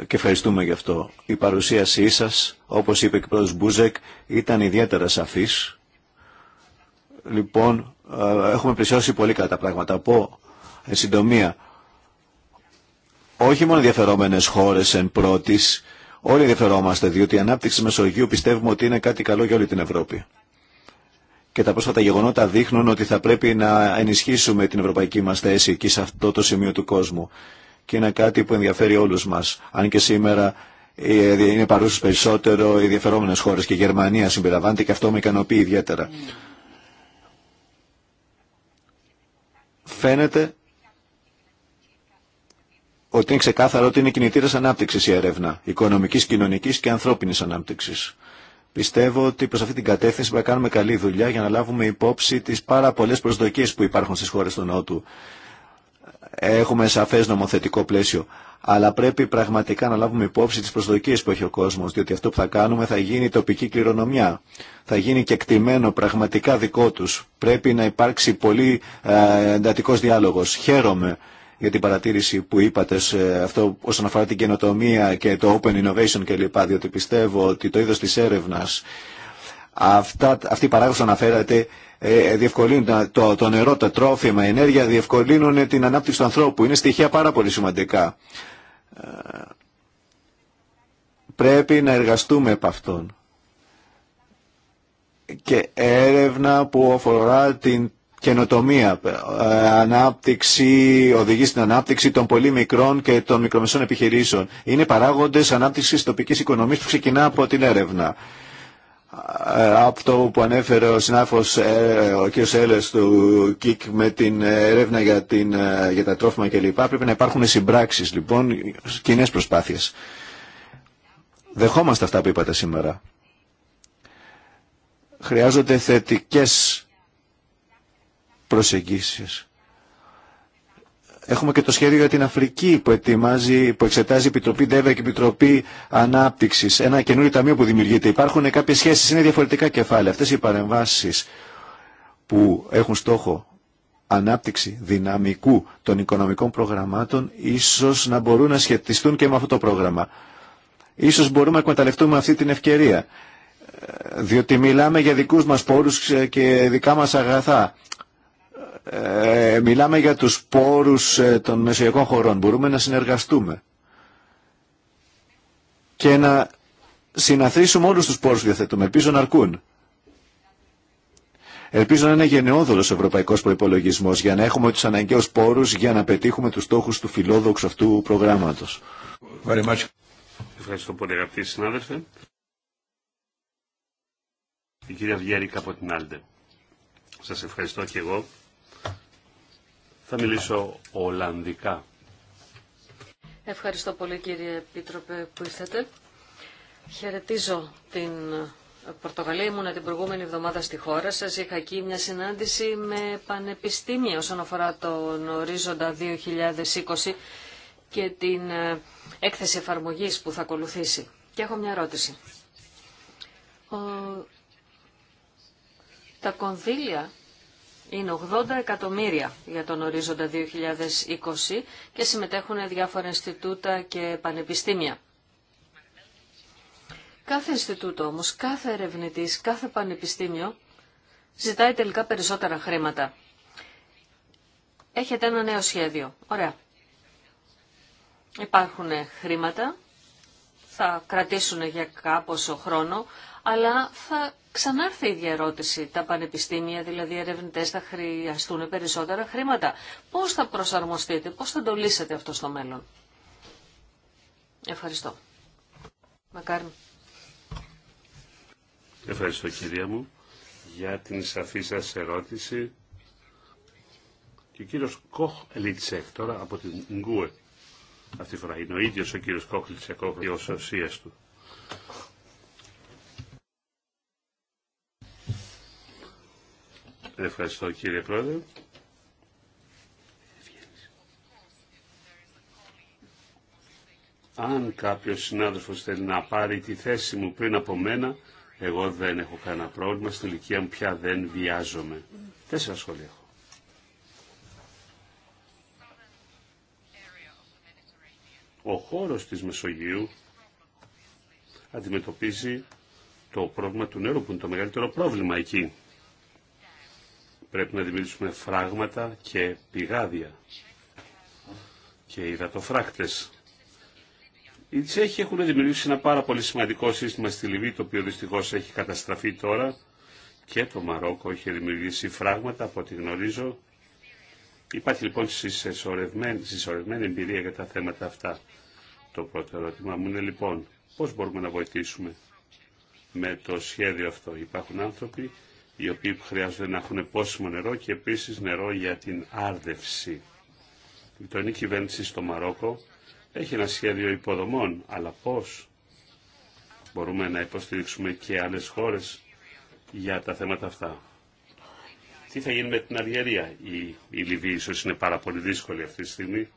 Speaker 1: και ευχαριστούμε γι' αυτό. Η παρουσίασή σας, όπως είπε και ο πρόεδρος Μπούζεκ, ήταν ιδιαίτερα σαφής. Λοιπόν, έχουμε πλησιώσει πολύ κατά πράγματα. Από εν συντομία, όχι μόνο ενδιαφερόμενες χώρες εν πρώτης, όλοι ενδιαφερόμαστε, διότι η ανάπτυξη Μεσογείου πιστεύουμε ότι είναι κάτι καλό για όλη την Ευρώπη και τα πρόσφατα γεγονότα δείχνουν ότι θα πρέπει να ενισχύσουμε την ευρωπαϊκή μας θέση εκεί σε αυτό το σημείο του κόσμου. Και είναι κάτι που ενδιαφέρει όλους μας. Αν και σήμερα ε, είναι παρούσε περισσότερο οι ενδιαφερόμενες χώρες και η Γερμανία συμπεριλαμβάνεται και αυτό με ικανοποιεί ιδιαίτερα. Φαίνεται ότι είναι ξεκάθαρο ότι είναι κινητήρας ανάπτυξης η έρευνα, οικονομικής, κοινωνικής και ανθρώπινης ανάπτυξης. Πιστεύω ότι προ αυτή την κατεύθυνση πρέπει να κάνουμε καλή δουλειά για να λάβουμε υπόψη τις πάρα πολλέ προσδοκίες που υπάρχουν στις χώρες του Νότου. Έχουμε σαφές νομοθετικό πλαίσιο, αλλά πρέπει πραγματικά να λάβουμε υπόψη τις προσδοκίες που έχει ο κόσμο, διότι αυτό που θα κάνουμε θα γίνει τοπική κληρονομιά, θα γίνει και κτημένο πραγματικά δικό του. Πρέπει να υπάρξει πολύ ε, εντατικό διάλογο. Χαίρομαι για την παρατήρηση που είπατε αυτό όσον αφορά την καινοτομία και το open innovation κλπ. Διότι πιστεύω ότι το είδος της έρευνας, αυτά, αυτή η που αναφέρατε, ε, διευκολύνουν το, το νερό, τα τρόφιμα, η ενέργεια, διευκολύνουν την ανάπτυξη του ανθρώπου. Είναι στοιχεία πάρα πολύ σημαντικά. Ε, πρέπει να εργαστούμε επ' αυτόν. Και έρευνα που αφορά την καινοτομία, ε, ανάπτυξη, οδηγεί στην ανάπτυξη των πολύ μικρών και των μικρομεσών επιχειρήσεων. Είναι παράγοντες ανάπτυξης τοπικής οικονομίας που ξεκινά από την έρευνα. Ε, από που ανέφερε ο συνάδελφος ε, ο κ. Έλλες του ΚΙΚ με την έρευνα για, την, για τα τρόφιμα κλπ. Πρέπει να υπάρχουν συμπράξεις λοιπόν, κοινέ προσπάθειες. Δεχόμαστε αυτά που είπατε σήμερα. Χρειάζονται θετικές προσεγγίσεις. Έχουμε και το σχέδιο για την Αφρική που, ετοιμάζει, που εξετάζει η Επιτροπή ΔΕΒΕ και η Επιτροπή Ανάπτυξη. Ένα καινούριο ταμείο που δημιουργείται. Υπάρχουν κάποιε σχέσει, είναι διαφορετικά κεφάλαια. Αυτέ οι παρεμβάσει που έχουν στόχο ανάπτυξη δυναμικού των οικονομικών προγραμμάτων ίσω να μπορούν να σχετιστούν και με αυτό το πρόγραμμα. Ίσως μπορούμε να εκμεταλλευτούμε αυτή την ευκαιρία, ε, διότι μιλάμε για δικού μα πόρου ε, και δικά μα αγαθά. Ε, μιλάμε για τους πόρους ε, των μεσογειακών χωρών. Μπορούμε να συνεργαστούμε και να συναθρήσουμε όλους τους πόρους που διαθέτουμε. Ελπίζω να αρκούν. Ελπίζω να είναι γενναιόδωρος ο ευρωπαϊκός προϋπολογισμός για να έχουμε τους αναγκαίους πόρους για να πετύχουμε τους στόχους του φιλόδοξου αυτού προγράμματος.
Speaker 3: Ευχαριστώ πολύ αγαπητοί συνάδελφοι. Η κυρία Βιέρη από την Σας ευχαριστώ και εγώ. Θα μιλήσω Ολλανδικά.
Speaker 2: Ευχαριστώ πολύ κύριε Επίτροπε που ήρθατε. Χαιρετίζω την Πορτογαλία. Ήμουν την προηγούμενη εβδομάδα στη χώρα σας. Είχα εκεί μια συνάντηση με πανεπιστήμια όσον αφορά τον ορίζοντα 2020 και την ε, έκθεση εφαρμογή που θα ακολουθήσει. Και έχω μια ερώτηση. Ο... Τα κονδύλια είναι 80 εκατομμύρια για τον ορίζοντα 2020 και συμμετέχουν διάφορα Ινστιτούτα και πανεπιστήμια. Κάθε Ινστιτούτο όμως, κάθε ερευνητής, κάθε πανεπιστήμιο ζητάει τελικά περισσότερα χρήματα. Έχετε ένα νέο σχέδιο. Ωραία. Υπάρχουν χρήματα, θα κρατήσουν για κάποιο χρόνο, αλλά θα Ξανάρθε η ίδια ερώτηση. Τα πανεπιστήμια, δηλαδή οι ερευνητές, θα χρειαστούν περισσότερα χρήματα. Πώς θα προσαρμοστείτε, πώς θα το λύσετε αυτό στο μέλλον. Ευχαριστώ. Μακάρι.
Speaker 3: Ευχαριστώ κυρία μου για την σαφή σας ερώτηση. Και ο κύριος Κοχ Λιτσέκ τώρα από την Γκουε. Αυτή τη φορά είναι ο ίδιος ο κύριος Κοχ Λιτσέκ, ο του. Ευχαριστώ κύριε Πρόεδρε. Αν κάποιος συνάδελφος θέλει να πάρει τη θέση μου πριν από μένα, εγώ δεν έχω κανένα πρόβλημα, στην ηλικία μου πια δεν βιάζομαι. Τέσσερα σχόλια έχω. Ο χώρος της Μεσογείου αντιμετωπίζει το πρόβλημα του νερού που είναι το μεγαλύτερο πρόβλημα εκεί πρέπει να δημιουργήσουμε φράγματα και πηγάδια και υδατοφράκτες. Οι Τσέχοι έχουν δημιουργήσει ένα πάρα πολύ σημαντικό σύστημα στη Λιβύη, το οποίο δυστυχώ έχει καταστραφεί τώρα και το Μαρόκο έχει δημιουργήσει φράγματα από ό,τι γνωρίζω. Υπάρχει λοιπόν συσσωρευμένη, συσσωρευμένη εμπειρία για τα θέματα αυτά. Το πρώτο ερώτημα μου είναι λοιπόν πώς μπορούμε να βοηθήσουμε με το σχέδιο αυτό. Υπάρχουν άνθρωποι οι οποίοι χρειάζονται να έχουν πόσιμο νερό και επίσης νερό για την άρδευση. Η κυβέρνηση στο Μαρόκο έχει ένα σχέδιο υποδομών, αλλά πώς μπορούμε να υποστηρίξουμε και άλλες χώρες για τα θέματα αυτά. Τι θα γίνει με την Αργερία, Η, η Λιβύη ίσως είναι πάρα πολύ δύσκολη αυτή τη στιγμή,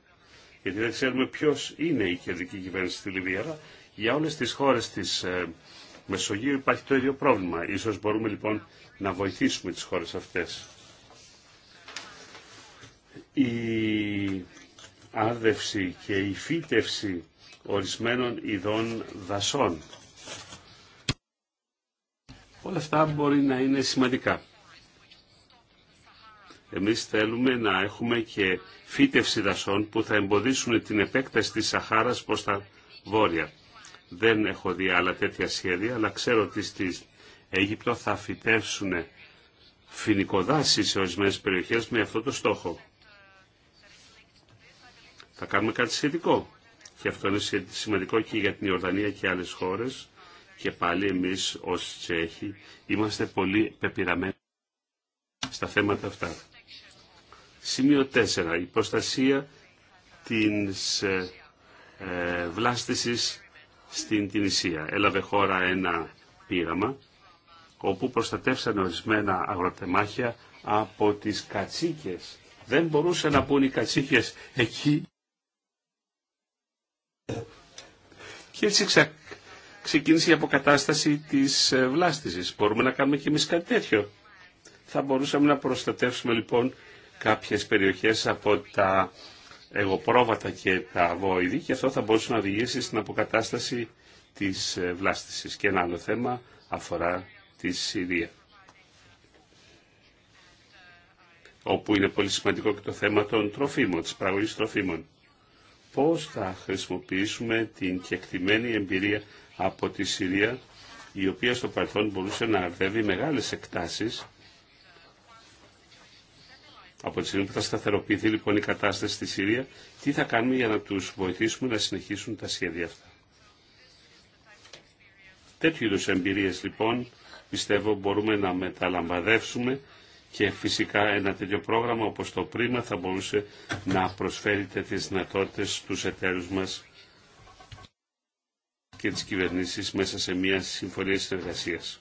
Speaker 3: γιατί δεν ξέρουμε ποιος είναι η κεντρική κυβέρνηση στη Λιβύη, αλλά για όλες τις χώρες της ε, Μεσογείο υπάρχει το ίδιο πρόβλημα. Ίσως μπορούμε λοιπόν να βοηθήσουμε τις χώρες αυτές. Η άδευση και η φύτευση ορισμένων ειδών δασών. Όλα αυτά μπορεί να είναι σημαντικά. Εμείς θέλουμε να έχουμε και φύτευση δασών που θα εμποδίσουν την επέκταση της Σαχάρας προς τα βόρεια. Δεν έχω δει άλλα τέτοια σχέδια, αλλά ξέρω ότι στη Αίγυπτο θα φυτέψουν φοινικοδάσει σε ορισμένε περιοχές με αυτό το στόχο. Θα κάνουμε κάτι σχετικό. Και αυτό είναι σημαντικό και για την Ιορδανία και άλλες χώρες. Και πάλι εμείς ως Τσέχοι είμαστε πολύ πεπειραμένοι στα θέματα αυτά. Σημείο 4. Η προστασία της ε, ε βλάστησης στην Τινησία. Έλαβε χώρα ένα πείραμα όπου προστατεύσαν ορισμένα αγροτεμάχια από τις κατσίκες. Δεν μπορούσαν να πούνε οι κατσίκες εκεί. Και έτσι ξεκίνησε η αποκατάσταση της ε, βλάστησης. Μπορούμε να κάνουμε και εμείς κάτι τέτοιο. Θα μπορούσαμε να προστατεύσουμε λοιπόν κάποιες περιοχές από τα εγωπρόβατα και τα βόηδη και αυτό θα μπορούσε να οδηγήσει στην αποκατάσταση της ε, βλάστησης. Και ένα άλλο θέμα αφορά τη Συρία όπου είναι πολύ σημαντικό και το θέμα των τροφίμων, της παραγωγής τροφίμων. Πώς θα χρησιμοποιήσουμε την κεκτημένη εμπειρία από τη Συρία, η οποία στο παρελθόν μπορούσε να αρδεύει μεγάλες εκτάσεις από τη στιγμή που θα σταθεροποιηθεί λοιπόν η κατάσταση στη Συρία, τι θα κάνουμε για να τους βοηθήσουμε να συνεχίσουν τα σχέδια αυτά. Τέτοιου είδους εμπειρίες λοιπόν πιστεύω μπορούμε να μεταλαμβαδεύσουμε και φυσικά ένα τέτοιο πρόγραμμα όπως το πρίμα θα μπορούσε να προσφέρει τέτοιες δυνατότητες στους εταίρους μας και τις κυβερνήσεις μέσα σε μια συμφωνία συνεργασίας.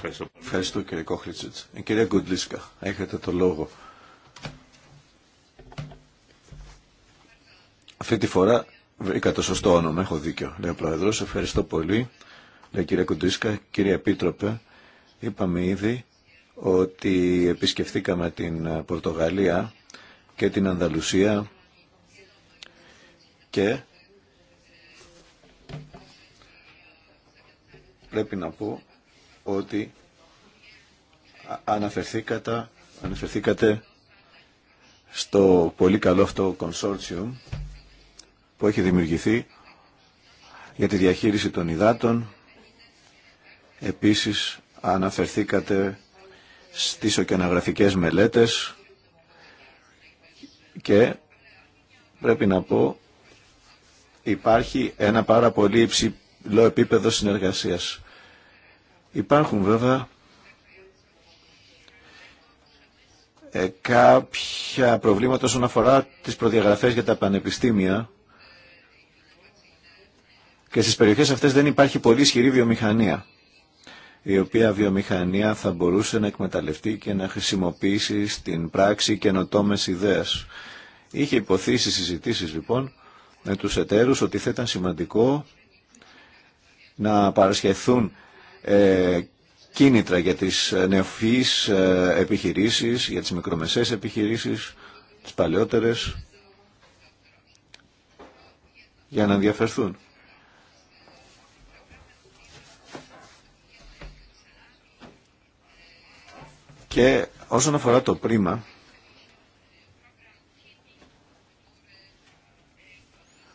Speaker 3: Ευχαριστώ. Ευχαριστώ κύριε Κόχλητσιτς.
Speaker 1: Ε, κυρία Γκουντλίσκα, έχετε το λόγο. Αυτή τη φορά βρήκα το σωστό όνομα, έχω δίκιο, Λέω ο Ευχαριστώ πολύ, λέει κυρία Κουντρίσκα, Κύριε Επίτροπε, είπαμε ήδη ότι επισκεφθήκαμε την Πορτογαλία και την Ανδαλουσία και πρέπει να πω ότι αναφερθήκατε, αναφερθήκατε στο πολύ καλό αυτό consortium που έχει δημιουργηθεί για τη διαχείριση των υδάτων. Επίσης αναφερθήκατε στις ωκεαναγραφικές μελέτες και πρέπει να πω υπάρχει ένα πάρα πολύ υψηλό επίπεδο συνεργασίας. Υπάρχουν βέβαια ε, κάποια προβλήματα όσον αφορά τις προδιαγραφές για τα πανεπιστήμια και στις περιοχές αυτές δεν υπάρχει πολύ ισχυρή βιομηχανία η οποία βιομηχανία θα μπορούσε να εκμεταλλευτεί και να χρησιμοποιήσει στην πράξη καινοτόμε ιδέες. Είχε υποθεί στις συζητήσεις λοιπόν με τους εταίρους ότι θα ήταν σημαντικό να παρασχεθούν ε, κίνητρα για τις νεοφυείς ε, επιχειρήσεις, για τις μικρομεσαίες επιχειρήσεις, τις παλαιότερες, για να ενδιαφερθούν. Και όσον αφορά το πρίμα,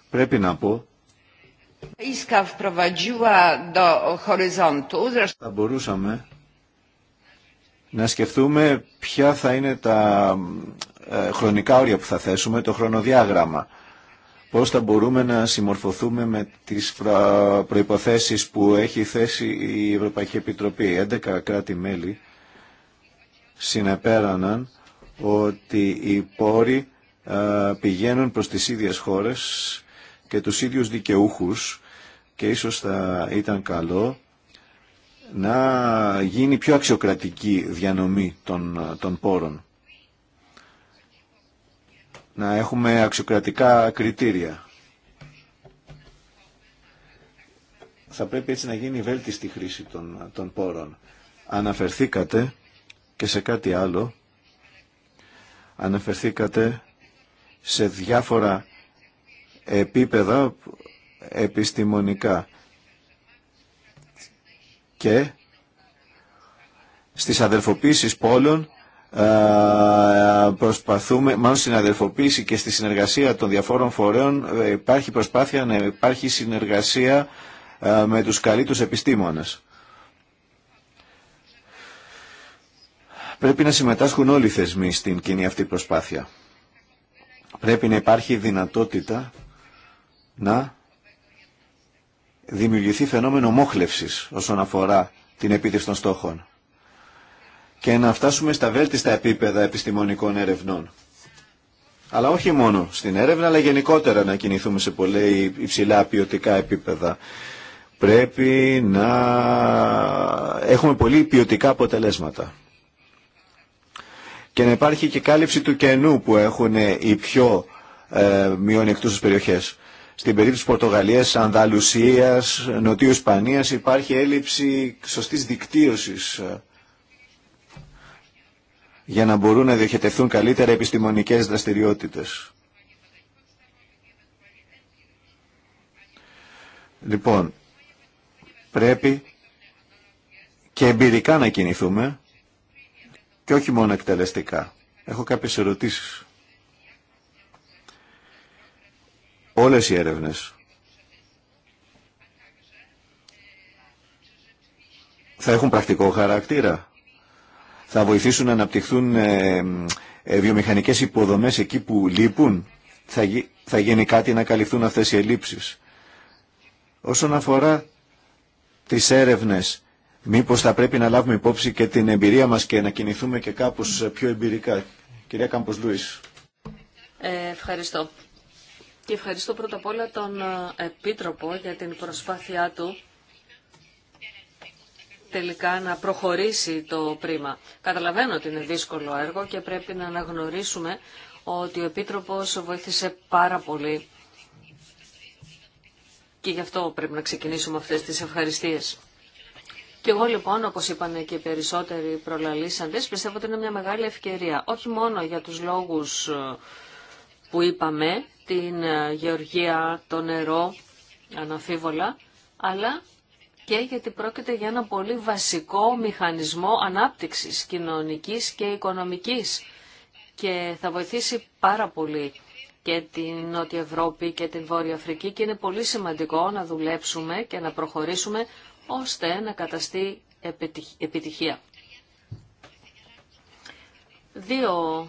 Speaker 1: πρέπει να πω θα μπορούσαμε να σκεφτούμε ποια θα είναι τα ε, χρονικά όρια που θα θέσουμε, το χρονοδιάγραμμα. Πώς θα μπορούμε να συμμορφωθούμε με τις προϋποθέσεις που έχει θέσει η Ευρωπαϊκή Επιτροπή. 11 κράτη-μέλη συνεπέραναν ότι οι πόροι ε, πηγαίνουν προς τις ίδιες χώρες και τους ίδιους δικαιούχους και ίσως θα ήταν καλό να γίνει πιο αξιοκρατική διανομή των, των πόρων. Να έχουμε αξιοκρατικά κριτήρια. Θα πρέπει έτσι να γίνει βέλτιστη χρήση των, των πόρων. Αναφερθήκατε και σε κάτι άλλο. Αναφερθήκατε σε διάφορα επίπεδα επιστημονικά και στις αδερφοποίησεις πόλων προσπαθούμε, μάλλον στην αδελφοποίηση και στη συνεργασία των διαφόρων φορέων ε, υπάρχει προσπάθεια να υπάρχει συνεργασία με τους καλύτους επιστήμονες. Πρέπει να συμμετάσχουν όλοι οι θεσμοί στην κοινή αυτή προσπάθεια. Πρέπει να υπάρχει δυνατότητα να δημιουργηθεί φαινόμενο μόχλευσης όσον αφορά την επίτευξη των στόχων και να φτάσουμε στα βέλτιστα επίπεδα επιστημονικών ερευνών. Αλλά όχι μόνο στην έρευνα, αλλά γενικότερα να κινηθούμε σε πολύ υψηλά ποιοτικά επίπεδα. Πρέπει να έχουμε πολύ ποιοτικά αποτελέσματα. Και να υπάρχει και κάλυψη του κενού που έχουν οι πιο ε, περιοχές. Στην περίπτωση Πορτογαλίας, Ανδαλουσίας, Νοτιού Ισπανίας υπάρχει έλλειψη σωστής δικτύωσης ε, για να μπορούν να διοχετευθούν καλύτερα επιστημονικές δραστηριότητες. Λοιπόν, πρέπει και εμπειρικά να κινηθούμε και όχι μόνο εκτελεστικά. Έχω κάποιες ερωτήσεις. όλες οι έρευνες. Θα έχουν πρακτικό χαρακτήρα. Θα βοηθήσουν να αναπτυχθούν ε, ε, βιομηχανικές υποδομές εκεί που λείπουν. Θα, θα γίνει κάτι να καλυφθούν αυτές οι ελλείψεις. Όσον αφορά τις έρευνες, μήπως θα πρέπει να λάβουμε υπόψη και την εμπειρία μας και να κινηθούμε και κάπως πιο εμπειρικά. Κυρία Κάμπος Λούις.
Speaker 2: Ε, ευχαριστώ. Και ευχαριστώ πρώτα απ' όλα τον ε, Επίτροπο για την προσπάθειά του τελικά να προχωρήσει το πρίμα. Καταλαβαίνω ότι είναι δύσκολο έργο και πρέπει να αναγνωρίσουμε ότι ο Επίτροπος βοήθησε πάρα πολύ και γι' αυτό πρέπει να ξεκινήσουμε αυτές τις ευχαριστίες. Και εγώ λοιπόν, όπως είπαν και οι περισσότεροι προλαλήσαντες, πιστεύω ότι είναι μια μεγάλη ευκαιρία. Όχι μόνο για τους λόγους ε, που είπαμε, την ε, γεωργία, το νερό, αναφίβολα, αλλά και γιατί πρόκειται για ένα πολύ βασικό μηχανισμό ανάπτυξης κοινωνικής και οικονομικής και θα βοηθήσει πάρα πολύ και την Νότια Ευρώπη και την Βόρεια Αφρική και είναι πολύ σημαντικό να δουλέψουμε και να προχωρήσουμε ώστε να καταστεί επιτυχία. Δύο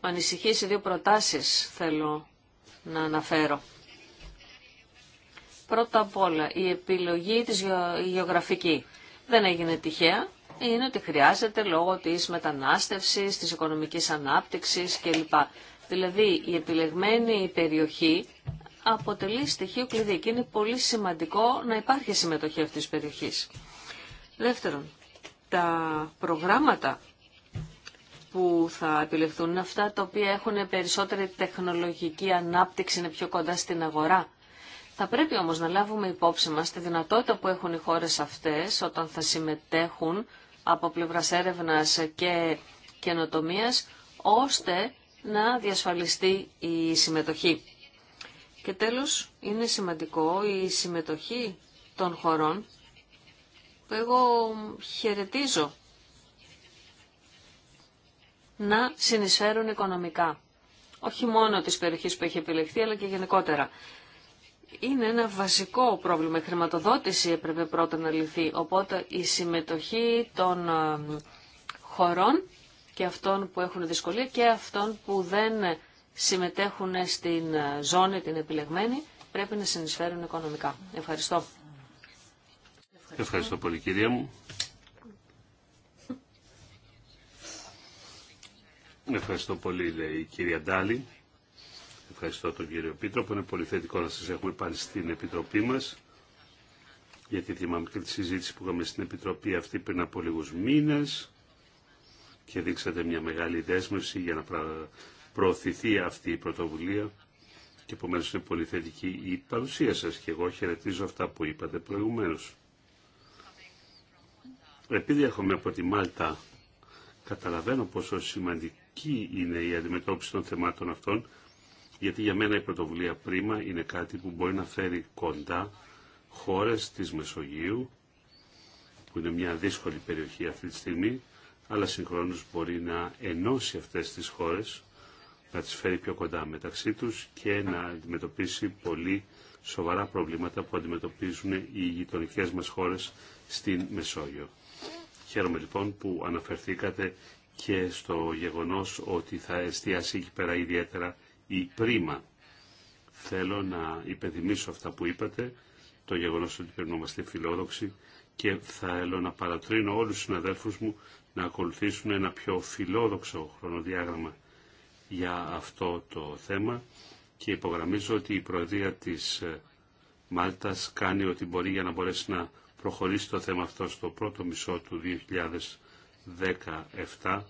Speaker 2: ανησυχίες, δύο προτάσεις θέλω να αναφέρω. Πρώτα απ' όλα, η επιλογή της γεωγραφική δεν έγινε τυχαία. Είναι ότι χρειάζεται λόγω της μετανάστευσης, της οικονομικής ανάπτυξης κλπ. Δηλαδή, η επιλεγμένη περιοχή αποτελεί στοιχείο κλειδί και είναι πολύ σημαντικό να υπάρχει συμμετοχή αυτής της περιοχής. Δεύτερον, τα προγράμματα που θα επιλεχθούν είναι αυτά τα οποία έχουν περισσότερη τεχνολογική ανάπτυξη, είναι πιο κοντά στην αγορά. Θα πρέπει όμως να λάβουμε υπόψη μας τη δυνατότητα που έχουν οι χώρες αυτές όταν θα συμμετέχουν από πλευράς έρευνας και καινοτομίας, ώστε να διασφαλιστεί η συμμετοχή. Και τέλος, είναι σημαντικό η συμμετοχή των χωρών που εγώ χαιρετίζω να συνεισφέρουν οικονομικά. Όχι μόνο τη περιοχή που έχει επιλεχθεί, αλλά και γενικότερα. Είναι ένα βασικό πρόβλημα. Η χρηματοδότηση έπρεπε πρώτα να λυθεί. Οπότε η συμμετοχή των ε, χωρών και αυτών που έχουν δυσκολία και αυτών που δεν συμμετέχουν στην ε, ζώνη την επιλεγμένη πρέπει να συνεισφέρουν οικονομικά. Ευχαριστώ.
Speaker 3: Ευχαριστώ πολύ κυρία μου. Ευχαριστώ πολύ, λέει η κυρία Ντάλη. Ευχαριστώ τον κύριο που Είναι πολύ θετικό να σας έχουμε πάλι στην Επιτροπή μας. Γιατί θυμάμαι και τη συζήτηση που είχαμε στην Επιτροπή αυτή πριν από λίγους μήνες και δείξατε μια μεγάλη δέσμευση για να προωθηθεί αυτή η πρωτοβουλία και επομένως είναι πολύ θετική η παρουσία σας και εγώ χαιρετίζω αυτά που είπατε προηγουμένως. Επειδή έχουμε από τη Μάλτα, καταλαβαίνω πόσο σημαντικό κι είναι η αντιμετώπιση των θεμάτων αυτών, γιατί για μένα η πρωτοβουλία πρίμα είναι κάτι που μπορεί να φέρει κοντά χώρες της Μεσογείου, που είναι μια δύσκολη περιοχή αυτή τη στιγμή, αλλά συγχρόνως μπορεί να ενώσει αυτές τις χώρες, να τις φέρει πιο κοντά μεταξύ τους και να αντιμετωπίσει πολύ σοβαρά προβλήματα που αντιμετωπίζουν οι γειτονικές μας χώρες στην Μεσόγειο. Χαίρομαι λοιπόν που αναφερθήκατε και στο γεγονός ότι θα εστιάσει εκεί πέρα ιδιαίτερα η πρίμα. Θέλω να υπενθυμίσω αυτά που είπατε, το γεγονός ότι πρέπει να είμαστε φιλόδοξοι και θα θέλω να παρατρύνω όλους τους συναδέλφους μου να ακολουθήσουν ένα πιο φιλόδοξο χρονοδιάγραμμα για αυτό το θέμα και υπογραμμίζω ότι η Προεδρία της ε, Μάλτας κάνει ό,τι μπορεί για να μπορέσει να προχωρήσει το θέμα αυτό στο πρώτο μισό του 17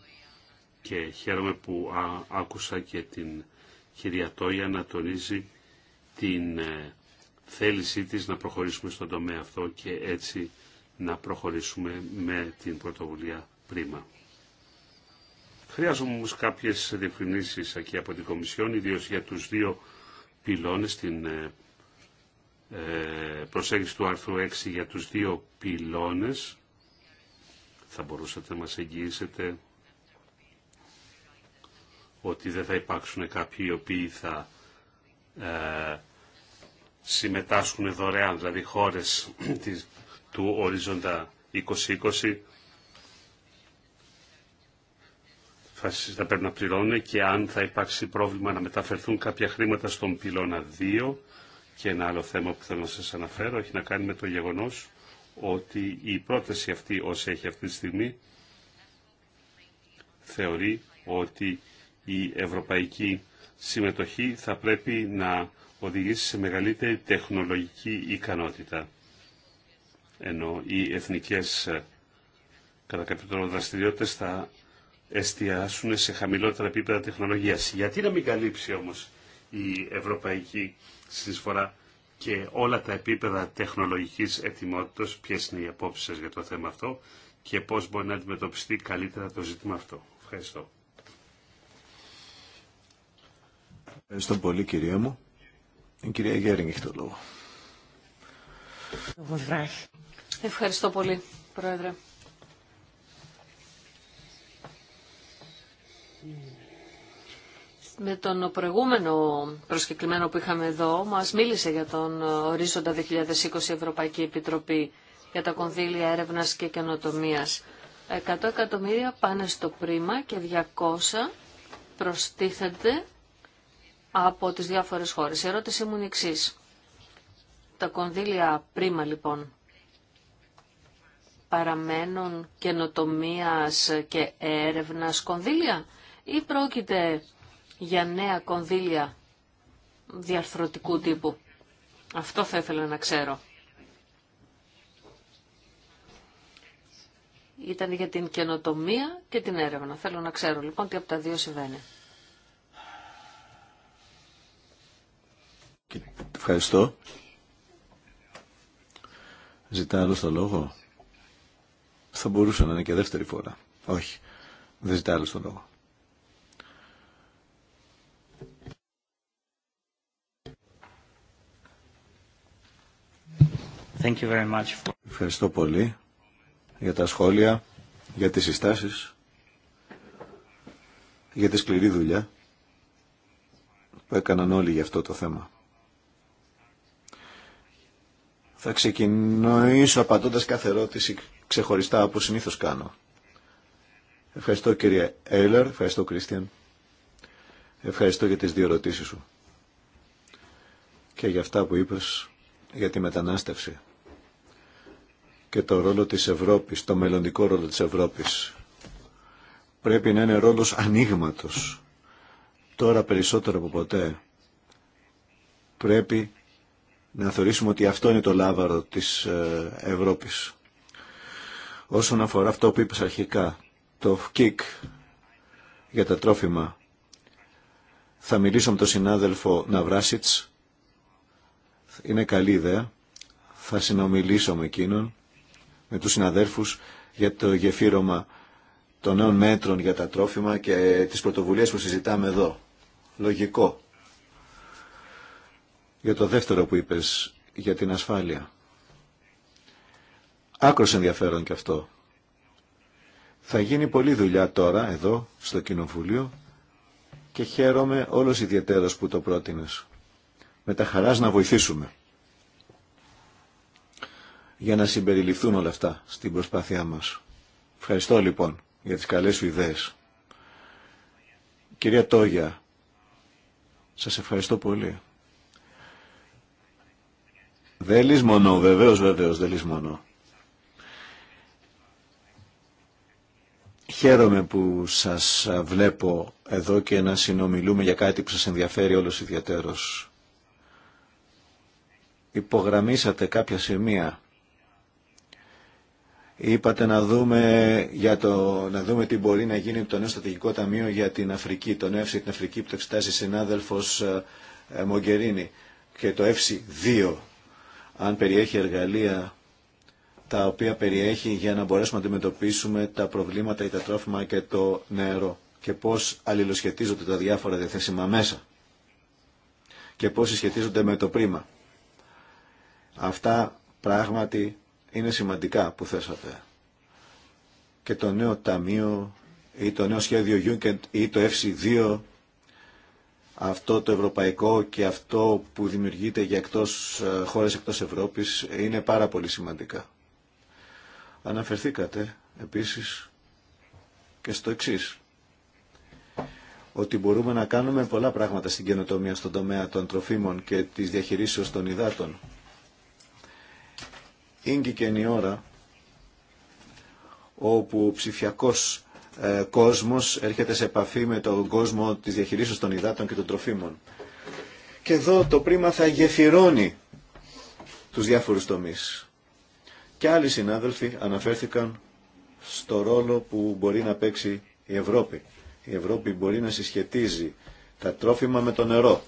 Speaker 3: και χαίρομαι που άκουσα και την κυρία Τόγια να τονίζει την ε, θέλησή της να προχωρήσουμε στον τομέα αυτό και έτσι να προχωρήσουμε με την πρωτοβουλία πρίμα. Χρειάζομαι όμως κάποιες διευκρινήσεις εκεί από την Κομισιόν, ιδίως για τους δύο πυλώνες, την ε, ε, προσέγγιση του άρθρου 6 για τους δύο πυλώνες θα μπορούσατε να μας εγγυήσετε ότι δεν θα υπάρξουν κάποιοι οι οποίοι θα ε, συμμετάσχουν δωρεάν, δηλαδή χώρες του ορίζοντα 2020 θα πρέπει να πληρώνουν και αν θα υπάρξει πρόβλημα να μεταφερθούν κάποια χρήματα στον πυλώνα 2 και ένα άλλο θέμα που θέλω να σας αναφέρω έχει να κάνει με το γεγονός ότι η πρόταση αυτή ως έχει αυτή τη στιγμή θεωρεί ότι η ευρωπαϊκή συμμετοχή θα πρέπει να οδηγήσει σε μεγαλύτερη τεχνολογική ικανότητα. Ενώ οι εθνικές κατά κάποιο τρόπο δραστηριότητε θα εστιάσουν σε χαμηλότερα επίπεδα τεχνολογίας. Γιατί να μην καλύψει όμως η ευρωπαϊκή συνεισφορά και όλα τα επίπεδα τεχνολογικής ετοιμότητας, ποιες είναι οι απόψεις σας για το θέμα αυτό και πώς μπορεί να αντιμετωπιστεί καλύτερα το ζήτημα αυτό. Ευχαριστώ.
Speaker 1: Ευχαριστώ πολύ κυρία μου. Η κυρία Γέρνη έχει το λόγο.
Speaker 2: Ευχαριστώ πολύ, Πρόεδρε με τον προηγούμενο προσκεκλημένο που είχαμε εδώ, μας μίλησε για τον ορίζοντα 2020 Ευρωπαϊκή Επιτροπή για τα κονδύλια έρευνας και καινοτομίας. 100 εκατομμύρια πάνε στο πρίμα και 200 προστίθενται από τις διάφορες χώρες. Η ερώτησή μου είναι εξή. Τα κονδύλια πρίμα λοιπόν παραμένουν καινοτομίας και έρευνας κονδύλια ή πρόκειται για νέα κονδύλια διαρθρωτικού τύπου. Αυτό θα ήθελα να ξέρω. Ήταν για την καινοτομία και την έρευνα. Θέλω να ξέρω λοιπόν τι από τα δύο συμβαίνει.
Speaker 1: Ευχαριστώ. Ζητά άλλο το λόγο. Θα μπορούσε να είναι και δεύτερη φορά. Όχι. Δεν ζητά άλλο το λόγο. Ευχαριστώ πολύ για τα σχόλια, για τις συστάσεις, για τη σκληρή δουλειά που έκαναν όλοι για αυτό το θέμα. Θα ξεκινήσω απαντώντας κάθε ερώτηση ξεχωριστά όπω συνήθως κάνω. Ευχαριστώ κυρία Έλλερ, ευχαριστώ Κρίστιαν. Ευχαριστώ για τις δύο ερωτήσεις σου και για αυτά που είπες για τη μετανάστευση και το ρόλο της Ευρώπης, το μελλοντικό ρόλο της Ευρώπης. Πρέπει να είναι ρόλος ανοίγματο. Τώρα περισσότερο από ποτέ πρέπει να θεωρήσουμε ότι αυτό είναι το λάβαρο της ε, Ευρώπης. Όσον αφορά αυτό που είπες αρχικά, το ΚΙΚ για τα τρόφιμα, θα μιλήσω με τον συνάδελφο Ναβράσιτς, είναι καλή ιδέα, θα συνομιλήσω με εκείνον με τους συναδέρφους για το γεφύρωμα των νέων μέτρων για τα τρόφιμα και τις πρωτοβουλίες που συζητάμε εδώ. Λογικό. Για το δεύτερο που είπες, για την ασφάλεια. Άκρος ενδιαφέρον και αυτό. Θα γίνει πολλή δουλειά τώρα, εδώ, στο Κοινοβουλίο και χαίρομαι όλος ιδιαίτερος που το πρότεινες. Με τα χαράς να βοηθήσουμε για να συμπεριληφθούν όλα αυτά στην προσπάθειά μας. Ευχαριστώ λοιπόν για τις καλές σου ιδέες. Κυρία Τόγια, σας ευχαριστώ πολύ. Δεν μόνο, βεβαίως, βεβαίως, δεν μόνο. Χαίρομαι που σας βλέπω εδώ και να συνομιλούμε για κάτι που σας ενδιαφέρει όλος ιδιαίτερος. Υπογραμμίσατε κάποια σημεία Είπατε να δούμε, για το, να δούμε τι μπορεί να γίνει το νέο στρατηγικό ταμείο για την Αφρική, το νέο ΕΦΣΙ την Αφρική που το εξετάζει συνάδελφο ε, ε, Μογκερίνη και το ΕΦΣΙ 2, αν περιέχει εργαλεία τα οποία περιέχει για να μπορέσουμε να αντιμετωπίσουμε τα προβλήματα ή τα τρόφιμα και το νερό και πώς αλληλοσχετίζονται τα διάφορα διαθέσιμα μέσα και πώς συσχετίζονται με το πρίμα. Αυτά πράγματι είναι σημαντικά που θέσατε. Και το νέο ταμείο ή το νέο σχέδιο Juncker ή το FC2 αυτό το ευρωπαϊκό και αυτό που δημιουργείται για εκτός, ε, χώρες εκτός Ευρώπης είναι πάρα πολύ σημαντικά. Αναφερθήκατε επίσης και στο εξής ότι μπορούμε να κάνουμε πολλά πράγματα στην καινοτομία στον τομέα των τροφίμων και της διαχειρίσεως των υδάτων και η ώρα όπου ο ψηφιακός ε, κόσμος έρχεται σε επαφή με τον κόσμο της διαχειρίσεως των υδάτων και των τροφίμων. Και εδώ το πρίμα θα γεφυρώνει τους διάφορους τομείς. Και άλλοι συνάδελφοι αναφέρθηκαν στο ρόλο που μπορεί να παίξει η Ευρώπη. Η Ευρώπη μπορεί να συσχετίζει τα τρόφιμα με το νερό,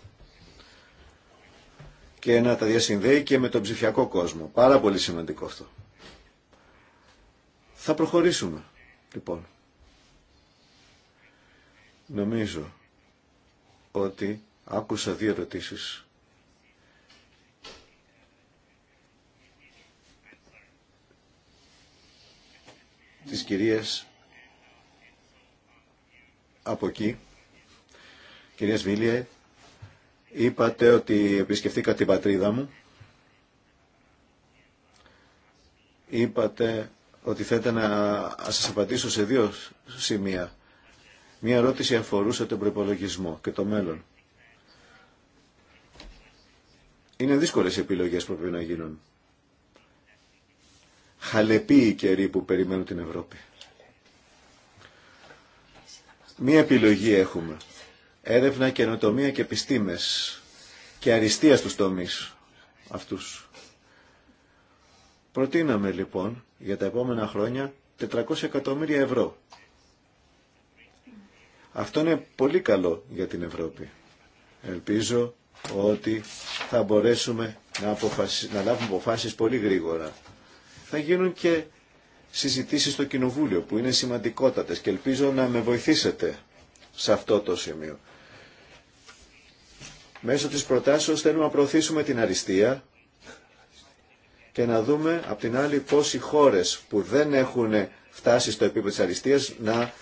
Speaker 1: και να τα διασυνδέει και με τον ψηφιακό κόσμο. Πάρα πολύ σημαντικό αυτό. Θα προχωρήσουμε, λοιπόν. Νομίζω ότι άκουσα δύο ερωτήσεις. της κυρίας από εκεί, κυρίας Βίλια Είπατε ότι επισκεφθήκα την πατρίδα μου. Είπατε ότι θέλετε να σας απαντήσω σε δύο σημεία. Μία ερώτηση αφορούσε τον προπολογισμό και το μέλλον. Είναι δύσκολες οι επιλογές που πρέπει να γίνουν. Χαλεπεί οι καιροί που περιμένουν την Ευρώπη. Μία επιλογή έχουμε έρευνα, καινοτομία και επιστήμες και αριστεία στους τομείς αυτούς. Προτείναμε λοιπόν για τα επόμενα χρόνια 400 εκατομμύρια ευρώ. Αυτό είναι πολύ καλό για την Ευρώπη. Ελπίζω ότι θα μπορέσουμε να, να λάβουμε αποφάσεις πολύ γρήγορα. Θα γίνουν και συζητήσεις στο Κοινοβούλιο που είναι σημαντικότατες και ελπίζω να με βοηθήσετε σε αυτό το σημείο. Μέσω της προτάσεως θέλουμε να προωθήσουμε την αριστεία και να δούμε απ' την άλλη πώς οι χώρες που δεν έχουν φτάσει στο επίπεδο της αριστείας να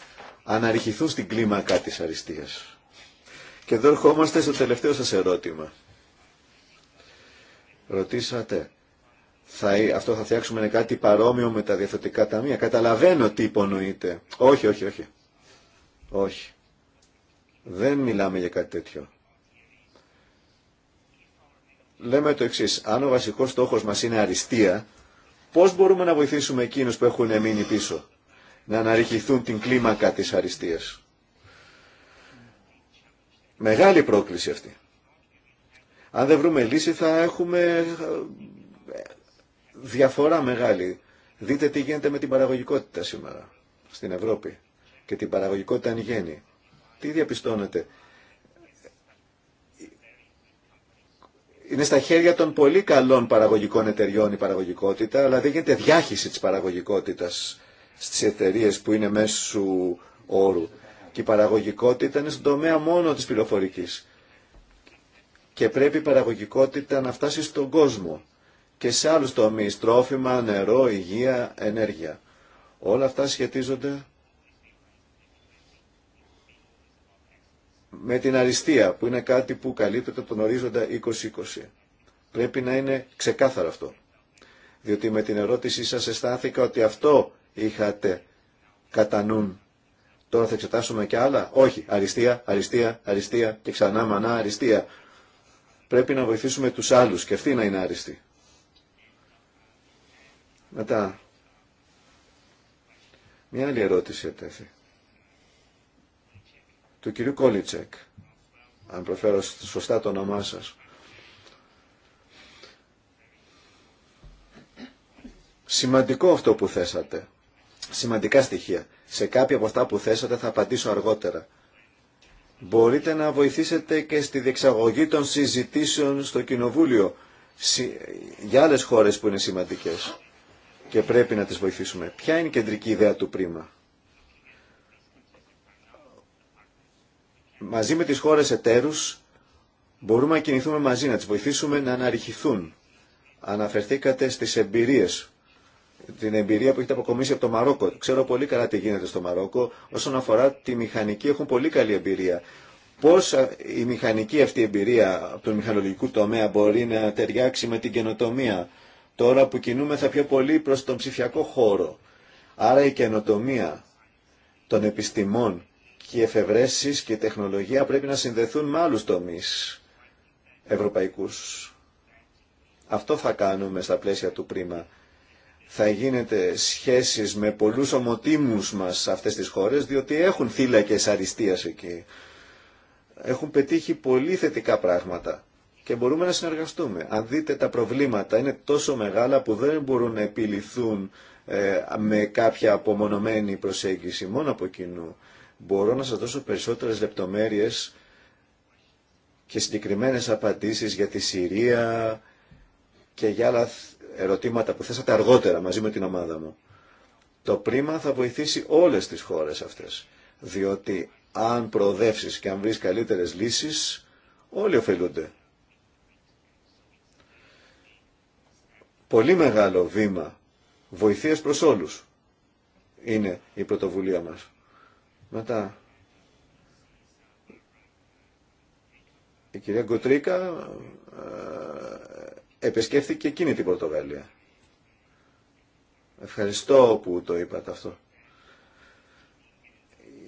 Speaker 1: αναρριχηθούν στην κλίμακα της αριστείας. Και εδώ ερχόμαστε στο τελευταίο σας ερώτημα. Ρωτήσατε, αυτό θα φτιάξουμε κάτι παρόμοιο με τα διαθετικά ταμεία. Καταλαβαίνω τι υπονοείτε. Όχι, όχι, όχι. Όχι. Δεν μιλάμε για κάτι τέτοιο λέμε το εξή. Αν ο βασικό στόχο μα είναι αριστεία, πώ μπορούμε να βοηθήσουμε εκείνου που έχουν μείνει πίσω να αναρριχηθούν την κλίμακα τη αριστεία. Μεγάλη πρόκληση αυτή. Αν δεν βρούμε λύση θα έχουμε ε, διαφορά μεγάλη. Δείτε τι γίνεται με την παραγωγικότητα σήμερα στην Ευρώπη και την παραγωγικότητα εν γέννη. Τι διαπιστώνετε. είναι στα χέρια των πολύ καλών παραγωγικών εταιριών η παραγωγικότητα, αλλά δεν γίνεται διάχυση της παραγωγικότητας στις εταιρείε που είναι μέσου όρου. Και η παραγωγικότητα είναι στον τομέα μόνο της πληροφορικής. Και πρέπει η παραγωγικότητα να φτάσει στον κόσμο και σε άλλους τομείς, τρόφιμα, νερό, υγεία, ενέργεια. Όλα αυτά σχετίζονται με την αριστεία που είναι κάτι που καλύπτεται τον ορίζοντα 2020. Πρέπει να είναι ξεκάθαρο αυτό. Διότι με την ερώτησή σας αισθάνθηκα ότι αυτό είχατε κατά νου. Τώρα θα εξετάσουμε και άλλα. Όχι, αριστεία, αριστεία, αριστεία και ξανά μανά αριστεία. Πρέπει να βοηθήσουμε τους άλλους και αυτοί να είναι άριστοι. Μετά, μια άλλη ερώτηση ετέθη του κυρίου Κόλιτσεκ, αν προφέρω σωστά το όνομά σας. Σημαντικό αυτό που θέσατε. Σημαντικά στοιχεία. Σε κάποια από αυτά που θέσατε θα απαντήσω αργότερα. Μπορείτε να βοηθήσετε και στη διεξαγωγή των συζητήσεων στο Κοινοβούλιο για άλλες χώρες που είναι σημαντικές και πρέπει να τις βοηθήσουμε. Ποια είναι η κεντρική ιδέα του πρίμα. μαζί με τις χώρες εταίρους μπορούμε να κινηθούμε μαζί, να τις βοηθήσουμε να αναρριχηθούν. Αναφερθήκατε στις εμπειρίες, την εμπειρία που έχετε αποκομίσει από το Μαρόκο. Ξέρω πολύ καλά τι γίνεται στο Μαρόκο. Όσον αφορά τη μηχανική έχουν πολύ καλή εμπειρία. Πώς η μηχανική αυτή εμπειρία από τον μηχανολογικό τομέα μπορεί να ταιριάξει με την καινοτομία τώρα που κινούμεθα πιο πολύ προς τον ψηφιακό χώρο. Άρα η καινοτομία των επιστημών και οι εφευρέσεις και η τεχνολογία πρέπει να συνδεθούν με άλλους τομείς ευρωπαϊκούς. Αυτό θα κάνουμε στα πλαίσια του πρίμα. Θα γίνεται σχέσεις με πολλούς ομοτήμους μας σε αυτές τις χώρες, διότι έχουν θύλακες αριστείας εκεί. Έχουν πετύχει πολύ θετικά πράγματα και μπορούμε να συνεργαστούμε. Αν δείτε τα προβλήματα είναι τόσο μεγάλα που δεν μπορούν να επιληθούν ε, με κάποια απομονωμένη προσέγγιση μόνο από κοινού. Μπορώ να σας δώσω περισσότερες λεπτομέρειες και συγκεκριμένες απαντήσεις για τη Συρία και για άλλα ερωτήματα που θέσατε αργότερα μαζί με την ομάδα μου. Το πρίμα θα βοηθήσει όλες τις χώρες αυτές, διότι αν προοδεύσεις και αν βρεις καλύτερες λύσεις, όλοι ωφελούνται. Πολύ μεγάλο βήμα βοηθείας προς όλους είναι η πρωτοβουλία μας. Μετά. Η κυρία Γκοτρίκα ε, επισκέφθηκε εκείνη την Πορτογαλία. Ευχαριστώ που το είπατε αυτό.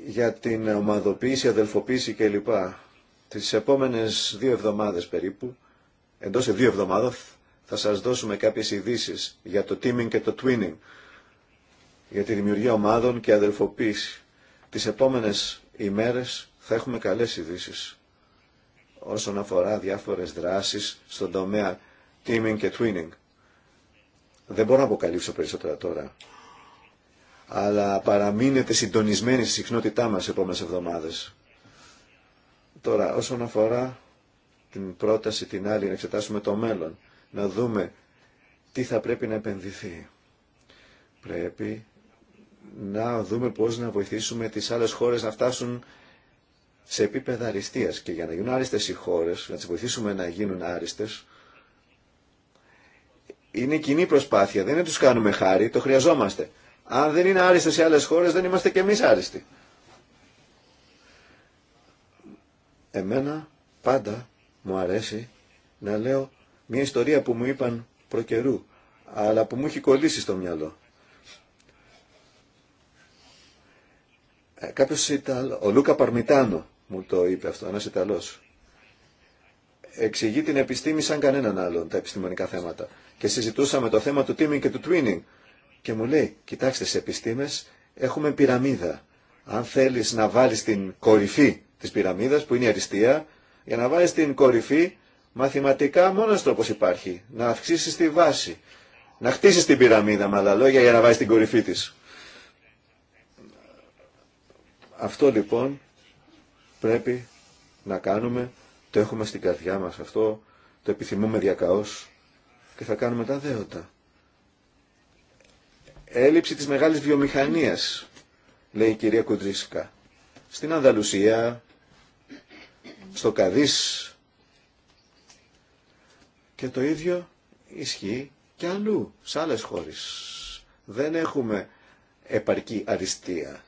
Speaker 1: Για την ομαδοποίηση, αδελφοποίηση κλπ. Τις επόμενες δύο εβδομάδες περίπου, εντός σε δύο εβδομάδων, θα σας δώσουμε κάποιες ειδήσει για το teaming και το twinning, για τη δημιουργία ομάδων και αδελφοποίηση. Τις επόμενες ημέρες θα έχουμε καλές ειδήσει όσον αφορά διάφορες δράσεις στον τομέα teaming και twinning. Δεν μπορώ να αποκαλύψω περισσότερα τώρα. Αλλά παραμείνετε συντονισμένοι στη συχνότητά μας επόμενες εβδομάδες. Τώρα, όσον αφορά την πρόταση την άλλη, να εξετάσουμε το μέλλον, να δούμε τι θα πρέπει να επενδυθεί. Πρέπει να δούμε πώς να βοηθήσουμε τις άλλες χώρες να φτάσουν σε επίπεδα αριστείας και για να γίνουν άριστες οι χώρες, να τις βοηθήσουμε να γίνουν άριστες, είναι κοινή προσπάθεια, δεν είναι τους κάνουμε χάρη, το χρειαζόμαστε. Αν δεν είναι άριστες οι άλλες χώρες, δεν είμαστε και εμείς άριστοι. Εμένα πάντα μου αρέσει να λέω μια ιστορία που μου είπαν προκαιρού, αλλά που μου έχει κολλήσει στο μυαλό. Ε, κάποιος ο Λούκα Παρμιτάνο μου το είπε αυτό, ένας Ιταλός. Εξηγεί την επιστήμη σαν κανέναν άλλον τα επιστημονικά θέματα. Και συζητούσαμε το θέμα του Τίμινγκ και του twinning. Και μου λέει, κοιτάξτε, σε επιστήμες έχουμε πυραμίδα. Αν θέλεις να βάλεις την κορυφή της πυραμίδας, που είναι η αριστεία, για να βάλεις την κορυφή, μαθηματικά μόνος τρόπος υπάρχει. Να αυξήσεις τη βάση. Να χτίσεις την πυραμίδα, με άλλα λόγια, για να βάλει την κορυφή τη. Αυτό λοιπόν πρέπει να κάνουμε, το έχουμε στην καρδιά μας αυτό, το επιθυμούμε διακαώς και θα κάνουμε τα δέοτα. Έλλειψη της μεγάλης βιομηχανίας, λέει η κυρία Κουντρίσκα. Στην Ανδαλουσία, στο Καδίς και το ίδιο ισχύει και αλλού, σε άλλες χώρες. Δεν έχουμε επαρκή αριστεία.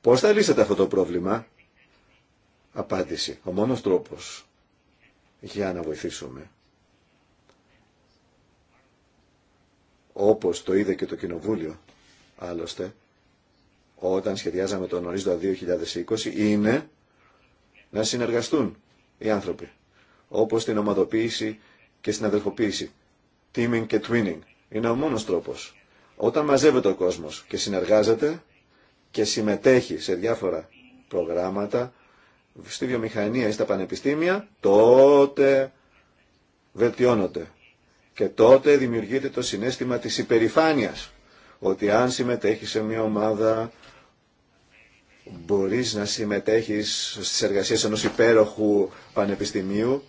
Speaker 1: Πώς θα λύσετε αυτό το πρόβλημα? Απάντηση. Ο μόνος τρόπος για να βοηθήσουμε. Όπως το είδε και το Κοινοβούλιο, άλλωστε, όταν σχεδιάζαμε τον ορίζοντα 2020, είναι να συνεργαστούν οι άνθρωποι. Όπως την ομαδοποίηση και στην αδελφοποίηση. Teaming και twinning. Είναι ο μόνος τρόπος. Όταν μαζεύεται ο κόσμος και συνεργάζεται, και συμμετέχει σε διάφορα προγράμματα στη βιομηχανία ή στα πανεπιστήμια, τότε βελτιώνονται. Και τότε δημιουργείται το συνέστημα της υπερηφάνειας, ότι αν συμμετέχει σε μια ομάδα μπορείς να συμμετέχεις στις εργασίες ενός υπέροχου πανεπιστημίου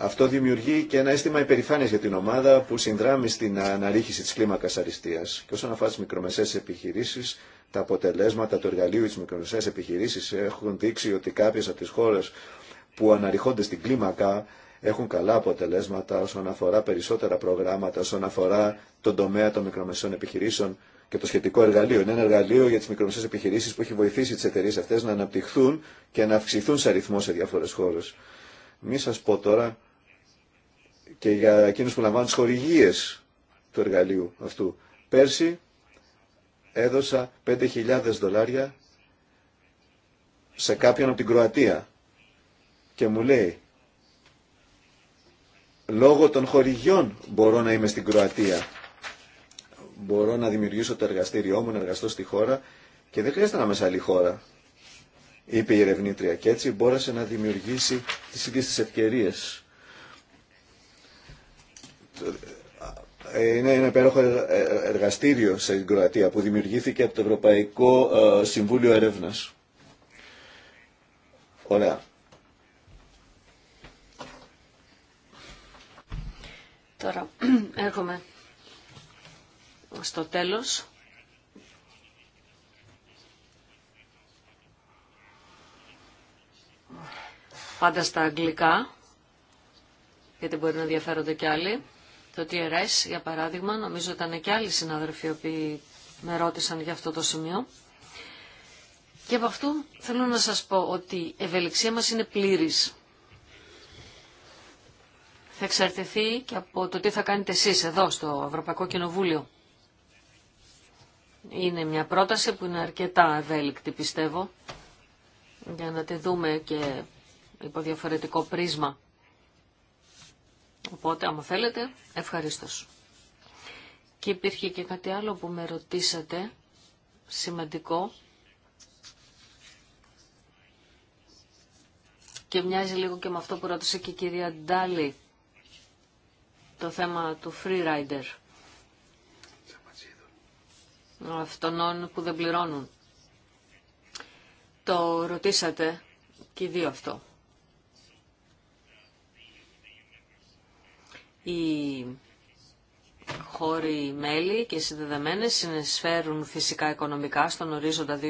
Speaker 1: αυτό δημιουργεί και ένα αίσθημα υπερηφάνεια για την ομάδα που συνδράμει στην αναρρίχηση τη κλίμακα αριστεία Και όσον αφορά τι μικρομεσαίε επιχειρήσει, τα αποτελέσματα του εργαλείου τη μικρομεσαία επιχειρήσεις έχουν δείξει ότι κάποιε από τι χώρε που αναρριχώνται στην κλίμακα έχουν καλά αποτελέσματα όσον αφορά περισσότερα προγράμματα, όσον αφορά τον τομέα των μικρομεσαίων επιχειρήσεων και το σχετικό εργαλείο. Είναι ένα εργαλείο για τι μικρομεσαίε επιχειρήσει που έχει βοηθήσει τι εταιρείε αυτέ να αναπτυχθούν και να αυξηθούν σε αριθμό σε διάφορε χώρε. Μην σα πω τώρα και για εκείνους που λαμβάνουν τις χορηγίες του εργαλείου αυτού. Πέρσι έδωσα 5.000 δολάρια σε κάποιον από την Κροατία και μου λέει λόγω των χορηγιών μπορώ να είμαι στην Κροατία μπορώ να δημιουργήσω το εργαστήριό μου να εργαστώ στη χώρα και δεν χρειάζεται να είμαι σε άλλη χώρα είπε η ερευνήτρια και έτσι μπόρεσε να δημιουργήσει τις ίδιες τις ευκαιρίες ε, είναι ένα υπέροχο ε, ε, εργαστήριο σε Κροατία που δημιουργήθηκε από το Ευρωπαϊκό Συμβούλιο Ερεύνας. Ωραία.
Speaker 2: Τώρα έρχομαι στο τέλος. Πάντα στα αγγλικά, γιατί μπορεί να ενδιαφέρονται κι άλλοι. Το TRS, για παράδειγμα, νομίζω ήταν και άλλοι συνάδελφοι οι οποίοι με ρώτησαν για αυτό το σημείο. Και από αυτού θέλω να σας πω ότι η ευελιξία μας είναι πλήρης. Θα εξαρτηθεί και από το τι θα κάνετε εσείς εδώ στο Ευρωπαϊκό Κοινοβούλιο. Είναι μια πρόταση που είναι αρκετά ευέλικτη πιστεύω για να τη δούμε και υπό διαφορετικό πρίσμα. Οπότε, άμα θέλετε, ευχαριστώ Και υπήρχε και κάτι άλλο που με ρωτήσατε, σημαντικό, και μοιάζει λίγο και με αυτό που ρώτησε και η κυρία Ντάλη, το θέμα του free rider. που δεν πληρώνουν. Το ρωτήσατε και οι δύο αυτό. Οι χώροι μέλη και συνδεδεμένες συνεισφέρουν φυσικά οικονομικά στον ορίζοντα 2020,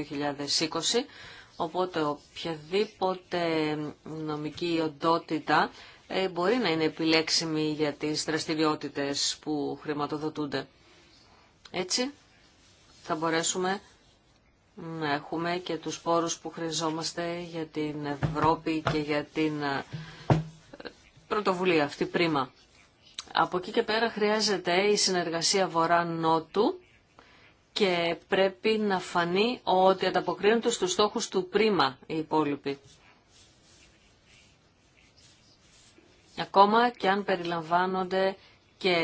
Speaker 2: οπότε οποιαδήποτε νομική οντότητα ε, μπορεί να είναι επιλέξιμη για τις δραστηριότητες που χρηματοδοτούνται. Έτσι θα μπορέσουμε να έχουμε και τους πόρους που χρειαζόμαστε για την Ευρώπη και για την ε, πρωτοβουλία αυτή πρίμα. Από εκεί και πέρα χρειάζεται η συνεργασία Βορρά-Νότου και πρέπει να φανεί ότι ανταποκρίνονται στους στόχους του πρίμα οι υπόλοιποι. Ακόμα και αν περιλαμβάνονται και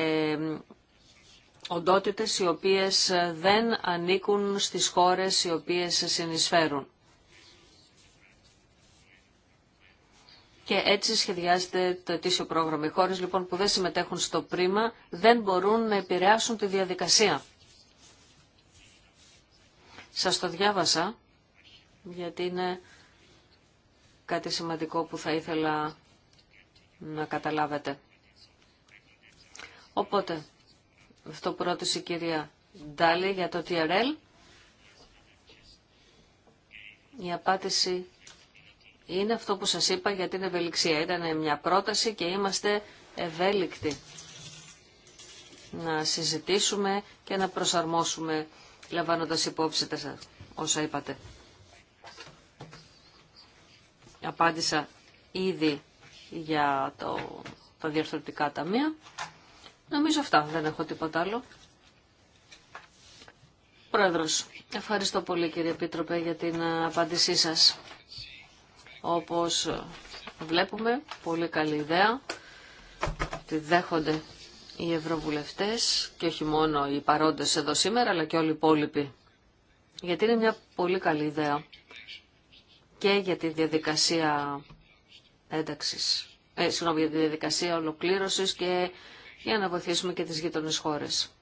Speaker 2: οντότητες οι οποίες δεν ανήκουν στις χώρες οι οποίες συνεισφέρουν. και έτσι σχεδιάζεται το ετήσιο πρόγραμμα. Οι χώρες λοιπόν που δεν συμμετέχουν στο πρίμα δεν μπορούν να επηρεάσουν τη διαδικασία. Σας το διάβασα γιατί είναι κάτι σημαντικό που θα ήθελα να καταλάβετε. Οπότε, αυτό που ρώτησε η κυρία Ντάλη για το TRL, η απάντηση είναι αυτό που σας είπα για την ευελιξία. Ήταν μια πρόταση και είμαστε ευέλικτοι να συζητήσουμε και να προσαρμόσουμε λαμβάνοντας υπόψη τα όσα είπατε. Απάντησα ήδη για το, τα διαρθρωτικά ταμεία. Νομίζω αυτά, δεν έχω τίποτα άλλο. Πρόεδρος, ευχαριστώ πολύ κύριε Επίτροπε για την απάντησή σας. Όπως βλέπουμε, πολύ καλή ιδέα. Τη δέχονται οι ευρωβουλευτές και όχι μόνο οι παρόντες εδώ σήμερα, αλλά και όλοι οι υπόλοιποι. Γιατί είναι μια πολύ καλή ιδέα και για τη διαδικασία ένταξης, ε, για τη διαδικασία ολοκλήρωσης και για να βοηθήσουμε και τις γείτονες χώρες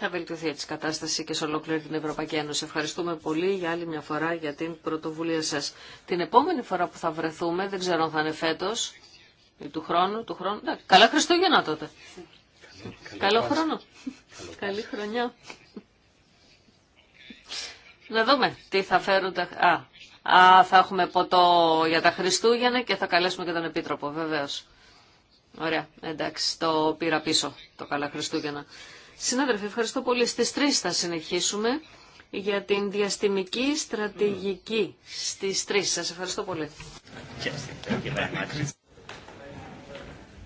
Speaker 2: θα βελτιωθεί έτσι η κατάσταση και σε ολόκληρη την Ευρωπαϊκή Ένωση. Ευχαριστούμε πολύ για άλλη μια φορά για την πρωτοβουλία σα. Την επόμενη φορά που θα βρεθούμε, δεν ξέρω αν θα είναι φέτο ή του χρόνου, του χρόνου. καλά Χριστούγεννα τότε. Καλή, καλή Καλό χρόνο. καλή χρονιά. Να δούμε τι θα φέρουν τα... Α, α, θα έχουμε ποτό για τα Χριστούγεννα και θα καλέσουμε και τον Επίτροπο, βεβαίως. Ωραία, εντάξει, το πήρα πίσω το καλά Χριστούγεννα. Συνάδελφοι, ευχαριστώ πολύ. Στις 3 θα συνεχίσουμε για την διαστημική στρατηγική. Στις 3 σας ευχαριστώ πολύ.